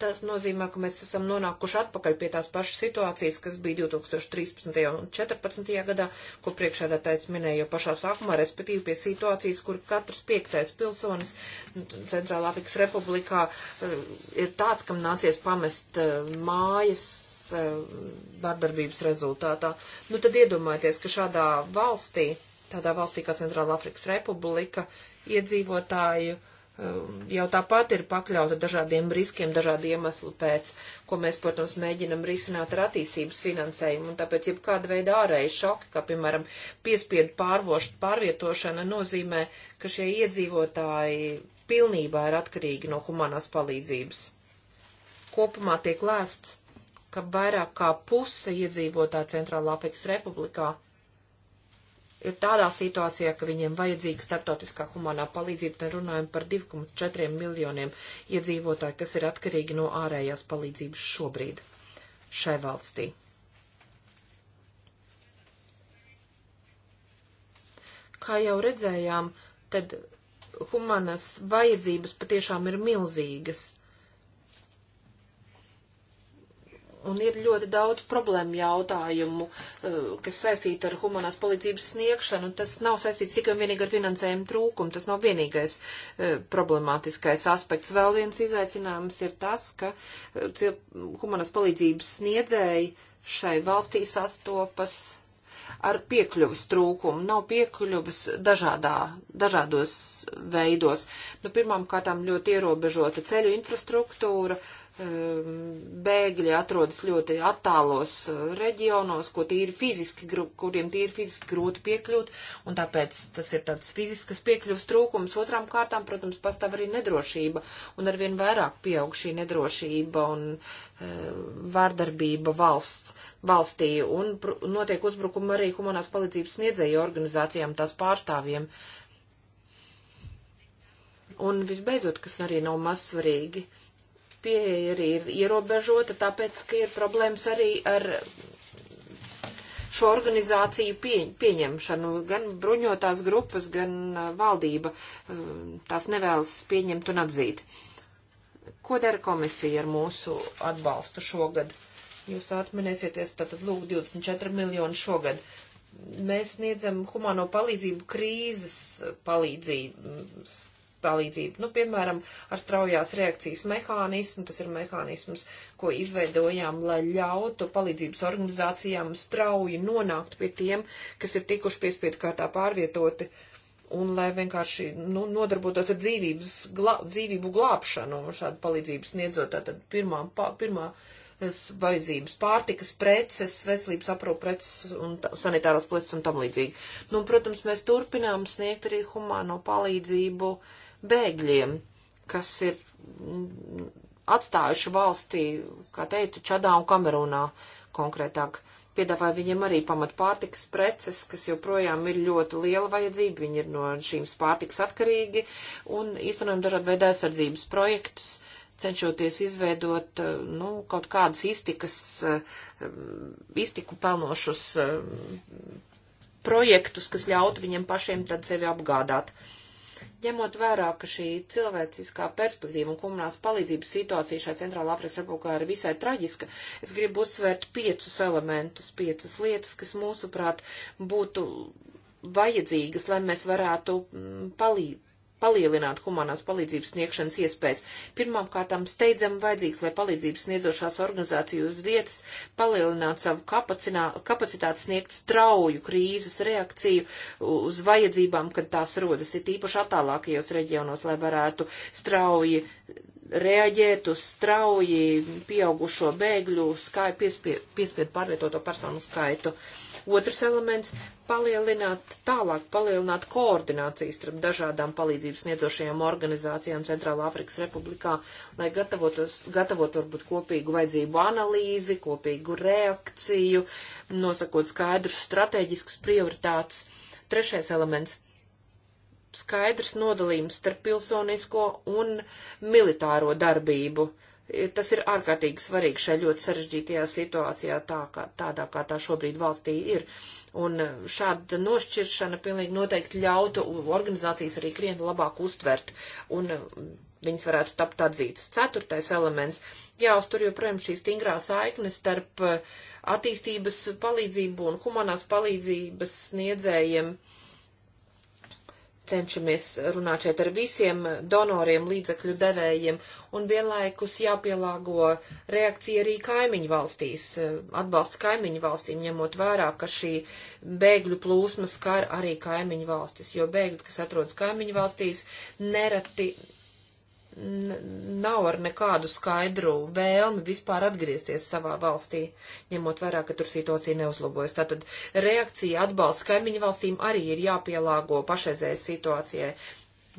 Tas nozīmē, ka mēs esam nonākuši atpakaļ pie tās pašas situācijas, kas bija 2013. un 2014. gadā, ko priekšādātājs minēja jau pašā sākumā, respektīvi pie situācijas, kur katrs piektais pilsonis Centrālā Afrikas Republikā eh, ir tāds, kam nācies pamest eh, mājas eh, vardarbības rezultātā. Nu tad iedomājieties, ka šādā valstī tādā valstī kā Centrāla Afrikas Republika iedzīvotāju um, jau tāpat ir pakļauta dažādiem riskiem, dažādu iemeslu pēc, ko mēs, protams, mēģinam risināt ar attīstības finansējumu, un tāpēc jau kāda veida ārēji šoki, kā, piemēram, piespiedu pārvošt, pārvietošana nozīmē, ka šie iedzīvotāji pilnībā ir atkarīgi no humanās palīdzības. Kopumā tiek lēsts, ka vairāk kā puse iedzīvotā Centrāla Afrikas Republikā ir tādā situācijā, ka viņiem vajadzīga starptautiskā humanā palīdzība, tad runājam par 2,4 miljoniem iedzīvotāju, kas ir atkarīgi no ārējās palīdzības šobrīd šai valstī. Kā jau redzējām, tad humanas vajadzības patiešām ir milzīgas. Un ir ļoti daudz problēmu jautājumu, eh, kas saistīti ar humanās palīdzības sniegšanu, un tas nav saistīts tikai un vienīgi ar finansējumu trūkumu, tas nav vienīgais eh, problemātiskais aspekts. Vēl viens izaicinājums ir tas, ka eh, humanās palīdzības sniedzēji šai valstī sastopas ar piekļuvas trūkumu, nav piekļuvas dažādā, dažādos veidos. Nu, pirmām kārtām ļoti ierobežota ceļu infrastruktūra, Ehm, bēgļi atrodas ļoti attālos eh, reģionos, ko tīri fiziski, kuriem tīri fiziski grūti piekļūt, un tāpēc tas ir tāds fiziskas piekļuvs trūkums. Otrām kārtām, protams, pastāv arī nedrošība, un arvien vairāk pieaug šī nedrošība un e, vārdarbība valsts, valstī, un notiek uzbrukumi arī humanās palīdzības sniedzēju organizācijām, tās pārstāvjiem. Un visbeidzot, kas arī nav maz svarīgi, pieeja arī ir ierobežota, tāpēc, ka ir problēmas arī ar šo organizāciju pie, pieņemšanu. Gan bruņotās grupas, gan uh, valdība uh, tās nevēlas pieņemt un atzīt. Ko dara komisija ar mūsu atbalstu šogad? Jūs atminēsieties, tātad lūk 24 miljoni šogad. Mēs sniedzam humano palīdzību krīzes palīdzības palīdzību. Nu, piemēram, ar straujās reakcijas mehānismu, tas ir mehānisms, ko izveidojām, lai ļautu palīdzības organizācijām strauji nonākt pie tiem, kas ir tikuši piespiedu kārtā pārvietoti un lai vienkārši nu, nodarbotos ar dzīvības, glā, dzīvību glābšanu un šādu palīdzību sniedzot. Tātad pirmā, pā, pirmā vajadzības pārtikas preces, veselības aprūp preces un sanitāros preces un tam līdzīgi. Nu, un, protams, mēs turpinām sniegt arī humāno palīdzību. Uh, bēgļiem, kas ir mm, atstājuši valstī, kā teicu, Čadā un Kamerunā konkrētāk. Piedāvāja viņiem arī pamat pārtikas preces, kas joprojām ir ļoti liela vajadzība, viņi ir no šīm pārtikas atkarīgi, un īstenojam dažādu veidu aizsardzības projektus, cenšoties izveidot, eh, nu, kaut kādas iztikas, eh, iztiku pelnošus eh, projektus, kas ļautu viņiem pašiem tad sevi apgādāt. Uh, Ņemot vērā, ka šī cilvēciskā perspektīva un komunās palīdzības situācija šajā Centrālā Afrikas Republikā ir visai traģiska, es gribu uzsvērt piecus elementus, piecas lietas, kas mūsuprāt būtu vajadzīgas, lai mēs varētu mm, palīd, palielināt humanās palīdzības sniegšanas iespējas. Pirmkārt, steidzam vajadzīgs, lai palīdzības sniedzošās organizācijas uz vietas palielinātu savu kapacitāti sniegt strauju krīzes reakciju uz vajadzībām, kad tās rodas, ir īpaši attālākajos reģionos, lai varētu strauji reaģēt uz strauji pieaugušo bēgļu skaitu, piespiedu pārvietoto personu skaitu. Uh, Otrs elements - palielināt, tālāk palielināt koordinācijas starp dažādām palīdzības sniedzošajām organizācijām Centrālā Afrikas Republikā, lai gatavotos, gatavot varbūt kopīgu vajadzību analīzi, kopīgu reakciju, nosakot skaidrus strateģiskus prioritātus. Trešais elements skaidrs nodalījums starp pilsonisko un militāro darbību tas ir ārkārtīgi svarīgi šai ļoti sarežģītajā situācijā, tā, kā, tādā kā tā šobrīd valstī ir. Un uh, šāda nošķiršana pilnīgi noteikti ļautu organizācijas arī krietni labāk uztvert, un uh, viņas varētu tapt atzītas. Ceturtais elements - jāuztur joprojām šī stingrā saikne starp uh, attīstības palīdzību un humanās palīdzības sniedzējiem. Uh, cenšamies runāt šeit ar visiem donoriem, līdzekļu devējiem, un vienlaikus jāpielāgo reakcija arī kaimiņu valstīs, atbalsts kaimiņu valstīm, ņemot vērā, ka šī bēgļu plūsma skar arī kaimiņu valstis, jo bēgļi, kas atrodas kaimiņu valstīs, nereti nav ar nekādu skaidru vēlmi vispār atgriezties savā valstī, ņemot vērā, ka tur situācija neuzlabojas. Tātad reakcija atbalsts kaimiņu valstīm arī ir jāpielāgo pašreizējai situācijai.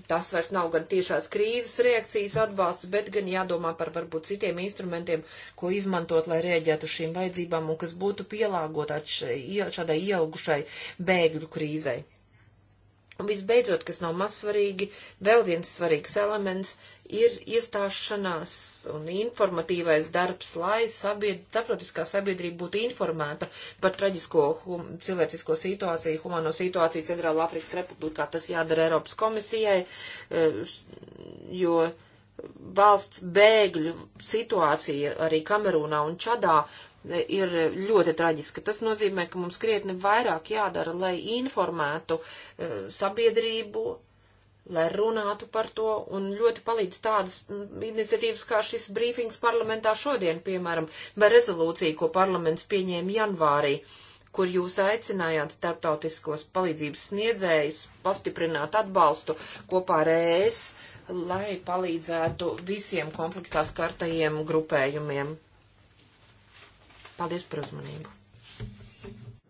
Tas vairs nav gan tiešās krīzes reakcijas atbalsts, bet gan jādomā par varbūt citiem instrumentiem, ko izmantot, lai rēģētu šīm vajadzībām un kas būtu pielāgotā šādai ielgušai bēgļu krīzei. Un visbeidzot, kas nav maz svarīgi, vēl viens svarīgs elements ir iestāšanās un informatīvais darbs, lai sabied, starptautiskā sabiedrība būtu informēta par traģisko hum, cilvēcisko situāciju, humano situāciju Centrāla Afrikas Republikā. Tas jādara Eiropas komisijai, eh, jo valsts bēgļu situācija arī Kamerūnā un Čadā eh, ir ļoti traģiska. Tas nozīmē, ka mums krietni vairāk jādara, lai informētu eh, sabiedrību lai runātu par to, un ļoti palīdz tādas iniciatīvas kā šis brīfings parlamentā šodien, piemēram, vai rezolūcija, ko parlaments pieņēma janvārī, kur jūs aicinājāt starptautiskos palīdzības sniedzējus pastiprināt atbalstu kopā ar ES, lai palīdzētu visiem konfliktā skartajiem grupējumiem. Paldies par uzmanību.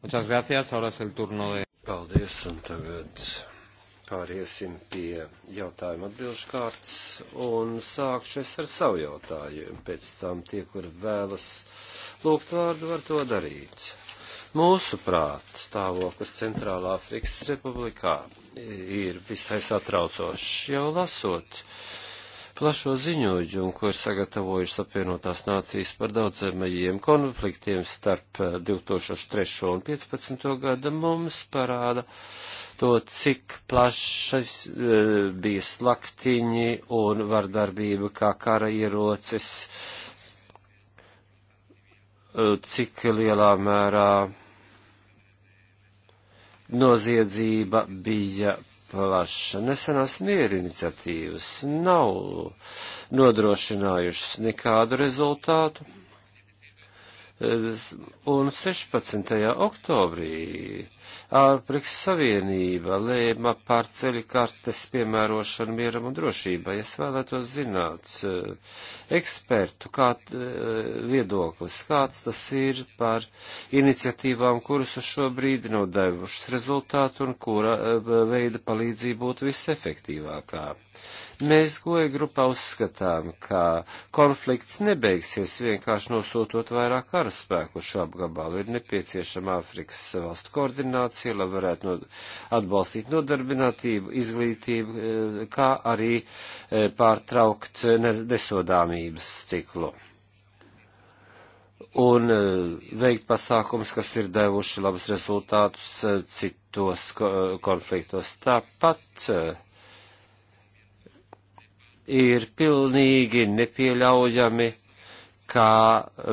Muchas gracias. Ahora es el turno de. Paldies, un tagad pāriesim pie jautājuma atbilžu kārtas un sākšu es ar savu jautājumu. Pēc tam tie, kur vēlas lūgt vārdu, var to darīt. Mūsu prāt stāvoklis Centrālā Afrikas Republikā ir visai satraucošs. Jau lasot plašo ziņojumu, ko ir sagatavojušas apvienotās nācijas par daudzemajiem konfliktiem starp 2003 un 2015 gada mums parāda, uh, to, cik plašas e, bija slaktiņi un vardarbība kā kara ierocis, e, cik lielā mērā noziedzība bija plaša. Nesenās miera iniciatīvas nav nodrošinājušas nekādu rezultātu. Un 16. oktobrī ārprieks savienība lēma par ceļu kartes piemērošanu mieram un drošībai. Es vēlētos zināt eh, ekspertu kā eh, viedoklis, kāds tas ir par iniciatīvām, kuras uz šo brīdi nav devušas rezultātu un kura eh, veida palīdzība būtu visefektīvākā. Mēs goja grupā uzskatām, ka konflikts nebeigsies vienkārši nosūtot vairāk karaspēku šo apgabalu. Ir nepieciešama Āfrikas valstu koordinācija, lai varētu no, atbalstīt nodarbinātību, izglītību, e, kā arī e, pārtraukt nesodāmības ciklu. Un e, veikt pasākums, kas ir devuši labus rezultātus citos konfliktos. Tāpat ir pilnīgi nepieļaujami, kā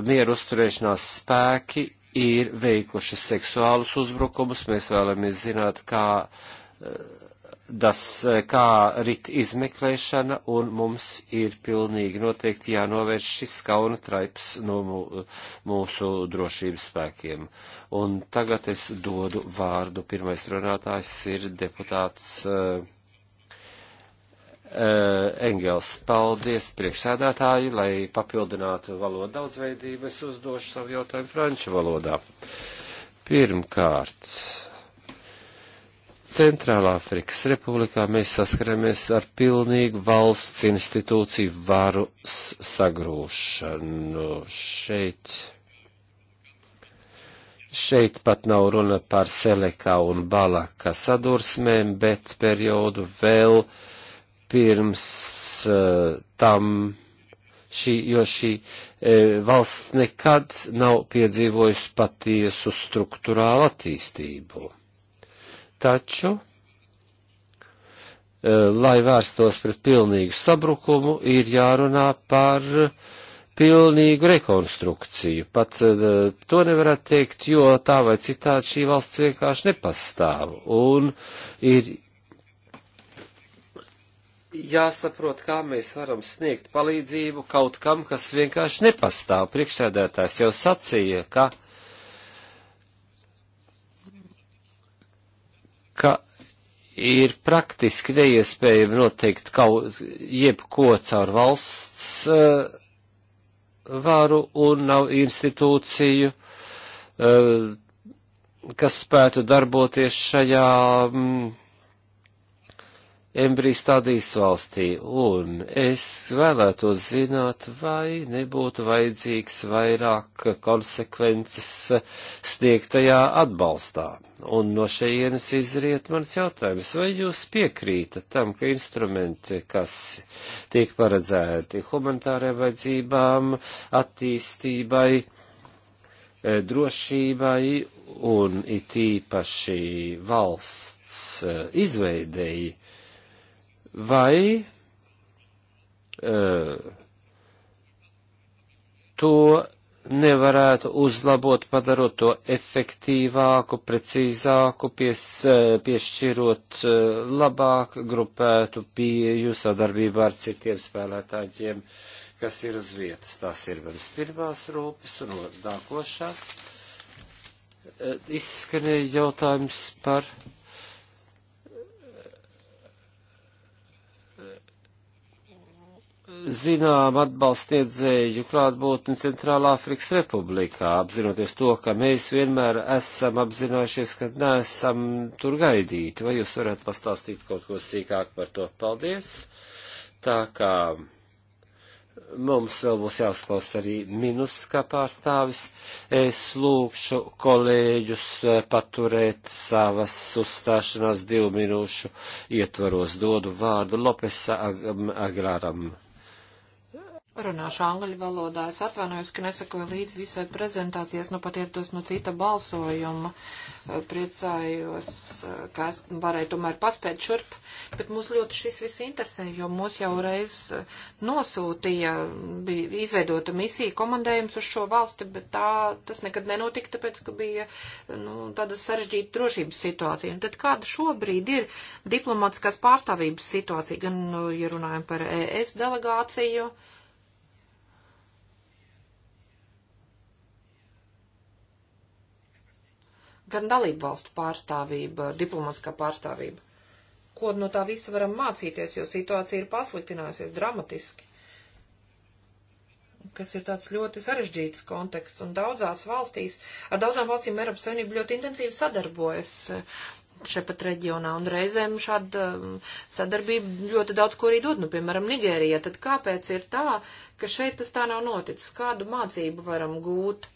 mieru uzturēšanās spēki ir veikuši seksuālus uzbrukumus. Mēs vēlamies zināt, kā, eh, das, eh, kā rit izmeklēšana, un mums ir pilnīgi noteikti jānovērš šis kauna traips no mūsu drošības spēkiem. Un tagad es dodu vārdu. Pirmais runātājs ir deputāts. Uh, Eh, Engels, paldies priekšsēdētāji, lai papildinātu valodu daudzveidību, es uzdošu savu jautājumu franču valodā. Pirmkārt, Centrālā Afrikas Republikā mēs saskaramies ar pilnīgu valsts institūciju varu sagrūšanu. Šeit, šeit pat nav runa par Selekā un Balaka sadursmēm, bet periodu vēl uh, pirms uh, tam, šī, jo šī e, valsts nekad nav piedzīvojusi patiesu struktūrālu attīstību. Taču, e, lai vērstos pret pilnīgu sabrukumu, ir jārunā par pilnīgu rekonstrukciju. Pat e, to nevarētu teikt, jo tā vai citādi šī valsts vienkārši nepastāv. Un ir jāsaprot, kā mēs varam sniegt palīdzību kaut kam, kas vienkārši nepastāv. Priekšsēdētājs jau sacīja, ka, ka ir praktiski neiespējami noteikt kaut jebko caur valsts uh, varu un nav institūciju. Uh, kas spētu darboties šajā mm, embriju stadijas valstī, un es vēlētos zināt, vai nebūtu vajadzīgs vairāk konsekvences sniegtajā atbalstā. Un no šejienes izriet mans jautājums, vai jūs piekrītat tam, ka instrumenti, kas tiek paredzēti humanitārajām vajadzībām, attīstībai, eh, drošībai un it īpaši valsts eh, izveidēji, vai uh, to nevarētu uzlabot, padarot to efektīvāku, precīzāku, pies, eh, piešķirot eh, labāk grupētu pieju sadarbībā ar citiem spēlētājiem, kas ir uz vietas. Tās ir manas pirmās rūpes un nākošās. Izskanēja jautājums par zinām atbalstiedzēju klātbūtni Centrālā Afrikas Republikā, apzinoties to, ka mēs vienmēr esam apzinājušies, ka neesam tur gaidīti. Vai jūs varat pastāstīt kaut ko sīkāk par to? Paldies! Tā kā mums vēl būs jāuzklausa arī minuskā pārstāvis. Es lūkšu kolēģus eh, paturēt savas uzstāšanās divu minūšu ietvaros. Dodu vārdu Lopesa Ag Aglāram. Ag Runāšu angļu valodā. Es atvainojos, ka nesakoju līdz visai prezentācijas, nu pat ierados no cita balsojuma. Eh, priecājos, eh, ka es varēju tomēr paspēt šurp, bet mūs ļoti šis viss interesē, jo mūs jau reiz eh, nosūtīja, bija izveidota misija komandējums uz šo valsti, bet tā, tas nekad nenotika, tāpēc, ka bija, nu, tāda sarežģīta drošības situācija. Un tad kāda šobrīd ir diplomatiskās pārstāvības situācija, gan, nu, ja runājam par ES delegāciju, gan dalību valstu pārstāvība, diplomatiskā pārstāvība. Ko no tā visa varam mācīties, jo situācija ir pasliktinājusies dramatiski, kas ir tāds ļoti sarežģīts konteksts, un daudzās valstīs, ar daudzām valstīm Eiropas Savienība ļoti intensīvi sadarbojas eh, šeit pat reģionā, un reizēm šāda mm, sadarbība ļoti daudz ko arī dod, nu, piemēram, Nigērija, tad kāpēc ir tā, ka šeit tas tā nav noticis, kādu mācību varam gūt?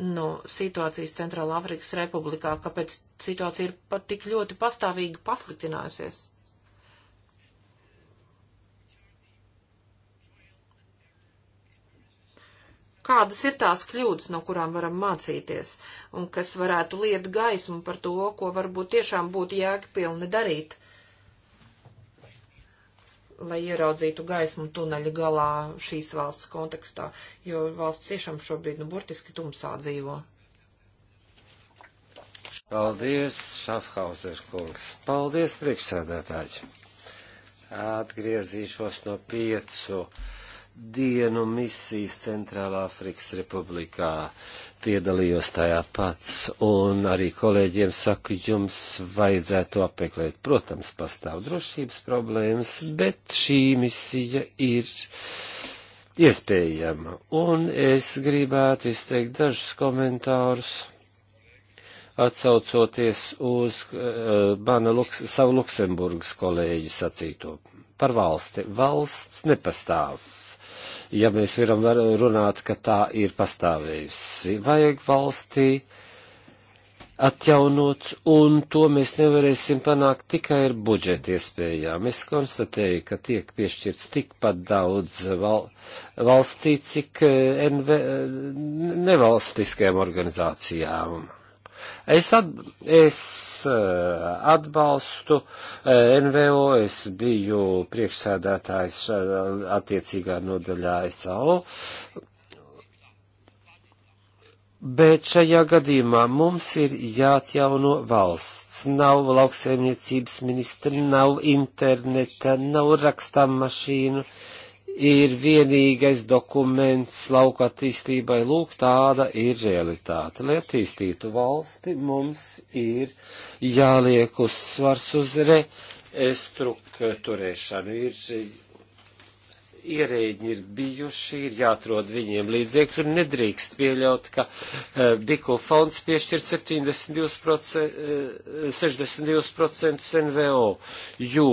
no situācijas Centrāla Afrikas Republikā, kāpēc situācija ir pat tik ļoti pastāvīgi pasliktinājusies. Kādas ir tās kļūdas, no kurām varam mācīties, un kas varētu liet gaismu par to, ko varbūt tiešām būtu jēgpilni darīt? Uh, lai ieraudzītu gaismu tuneļa galā šīs valsts kontekstā, jo valsts tiešām šobrīd, nu, burtiski tumsā dzīvo. Paldies, Šafhauser kungs. Paldies, priekšsēdētāji. Atgriezīšos no piecu dienu misijas Centrālā Afrikas Republikā. Piedalījos tajā pats, un arī kolēģiem saku, jums vajadzētu apmeklēt. Protams, pastāv drošības problēmas, bet šī misija ir iespējama, un es gribētu izteikt dažus komentārus atsaucoties uz uh, mana luks, savu Luksemburgas kolēģi sacīto par valsti. Valsts nepastāv ja mēs varam runāt, ka tā ir pastāvējusi. Vajag valstī atjaunot, un to mēs nevarēsim panākt tikai ar budžeta iespējām. Es konstatēju, ka tiek piešķirts tikpat daudz val, valstī, cik eh, NV, eh, nevalstiskajām organizācijām. Es, at, es eh, atbalstu eh, NVO, es biju priekšsēdētājs eh, attiecīgā nodaļā SAO, Bet šajā gadījumā mums ir jāatjauno valsts. Nav lauksaimniecības ministri, nav interneta, nav rakstām mašīnu. Uh, ir vienīgais dokuments lauka attīstībai, lūk, tāda ir realitāte. Lai attīstītu valsti, mums ir jāliek uzsvars uz restruktūrēšanu, ir ierēģi ir bijuši, ir jāatrod viņiem līdzekļi un nedrīkst pieļaut, ka uh, eh, Biko fonds piešķir 72%, uh, 62% NVO, jo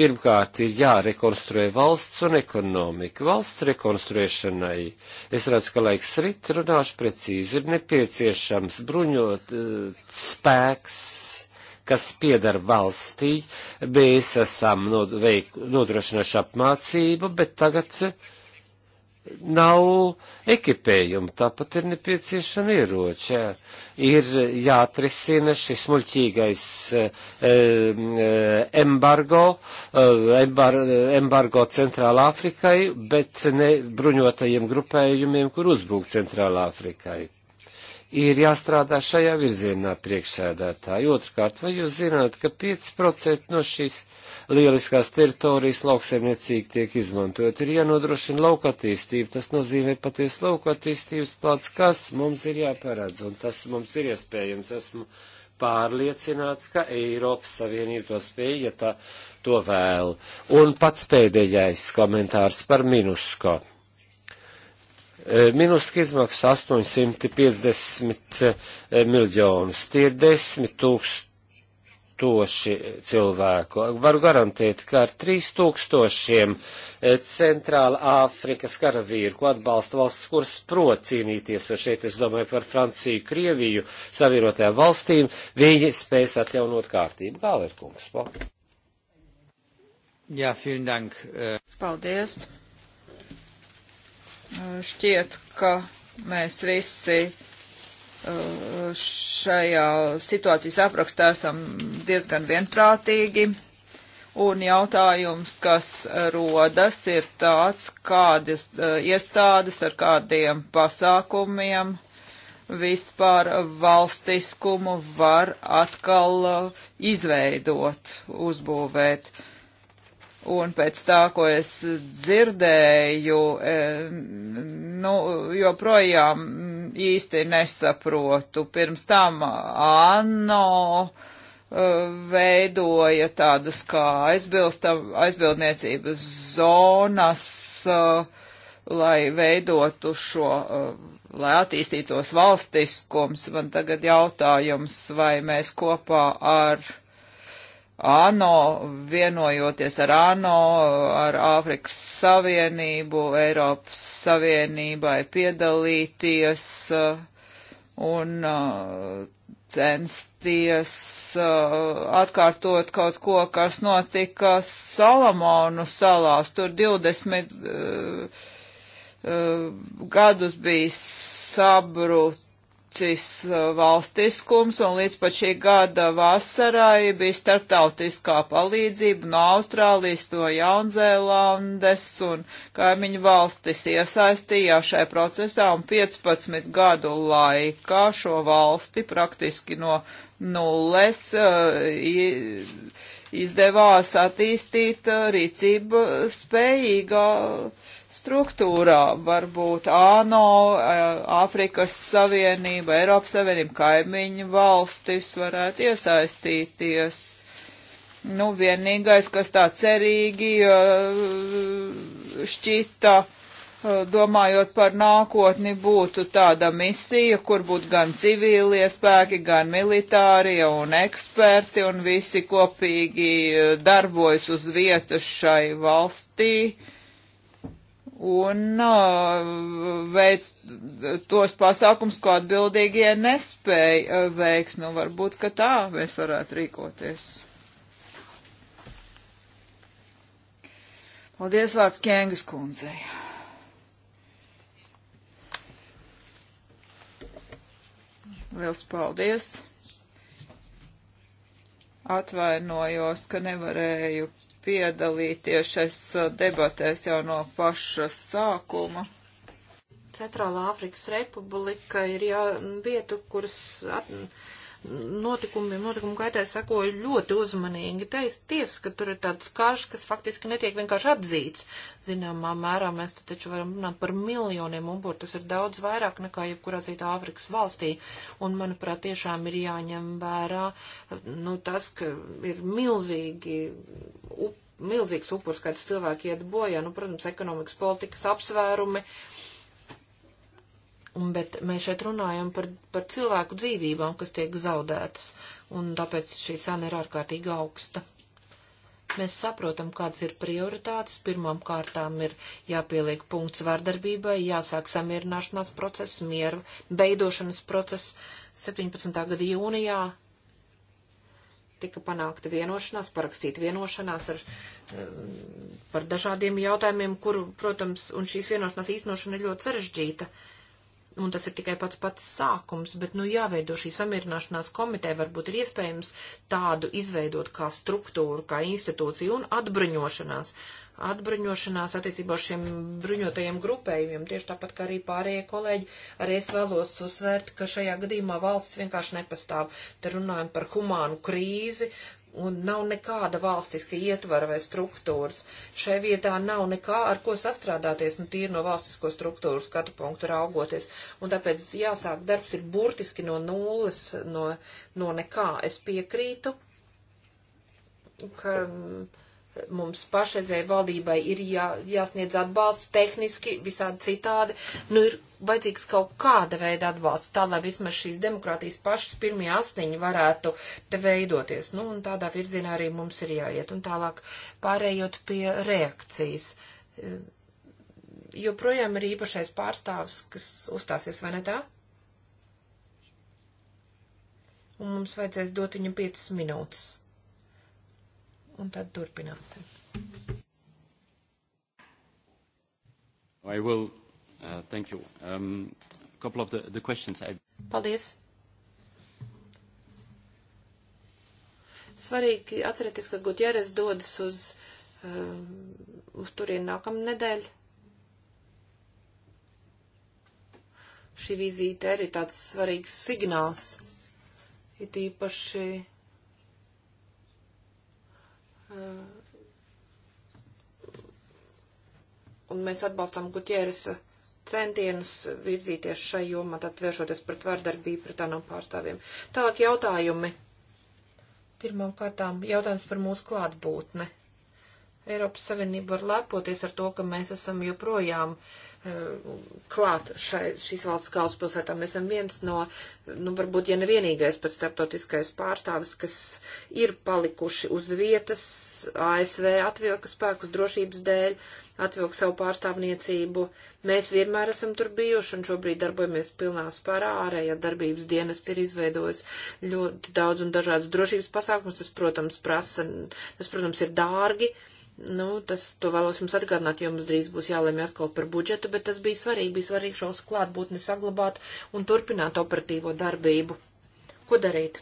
pirmkārt ir jārekonstruē valsts un ekonomika. Valsts rekonstruēšanai, es redzu, ka laiks rit, runāšu precīzi, ir nepieciešams bruņot uh, spēks kas piedara valstī. Mēs esam nodrošinājuši apmācību, bet tagad nav ekipējuma, tāpat ir nepieciešama ieroča. Ir jāatrisina šis muļķīgais e, embargo, eh, embar, embargo Centrālā Afrikai, bet ne bruņotajiem grupējumiem, kur uzbrūk Centrālā Afrikai ir jāstrādā šajā virzienā priekšsēdētāji. Otrkārt, vai jūs zināt, ka 5% no šīs lieliskās teritorijas lauksaimniecīgi tiek izmantot? Ir jānodrošina lauka attīstība, tas nozīmē paties lauka attīstības plāts, kas mums ir jāparedz, un tas mums ir iespējams. Esmu pārliecināts, ka Eiropas Savienība to spēj, ja tā to vēl. Un pats pēdējais komentārs par minusko. Eh, Minuska izmaksas 850 eh, miljonus. Tie ir 10 tūkstoši cilvēku. Varu garantēt, ka ar 3 tūkstošiem eh, Centrāla Āfrikas karavīru, ko atbalsta valsts, kuras prot cīnīties, jo šeit es domāju par Franciju, Krieviju, savienotajām valstīm, viņi spēs atjaunot kārtību. Gāvērkungs, paldies. Jā, ja, vielen dank. Paldies. Eh, šķiet, ka mēs visi eh, šajā situācijas aprakstā esam diezgan vienprātīgi. Un jautājums, kas rodas, ir tāds, kādas eh, iestādes ar kādiem pasākumiem vispār valstiskumu var atkal izveidot, uzbūvēt. Uh, Un pēc tā, ko es dzirdēju, e, nu, joprojām īsti nesaprotu. Pirms tam Anno e, veidoja tādas kā aizbildniecības zonas, e, lai veidotu šo, lai attīstītos valstiskums. Man tagad jautājums, vai mēs kopā ar ANO, vienojoties ar ANO, ar Āfrikas Savienību, Eiropas Savienībai piedalīties uh, un uh, censties uh, atkārtot kaut ko, kas notika Salamonu salās. Tur 20 gadus bija sabrūt pieaucis uh, valstiskums, un līdz pat šī gada vasarai bija starptautiskā palīdzība no Austrālijas, no Jaunzēlandes, un kaimiņu valstis iesaistījās šai procesā, un 15 gadu laikā šo valsti praktiski no nulles uh, izdevās attīstīt uh, rīcību spējīgā struktūrā. Varbūt ANO, eh, Āfrikas Savienība, Eiropas Savienība, kaimiņu valstis varētu iesaistīties. Nu, vienīgais, kas tā cerīgi eh, šķita, eh, domājot par nākotni, būtu tāda misija, kur būtu gan civilie spēki, gan militārie un eksperti, un visi kopīgi darbojas uz vietas šai valstī. Uh, un uh, veic tos pasākums, ko atbildīgie nespēja uh, veikt. Nu, varbūt, ka tā mēs varētu rīkoties. Paldies vārds Kēngas kundzei. Liels paldies. Atvainojos, ka nevarēju piedalīties šais debatēs jau no paša sākuma. Centrālā Afrikas Republika ir jau vietu, kuras at, notikumiem, notikumu gaitai sekoja ļoti uzmanīgi. Tais tiesa, ka tur ir tāds karš, kas faktiski netiek vienkārši atzīts. Zināmā mērā mēs te taču varam runāt par miljoniem upuru, tas ir daudz vairāk nekā jebkurā citā Āfrikas valstī. Un, manuprāt, tiešām ir jāņem vērā, nu, tas, ka ir milzīgi up, milzīgs upurs, kāds cilvēki iet bojā, nu, protams, ekonomikas politikas apsvērumi. Uh, Un, bet mēs šeit runājam par, par cilvēku dzīvībām, kas tiek zaudētas, un tāpēc šī cena ir ārkārtīgi augsta. Mēs saprotam, kādas ir prioritātes. Pirmām kārtām ir jāpieliek punkts vardarbībai, jāsāk samierināšanās process, mieru beidošanas process. 17. gada jūnijā tika panākta vienošanās, parakstīta vienošanās ar, eh, par dažādiem jautājumiem, kuru, protams, un šīs vienošanās īstenošana ir ļoti sarežģīta. Uh, un tas ir tikai pats pats sākums, bet, nu, jāveido šī samierināšanās komiteja, varbūt ir iespējams tādu izveidot kā struktūru, kā institūciju un atbruņošanās. Atbruņošanās attiecībā ar šiem bruņotajiem grupējumiem, tieši tāpat kā arī pārējie kolēģi, arī es vēlos uzsvērt, ka šajā gadījumā valsts vienkārši nepastāv. Te runājam par humānu krīzi, un nav nekāda valstiska ietvara vai struktūras. Šai vietā nav nekā, ar ko sastrādāties, nu, tīri no valstisko struktūru skatu punktu raugoties. Un tāpēc jāsāk darbs ir burtiski no nulles, no, no nekā. Es piekrītu, ka mm, mums pašreizēji valdībai ir jā, jāsniedz atbalsts tehniski, visādi citādi. Nu, ir vajadzīgs kaut kāda veida atbalsts, tā lai vismaz šīs demokrātijas pašas pirmie asniņi varētu te veidoties. Nu, un tādā virzienā arī mums ir jāiet. Un tālāk pārējot pie reakcijas. E, joprojām ir īpašais pārstāvs, kas uzstāsies, vai ne tā? Un mums vajadzēs dot viņam 5 minūtes. Un tad turpināsim. I will Uh, thank you. Um, a couple of the, the questions I... Paldies. Svarīgi atcerieties, ka Gutjeres dodas uz, uh, uz turien nākamnedēļ. Šī vizīte arī tāds svarīgs signāls. It īpaši uh, un mēs atbalstām Gutjeresa uh, centienus virzīties šai jomā, tad vēršoties pret vardarbību, pret ANO pārstāvjiem. Tālāk jautājumi. Pirmām kārtām jautājums par mūsu klātbūtne. Eiropas Savienība var lepoties ar to, ka mēs esam joprojām uh, klāt šai, šīs valsts galvaspilsētā. Mēs esam viens no, nu, varbūt, ja nevienīgais pats starptautiskais pārstāvis, kas ir palikuši uz vietas ASV atvilka spēkus drošības dēļ. Uh, atvilkt savu pārstāvniecību. Mēs vienmēr esam tur bijuši un šobrīd darbojamies pilnā spārā. Ārējā darbības dienas ir izveidojis ļoti daudz un dažādas drošības pasākumus. Tas, protams, prasa, tas, protams, ir dārgi. Nu, tas, to vēlos jums atgādināt, jo mums drīz būs jālēmj atkal par budžetu, bet tas bija svarīgi, bija svarīgi šos klātbūtni saglabāt un turpināt operatīvo darbību. Ko darīt?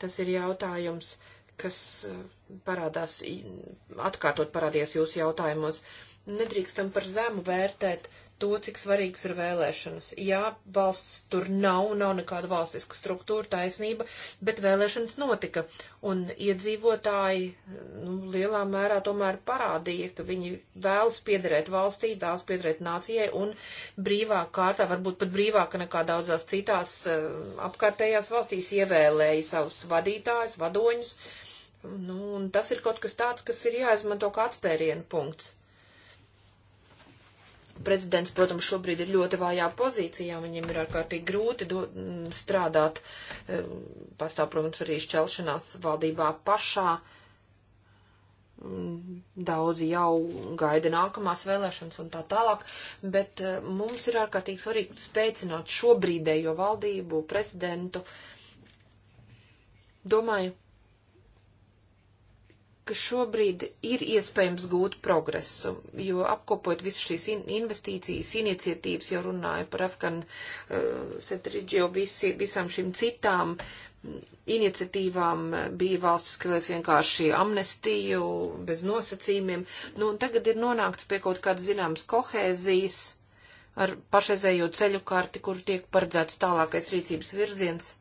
Tas ir jautājums. Uh, kas eh, parādās, atkārtot parādījās jūsu jautājumos. Nedrīkstam par zemu vērtēt to, cik svarīgs ir vēlēšanas. Jā, valsts tur nav, nav nekāda valstiska struktūra, taisnība, bet vēlēšanas notika. Un iedzīvotāji nu, lielā mērā tomēr parādīja, ka viņi vēlas piederēt valstī, vēlas piederēt nācijai un brīvā kārtā, varbūt pat brīvāka nekā daudzās citās eh, apkārtējās valstīs, ievēlēja savus vadītājus, vadoņus. Uh, Nu, un tas ir kaut kas tāds, kas ir jāizmanto kā atspērienu punkts. Prezidents, protams, šobrīd ir ļoti vājā pozīcijā, viņam ir ārkārtīgi grūti do, strādāt. E, pastāv, protams, arī šķelšanās valdībā pašā. Daudzi jau gaida nākamās vēlēšanas un tā tālāk, bet e, mums ir ārkārtīgi svarīgi spēcināt šobrīdējo valdību, prezidentu. Domāju, ka šobrīd ir iespējams gūt progresu, jo apkopot visu šīs in investīcijas, iniciatīvas, jau runāju par Afgan uh, Setriģio, visi, visām šīm citām mm, iniciatīvām uh, bija valsts, ka es vienkārši amnestiju bez nosacījumiem. Nu, un tagad ir nonākts pie kaut kādas zināmas kohēzijas ar pašreizējo ceļu karti, kur tiek paredzēts tālākais rīcības virziens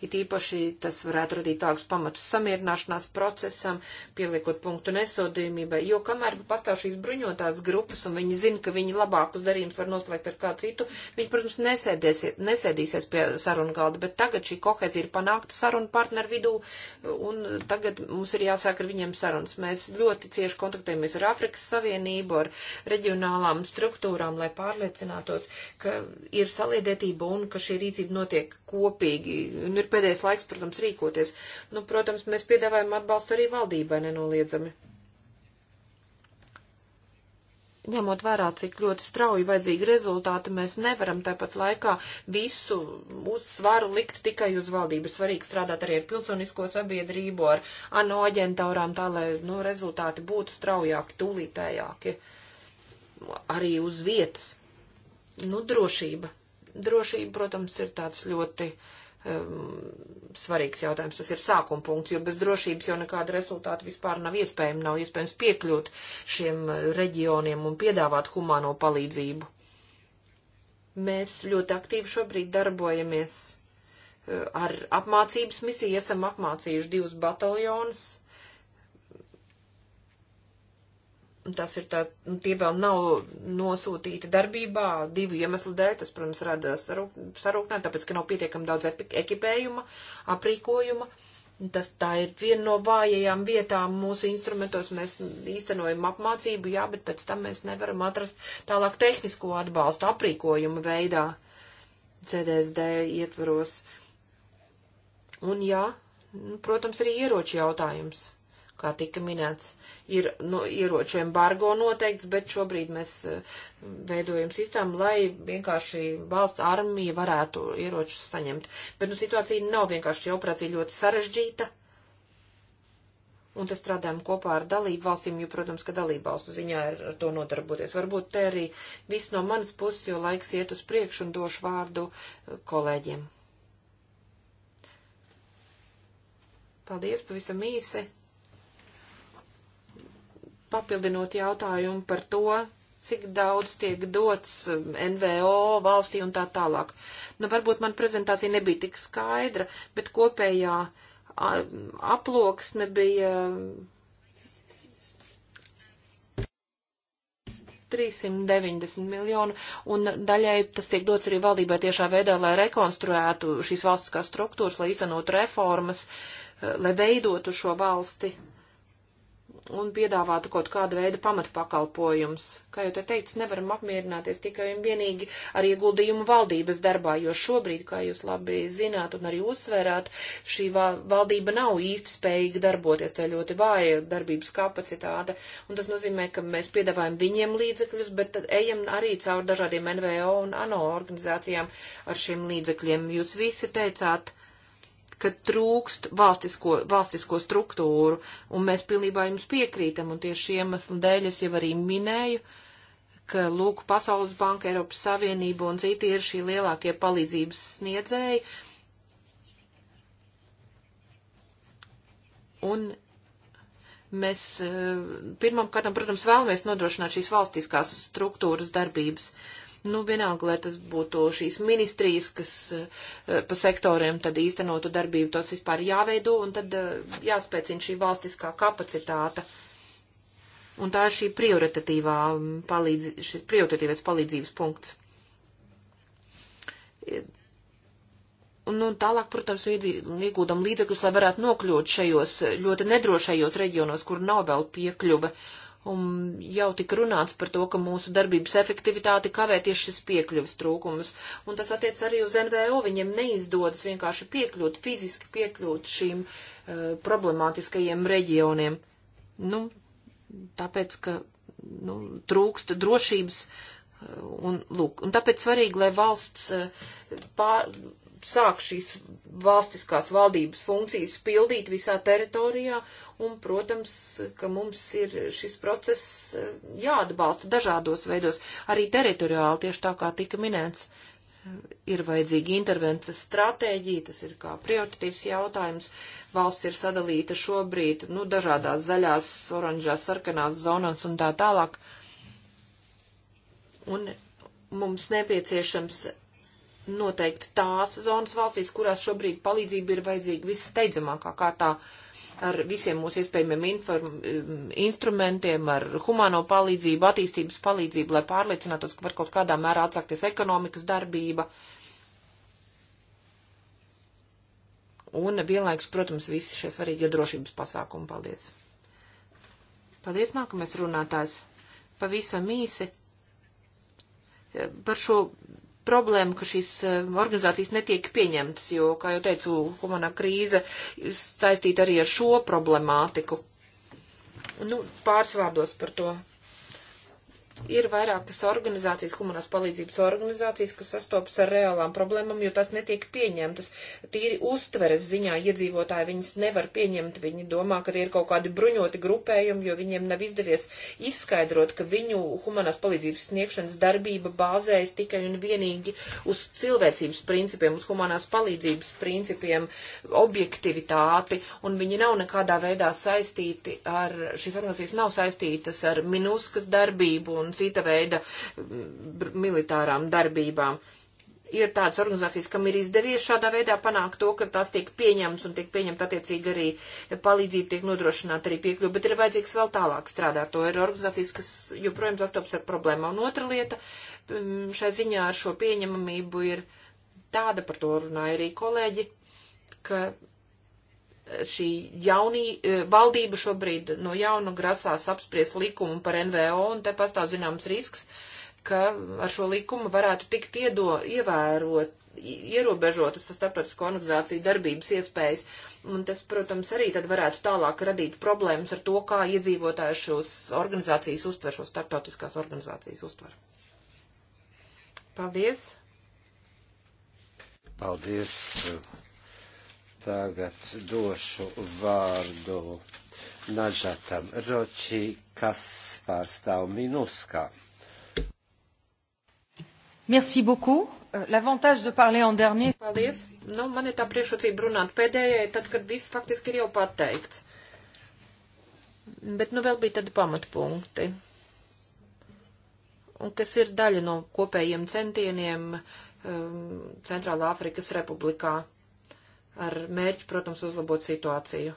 It īpaši tas varētu radīt tādus pamatus samierināšanās procesam, pieliekot punktu nesodījumībai, jo kamēr pastāv šīs bruņotās grupas un viņi zina, ka viņi labākus darījumus var noslēgt ar kādu citu, viņi, protams, nesēdēs, nesēdīsies pie sarunu galda, bet tagad šī kohezija ir panākta sarunu partneru vidū un tagad mums ir jāsāk ar viņiem sarunas. Mēs ļoti cieši kontaktējamies ar Afrikas Savienību, ar reģionālām struktūrām, lai pārliecinātos, ka ir saliedētība un ka šī rīcība notiek kopīgi un ir ir pēdējais laiks, protams, rīkoties. Nu, protams, mēs piedāvājam atbalstu arī valdībai nenoliedzami. Ņemot vērā, cik ļoti strauji vajadzīgi rezultāti, mēs nevaram tāpat laikā visu uzsvaru likt tikai uz valdību. Svarīgi strādāt arī ar pilsonisko sabiedrību, ar ANO aģentaurām, tā lai nu, rezultāti būtu straujāki, tūlītējāki, arī uz vietas. Nu, drošība. Drošība, protams, ir tāds ļoti uh, um, svarīgs jautājums. Tas ir sākuma punkts, jo bez drošības jau nekāda rezultāta vispār nav iespējama. Nav iespējams piekļūt šiem eh, reģioniem un piedāvāt humāno palīdzību. Mēs ļoti aktīvi šobrīd darbojamies eh, ar apmācības misiju. Esam apmācījuši divus bataljonus Tas ir tā, nu, tie vēl nav nosūtīti darbībā divu iemeslu dēļ. Tas, protams, rada sarūknē, tāpēc, ka nav pietiekami daudz ekipējuma, aprīkojuma. Tas tā ir viena no vājajām vietām mūsu instrumentos. Mēs īstenojam apmācību, jā, bet pēc tam mēs nevaram atrast tālāk tehnisko atbalstu aprīkojuma veidā CDSD ietvaros. Un jā, nu, protams, arī ieroču jautājums kā tika minēts, ir nu, ieroču embargo noteikts, bet šobrīd mēs eh, veidojam sistēmu, lai vienkārši valsts armija varētu ieročus saņemt. Bet nu, situācija nav vienkārši, šī operācija ļoti sarežģīta. Un te strādājam kopā ar dalību valstīm, jo, protams, ka dalību valstu ziņā ir ar to nodarboties. Varbūt te arī viss no manas puses, jo laiks iet uz priekšu un došu vārdu eh, kolēģiem. Paldies, pavisam īsi papildinot jautājumu par to, cik daudz tiek dots um, NVO valstī un tā tālāk. Nu, varbūt man prezentācija nebija tik skaidra, bet kopējā aploksne bija 390 miljonu, un daļai tas tiek dots arī valdībai tiešā veidā, lai rekonstruētu šīs valstiskās struktūras, lai izanotu reformas, eh, lai veidotu šo valsti un piedāvātu kaut kādu veidu pamatpakalpojums. Kā jau te teicu, nevaram apmierināties tikai un vienīgi ar ieguldījumu valdības darbā, jo šobrīd, kā jūs labi zināt un arī uzsvērāt, šī valdība nav īsti spējīga darboties, tā ļoti vāja darbības kapacitāte, un tas nozīmē, ka mēs piedāvājam viņiem līdzekļus, bet tad ejam arī caur dažādiem NVO un ANO organizācijām ar šiem līdzekļiem. Jūs visi teicāt, ka trūkst valstisko, valstisko struktūru, un mēs pilnībā jums piekrītam, un tieši šī iemesla dēļ es jau arī minēju, ka, lūk, Pasaules banka, Eiropas Savienība un citi ir šī lielākie palīdzības sniedzēji. Un mēs eh, pirmam kārtam, protams, vēlamies nodrošināt šīs valstiskās struktūras darbības. Uh, Nu, vienalga, lai tas būtu šīs ministrijas, kas eh, pa sektoriem tad īstenotu darbību, tos vispār jāveido un tad eh, jāspēcina šī valstiskā kapacitāte. Un tā ir šī prioritatīvā mm, palīdz, šis prioritatīvais palīdzības punkts. E, un, nu, tālāk, protams, iegūdam līdzekļus, lai varētu nokļūt šajos eh, ļoti nedrošajos reģionos, kur nav vēl piekļuve uh, Un jau tika runāts par to, ka mūsu darbības efektivitāti kavē tieši šis piekļuvis trūkums. Un tas attiec arī uz NVO. Viņiem neizdodas vienkārši piekļūt, fiziski piekļūt šīm uh, problemātiskajiem reģioniem. Nu, tāpēc, ka nu, trūkst drošības. Eh, un, lūk, un tāpēc svarīgi, lai valsts eh, pār, sāk šīs valstiskās valdības funkcijas pildīt visā teritorijā, un, protams, ka mums ir šis process eh, jāatbalsta dažādos veidos, arī teritoriāli, tieši tā kā tika minēts. Eh, ir vajadzīga intervences stratēģija, tas ir kā prioritīvs jautājums. Valsts ir sadalīta šobrīd, nu, dažādās zaļās, oranžās, sarkanās zonās un tā tālāk. Un mums nepieciešams noteikti tās zonas valstīs, kurās šobrīd palīdzība ir vajadzīga vissteidzamākā kārtā ar visiem mūsu iespējamiem inform, um, instrumentiem, ar humāno palīdzību, attīstības palīdzību, lai pārliecinātos, ka var kaut kādā mērā atsākties ekonomikas darbība. Un vienlaiks, protams, visi šie svarīgie drošības pasākumi. Paldies! Paldies, nākamais runātājs! Pavisam īsi par šo problēma, ka šīs eh, organizācijas netiek pieņemtas, jo, kā jau teicu, humanā krīze saistīta arī ar šo problemātiku. Nu, pāris vārdos par to ir vairākas organizācijas, humanās palīdzības organizācijas, kas sastopas ar reālām problēmām, jo tas netiek pieņemtas. Tīri uztveres ziņā iedzīvotāji viņas nevar pieņemt. Viņi domā, ka tie ir kaut kādi bruņoti grupējumi, jo viņiem nav izdevies izskaidrot, ka viņu humanās palīdzības sniegšanas darbība bāzējas tikai un vienīgi uz cilvēcības principiem, uz humanās palīdzības principiem, objektivitāti, un viņi nav nekādā veidā saistīti ar, šīs organizācijas nav saistītas ar minuskas darbību un un cita veida mm, militārām darbībām ir tādas organizācijas, kam ir izdevies šādā veidā panākt to, ka tās tiek pieņemts un tiek pieņemta attiecīgi arī palīdzība, tiek nodrošināta arī piekļuva, bet ir vajadzīgs vēl tālāk strādāt. To ir organizācijas, kas joprojām sastopas ar problēmām. Un otra lieta mm, šai ziņā ar šo pieņemamību ir tāda, par to runāja arī kolēģi, ka šī jaunī e, valdība šobrīd no jauna grasās apspriest likumu par NVO, un te pastāv zināms risks, ka ar šo likumu varētu tikt iedo, ievērot, ierobežotas starptautisko organizāciju darbības iespējas, un tas, protams, arī tad varētu tālāk radīt problēmas ar to, kā iedzīvotāji šos organizācijas uztver, šos starptautiskās organizācijas uztver. Paldies! Paldies! tagad došu vārdu Nažatam Roči, kas pārstāv Minuskā. Merci beaucoup. Euh, l'avantage de parler en dernier. Paldies. Nu, man ir tā priekšrocība runāt pēdējai, tad, kad viss faktiski ir jau pateikts. Bet, nu, vēl bija tādi pamatpunkti. Un kas ir daļa no kopējiem centieniem um, Centrālā Afrikas Republikā ar mērķi, protams, uzlabot situāciju.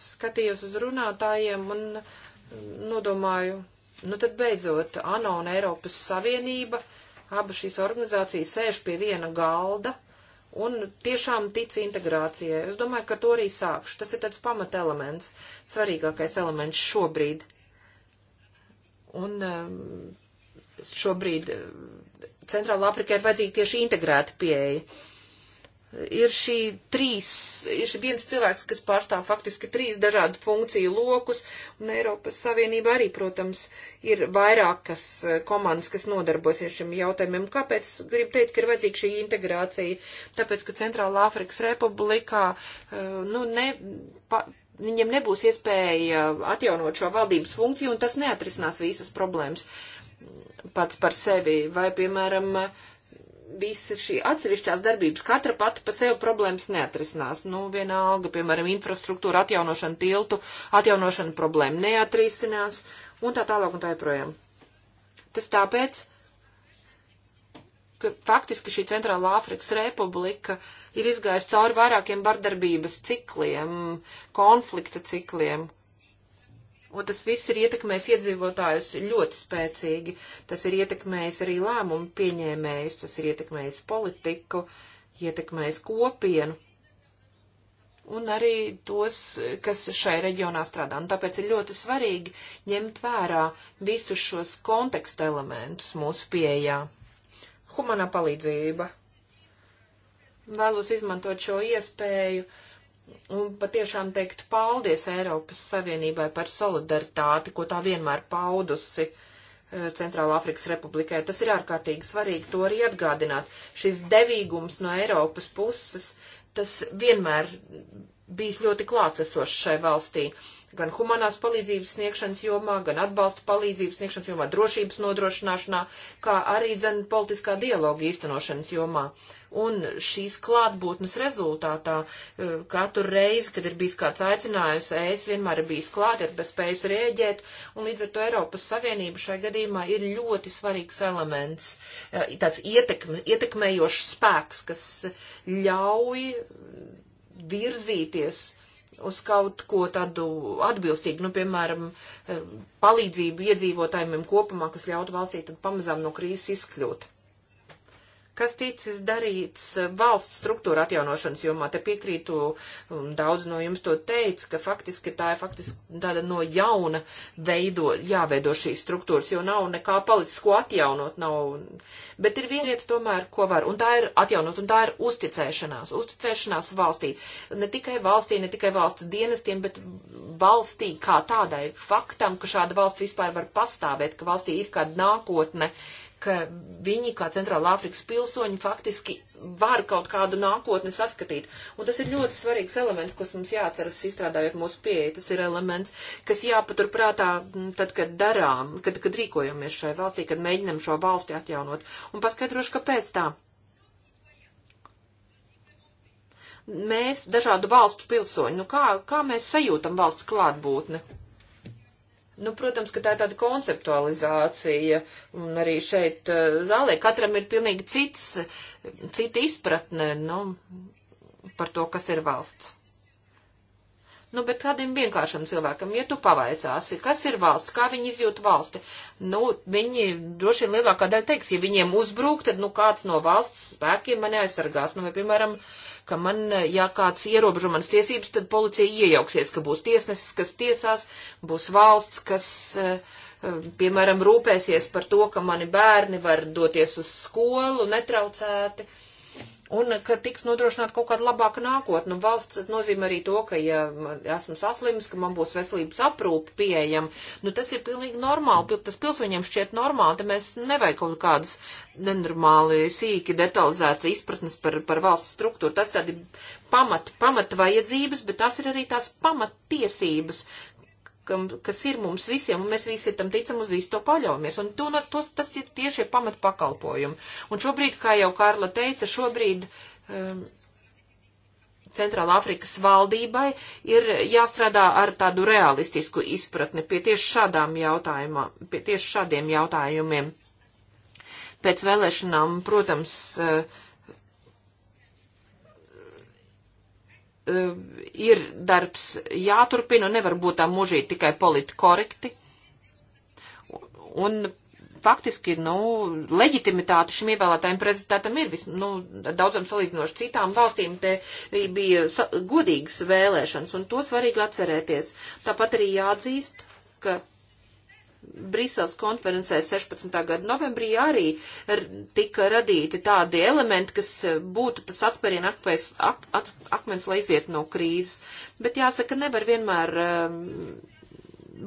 Skatījos uz runātājiem un nodomāju, nu tad beidzot, ANO un Eiropas Savienība, abas šīs organizācijas sēž pie viena galda un tiešām tic integrācijai. Es domāju, ka to arī sākšu. Tas ir tāds pamatelements, svarīgākais elements šobrīd. Un um, šobrīd uh, Centrāla Afrikai ir vajadzīga tieši integrēta pieeja ir šī trīs, ir šī viens cilvēks, kas pārstāv faktiski trīs dažādu funkciju lokus, un Eiropas Savienība arī, protams, ir vairākas eh, komandas, kas nodarbojas ar šiem jautājumiem. Kāpēc gribu teikt, ka ir vajadzīga šī integrācija? Tāpēc, ka Centrāla Āfrikas Republikā, eh, nu, ne, pa, viņiem nebūs iespēja atjaunot šo valdības funkciju, un tas neatrisinās visas problēmas pats par sevi. Vai, piemēram, uh, visa šī atsevišķās darbības katra pati pa sevi problēmas neatrisinās. Nu, vienalga, piemēram, infrastruktūra atjaunošana, tiltu atjaunošana problēma neatrisinās un tā tālāk un tā joprojām. Tas tāpēc, ka faktiski šī Centrālā Āfrikas Republika ir izgājusi cauri vairākiem bardarbības cikliem, konflikta cikliem, Un tas viss ir ietekmējis iedzīvotājus ļoti spēcīgi. Tas ir ietekmējis arī lēmumu pieņēmējus, tas ir ietekmējis politiku, ietekmējis kopienu. Un arī tos, kas šai reģionā strādā. Un tāpēc ir ļoti svarīgi ņemt vērā visus šos konteksta elementus mūsu pieejā. Humanā palīdzība. Vēlos izmantot šo iespēju uh, un patiešām teikt paldies Eiropas Savienībai par solidaritāti, ko tā vienmēr paudusi. Eh, Centrāla Afrikas Republikai. Tas ir ārkārtīgi svarīgi to arī atgādināt. Šis devīgums no Eiropas puses, tas vienmēr bijis ļoti klātsesošs šai valstī gan humanās palīdzības sniegšanas jomā, gan atbalsta palīdzības sniegšanas jomā, drošības nodrošināšanā, kā arī dzen politiskā dialoga īstenošanas jomā. Un šīs klātbūtnes rezultātā e, katru reizi, kad ir bijis kāds aicinājums, es vienmēr ir bijis klāt, ir spējis rēģēt, un līdz ar to Eiropas Savienība šai gadījumā ir ļoti svarīgs elements, e, tāds ietekme, ietekmējošs spēks, kas ļauj virzīties uz kaut ko tādu atbilstīgu, nu, piemēram, eh, palīdzību iedzīvotājiem kopumā, kas ļautu valstī pamazām no krīzes izkļūt kas ticis darīts eh, valsts struktūra atjaunošanas jomā. Te piekrītu, daudz no jums to teica, ka faktiski tā ir faktiski tāda no jauna veido, jāveido šīs struktūras, jo nav nekā palicis, ko atjaunot, nav. Bet ir viena lieta tomēr, ko var, un tā ir atjaunot, un tā ir uzticēšanās. Uzticēšanās valstī. Ne tikai valstī, ne tikai valsts dienestiem, bet valstī kā tādai faktam, ka šāda valsts vispār var pastāvēt, ka valstī ir kāda nākotne, ka viņi, kā Centrāla Āfrikas pilsoņi, faktiski var kaut kādu nākotni saskatīt. Un tas ir ļoti svarīgs elements, kas mums jāatceras izstrādājot mūsu pieeja. Tas ir elements, kas jāpaturprātā tad, kad darām, kad, kad rīkojamies šai valstī, kad mēģinam šo valsti atjaunot. Un paskaidrošu, kāpēc tā. Mēs, dažādu valstu pilsoņi, nu kā, kā mēs sajūtam valsts klātbūtni? Nu, protams, ka tā ir tāda konceptualizācija, un arī šeit eh, zālē katram ir pilnīgi cits, cita izpratne, nu, par to, kas ir valsts. Nu, bet kādam vienkāršam cilvēkam, ja tu pavaicāsi, kas ir valsts, kā viņi izjūt valsti, nu, viņi droši vien lielākā daļa teiks, ja viņiem uzbrūk, tad, nu, kāds no valsts spēkiem mani aizsargās, nu, vai, piemēram, uh, ka man, ja kāds ierobežo manas tiesības, tad policija iejauksies, ka būs tiesnesis, kas tiesās, būs valsts, kas, eh, piemēram, rūpēsies par to, ka mani bērni var doties uz skolu netraucēti. Uh, un ka tiks nodrošināta kaut kāda labāka nākotne. Nu, valsts nozīmē arī to, ka, ja esmu saslims, ka man būs veselības aprūpe pieejama, nu tas ir pilnīgi normāli, tas pilsoņiem šķiet normāli, te mēs nevajag kaut kādas nenormāli sīki detalizētas izpratnes par, par valsts struktūru. Tas tādi pamat, pamat vajadzības, bet tas ir arī tās pamat tiesības, kam, kas ir mums visiem, un mēs visi tam ticam, uz visu to paļaujamies. Un to, tos, tas ir tiešie pamat pakalpojumi. Un šobrīd, kā jau Kārla teica, šobrīd um, Centrāla Afrikas valdībai ir jāstrādā ar tādu realistisku izpratni pie tieši šādām jautājumā, pie tieši šādiem jautājumiem. Pēc vēlēšanām, protams, uh, Um, ir darbs jāturpina un nevar būt tā mužīgi tikai politi korekti. Un faktiski, nu, leģitimitāte šim ievēlētājiem prezidentam ir vis, nu, daudzam salīdzinoši citām valstīm te bija godīgas vēlēšanas, un to svarīgi atcerēties. Tāpat arī jāatzīst, ka Briseles konferencē 16. gada novembrī arī tika radīti tādi elementi, kas eh, būtu tas atspērien akpēs, ak, at, akmens, lai iziet no krīzes. Bet jāsaka, nevar vienmēr um,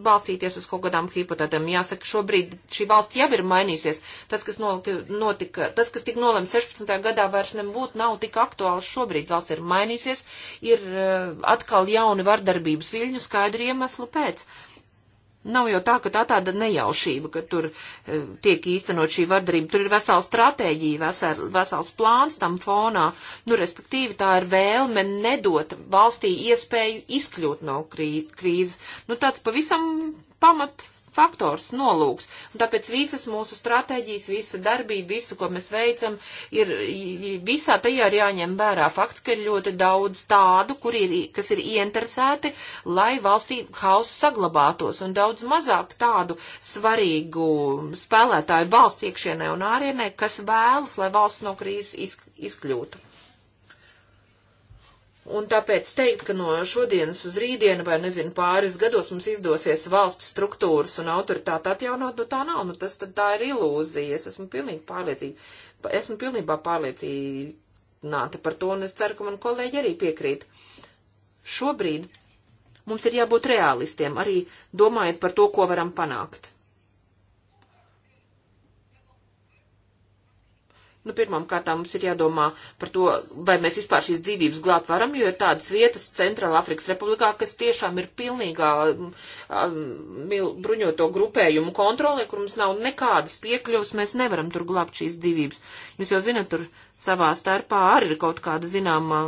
balstīties uz kaut kādām hipotētām. Jāsaka, šobrīd šī valsts jau ir mainījusies. Tas, kas nolika, notika, tas, kas tika nolemts 16. gadā, vairs nebūtu, nav tik aktuāls šobrīd. Valsts ir mainījusies, ir uh, atkal jauni vardarbības viļņu skaidru iemeslu pēc. Uh, Nav jau tā, ka tā tāda nejaušība, ka tur e, tiek īstenot šī vardarbība. Tur ir vesela stratēģija, vesel, vesels plāns tam fonā. Nu, respektīvi, tā ir vēlme nedot valstī iespēju izkļūt no krī, krīzes. Nu, tāds pavisam pamat faktors, nolūks. Un tāpēc visas mūsu stratēģijas, visa darbība, visu, ko mēs veicam, ir visā tajā ir jāņem vērā fakts, ka ir ļoti daudz tādu, kur ir, kas ir ieinteresēti, lai valstī hauss saglabātos, un daudz mazāk tādu svarīgu spēlētāju valsts iekšienē un ārienē, kas vēlas, lai valsts no krīzes izkļūtu. Un tāpēc teikt, ka no šodienas uz rītdienu vai, nezinu, pāris gados mums izdosies valsts struktūras un autoritāti atjaunot, nu tā nav, nu tas tad tā ir ilūzija. Es esmu pilnīgi pārliecība, esmu pilnībā pārliecināta par to, un es ceru, ka man kolēģi arī piekrīt. Šobrīd mums ir jābūt realistiem, arī domājot par to, ko varam panākt. Nu, pirmām kārtām mums ir jādomā par to, vai mēs vispār šīs dzīvības glābt varam, jo ir tādas vietas Centrāla Afrikas Republikā, kas tiešām ir pilnīgā um, bruņoto grupējumu kontrolē, kur mums nav nekādas piekļuvas, mēs nevaram tur glābt šīs dzīvības. Jūs jau zinat, tur savā starpā arī ir kaut kāda zināma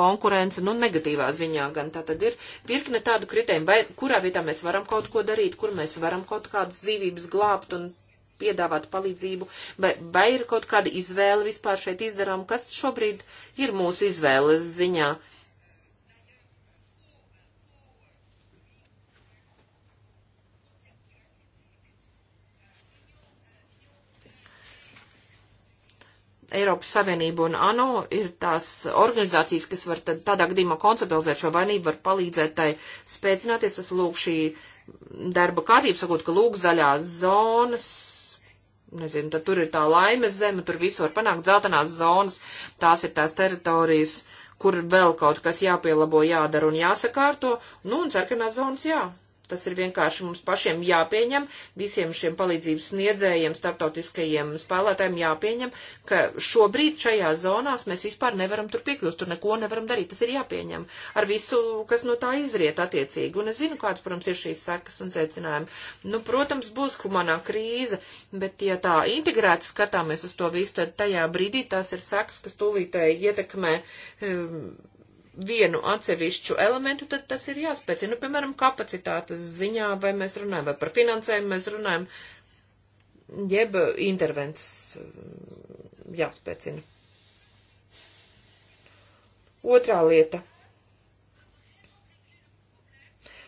konkurence, nu, negatīvā ziņā gan. Tā tad ir virkne tādu kritējumu, vai kurā vietā mēs varam kaut ko darīt, kur mēs varam kaut kādas dzīvības glābt un piedāvāt palīdzību, vai, vai ir kaut kāda izvēle vispār šeit izdarām, kas šobrīd ir mūsu izvēles ziņā. Eiropas Savienība un ANO ir tās organizācijas, kas var tad, tādā gadījumā konceptualizēt šo vainību, var palīdzēt tai spēcināties. Tas lūk šī darba kārtība, sakot, ka lūk zaļās zonas nezinu, tad tur ir tā laimes zeme, tur visu var panākt, zeltainās zonas, tās ir tās teritorijas, kur vēl kaut kas jāpielabo, jādara un jāsakārto, nu un sarkanās zonas jā, Tas ir vienkārši mums pašiem jāpieņem, visiem šiem palīdzības sniedzējiem, starptautiskajiem spēlētājiem jāpieņem, ka šobrīd šajā zonās mēs vispār nevaram tur piekļūst, tur neko nevaram darīt. Tas ir jāpieņem ar visu, kas no tā izriet attiecīgi. Un es zinu, kāds, protams, ir šīs sekas un secinājumi. Nu, protams, būs humanā krīze, bet ja tā integrēti skatāmies uz to visu, tad tajā brīdī tās ir sekas, kas tūlītēji ietekmē. Um, vienu atsevišķu elementu, tad tas ir jāspēcina. Nu, piemēram, kapacitātes ziņā, vai mēs runājam, vai par finansējumu mēs runājam, jeb intervences mm, jāspēcina. Otrā lieta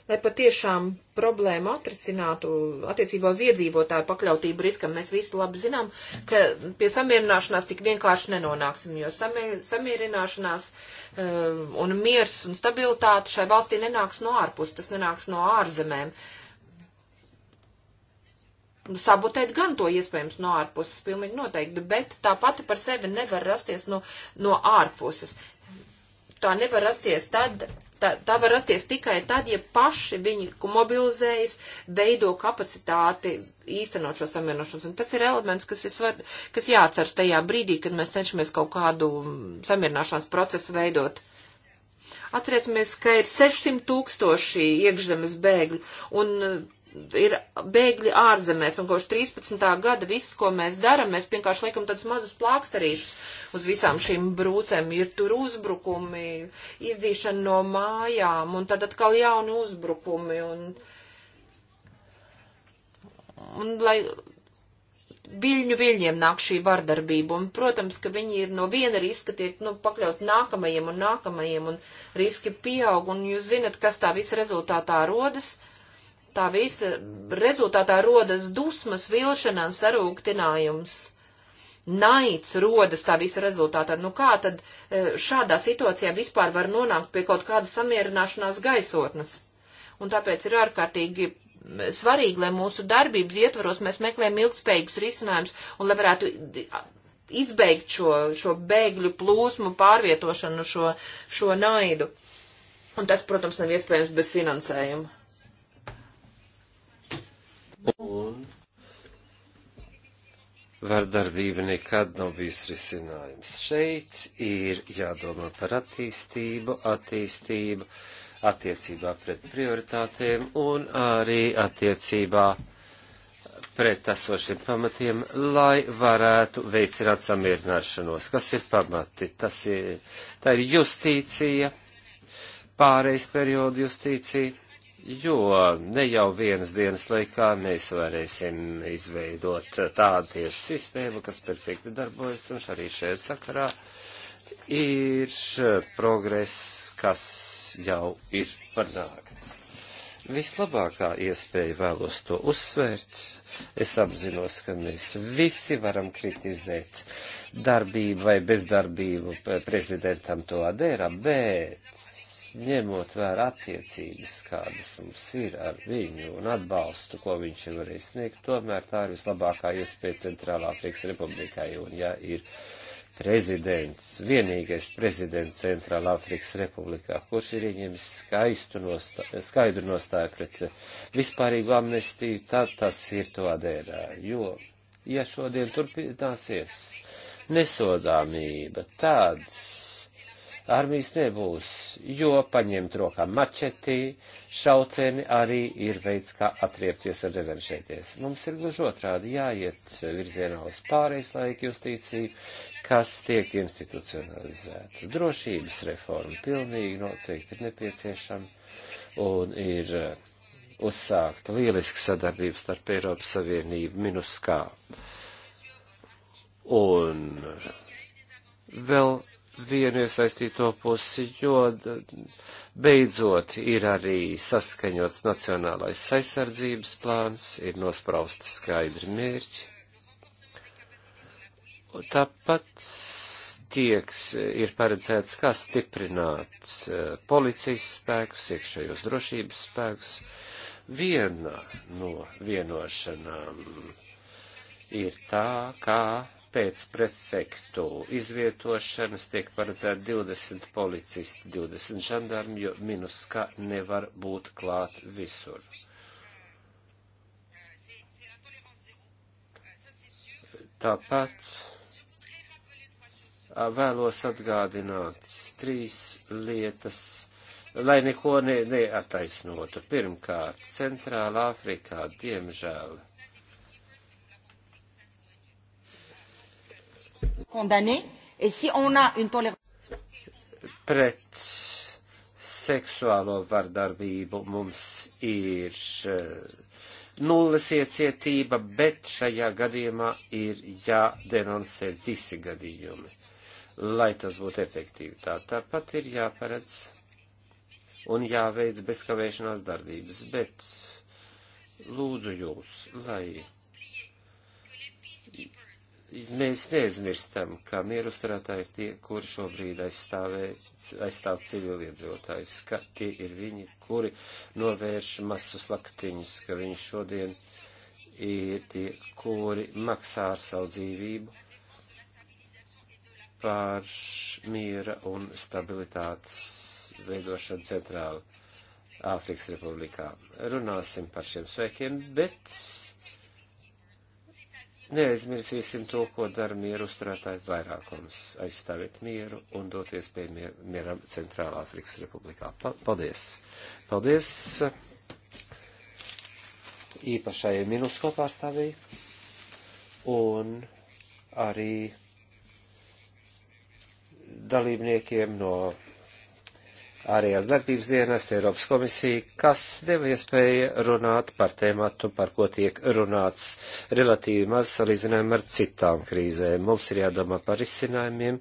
lai patiešām problēmu atrisinātu attiecībā uz iedzīvotāju pakļautību riskam. Mēs visi labi zinām, ka pie samierināšanās tik vienkārši nenonāksim, jo samierināšanās um, un miers un stabilitāte šai valstī nenāks no ārpus, tas nenāks no ārzemēm. Nu, sabotēt gan to iespējams no ārpuses, pilnīgi noteikti, bet tā pati par sevi nevar rasties no, no ārpuses tā nevar rasties tad, tā, tā var rasties tikai tad, ja paši viņi mobilizējas, veido kapacitāti īstenot šo samierināšanos. Un tas ir elements, kas, ir svar, kas jāatceras tajā brīdī, kad mēs cenšamies kaut kādu samierināšanās procesu veidot. Atcerēsimies, ka ir 600 tūkstoši iekšzemes bēgļu, un ir bēgļi ārzemēs, un kopš 13. gada viss, ko mēs daram, mēs vienkārši liekam tādus mazus plākstarīšus uz visām šīm brūcēm. Ir tur uzbrukumi, izdzīšana no mājām, un tad atkal jauni uzbrukumi, un, un lai viļņu viļņiem nāk šī vardarbība, un, protams, ka viņi ir no viena riska tiek, nu, pakļaut nākamajiem un nākamajiem, un riski pieaug, un jūs zinat, kas tā visa rezultātā rodas. Uh, tā visa rezultātā rodas dusmas, vilšanās, sarūktinājums, naids rodas tā visa rezultātā. Nu kā tad e, šādā situācijā vispār var nonākt pie kaut kādas samierināšanās gaisotnes? Un tāpēc ir ārkārtīgi svarīgi, lai mūsu darbības ietvaros mēs meklējam ilgspējīgus risinājumus un lai varētu izbeigt šo, šo bēgļu plūsmu, pārvietošanu, šo, šo naidu. Un tas, protams, nav iespējams bez finansējuma. Un vardarbība nekad nav bijis risinājums. Šeit ir jādomā par attīstību, attīstību attiecībā pret prioritātēm un arī attiecībā pret esošiem pamatiem, lai varētu veicināt samierināšanos. Kas ir pamati? Tas ir, tā ir justīcija, pārejas periodu justīcija jo ne jau vienas dienas laikā mēs varēsim izveidot tādu tiesu sistēmu, kas perfekti darbojas, un arī šajā sakarā ir progress, kas jau ir panākts. Vislabākā iespēja vēlos to uzsvērt. Es apzinos, ka mēs visi varam kritizēt darbību vai bezdarbību prezidentam to adērā, bet ņemot vērā attiecības, kādas mums ir ar viņu un atbalstu, ko viņš ir varējis sniegt, tomēr tā ir vislabākā iespēja Centrālā Afrikas Republikai. Un ja ir prezidents, vienīgais prezidents Centrālā Afrikas Republikā, kurš ir ieņemis skaistu nostāju, skaidru nostāju pret vispārīgu amnestiju, tad tas ir to adērā. Jo, ja šodien turpināsies nesodāmība, tāds armijas nebūs, jo paņemt rokā mačetī, šauteni arī ir veids, kā atriepties un revanšēties. Mums ir gluži otrādi jāiet virzienā uz pārējais laika justīciju, kas tiek institucionalizēta. Drošības reforma pilnīgi noteikti ir nepieciešama un ir uh, uzsākta lieliska sadarbība starp Eiropas Savienību minuskā. Un vēl vienu iesaistīto pusi, jo beidzot ir arī saskaņots nacionālais aizsardzības plāns, ir nosprausti skaidri mērķi. Tāpat tieks ir paredzēts, kā stiprināt e, policijas spēkus, iekšējos drošības spēkus. Viena no vienošanām ir tā, kā pēc prefektu izvietošanas tiek paredzēta 20 policisti, 20 žandarmi, jo minuska nevar būt klāt visur. Tāpat vēlos atgādināt trīs lietas, lai neko ne, neataisnotu. Pirmkārt, Centrāla Afrikā, diemžēl, condamnés. Et si on a une tolérance. Pret seksuālo vardarbību mums ir eh, nulles iecietība, bet šajā gadījumā ir jādenoncē visi gadījumi, lai tas būtu efektīvi. Tā tāpat ir jāparedz un jāveic bezkavēšanās darbības, bet lūdzu jūs, lai mēs neaizmirstam, ka mierusturētāji ir tie, kuri šobrīd aizstāvē, aizstāv civiliedzīvotājus, ka tie ir viņi, kuri novērš masu slaktiņus, ka viņi šodien ir tie, kuri maksā ar savu dzīvību par miera un stabilitātes veidošanu centrāli Āfrikas republikā. Runāsim par šiem sveikiem, bet Neaizmirsīsim to, ko dara mieru uzturētāju vairākums - aizstāvēt mieru un doties pie mieram Centrālā Afrikas Republikā. Paldies! Paldies īpašai minusko pārstāvī un arī dalībniekiem no ārējās darbības dienas, Eiropas komisija, kas deva iespēju runāt par tēmatu, par ko tiek runāts relatīvi maz salīdzinājumā ar citām krīzēm. Mums ir jādomā par izcinājumiem.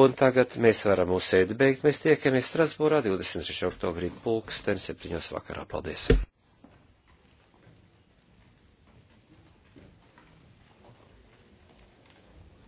Un tagad mēs varam mūsu sēdi beigt. Mēs tiekamies Strasbūrā 26. oktobrī pulksten 7. vakarā. Paldies!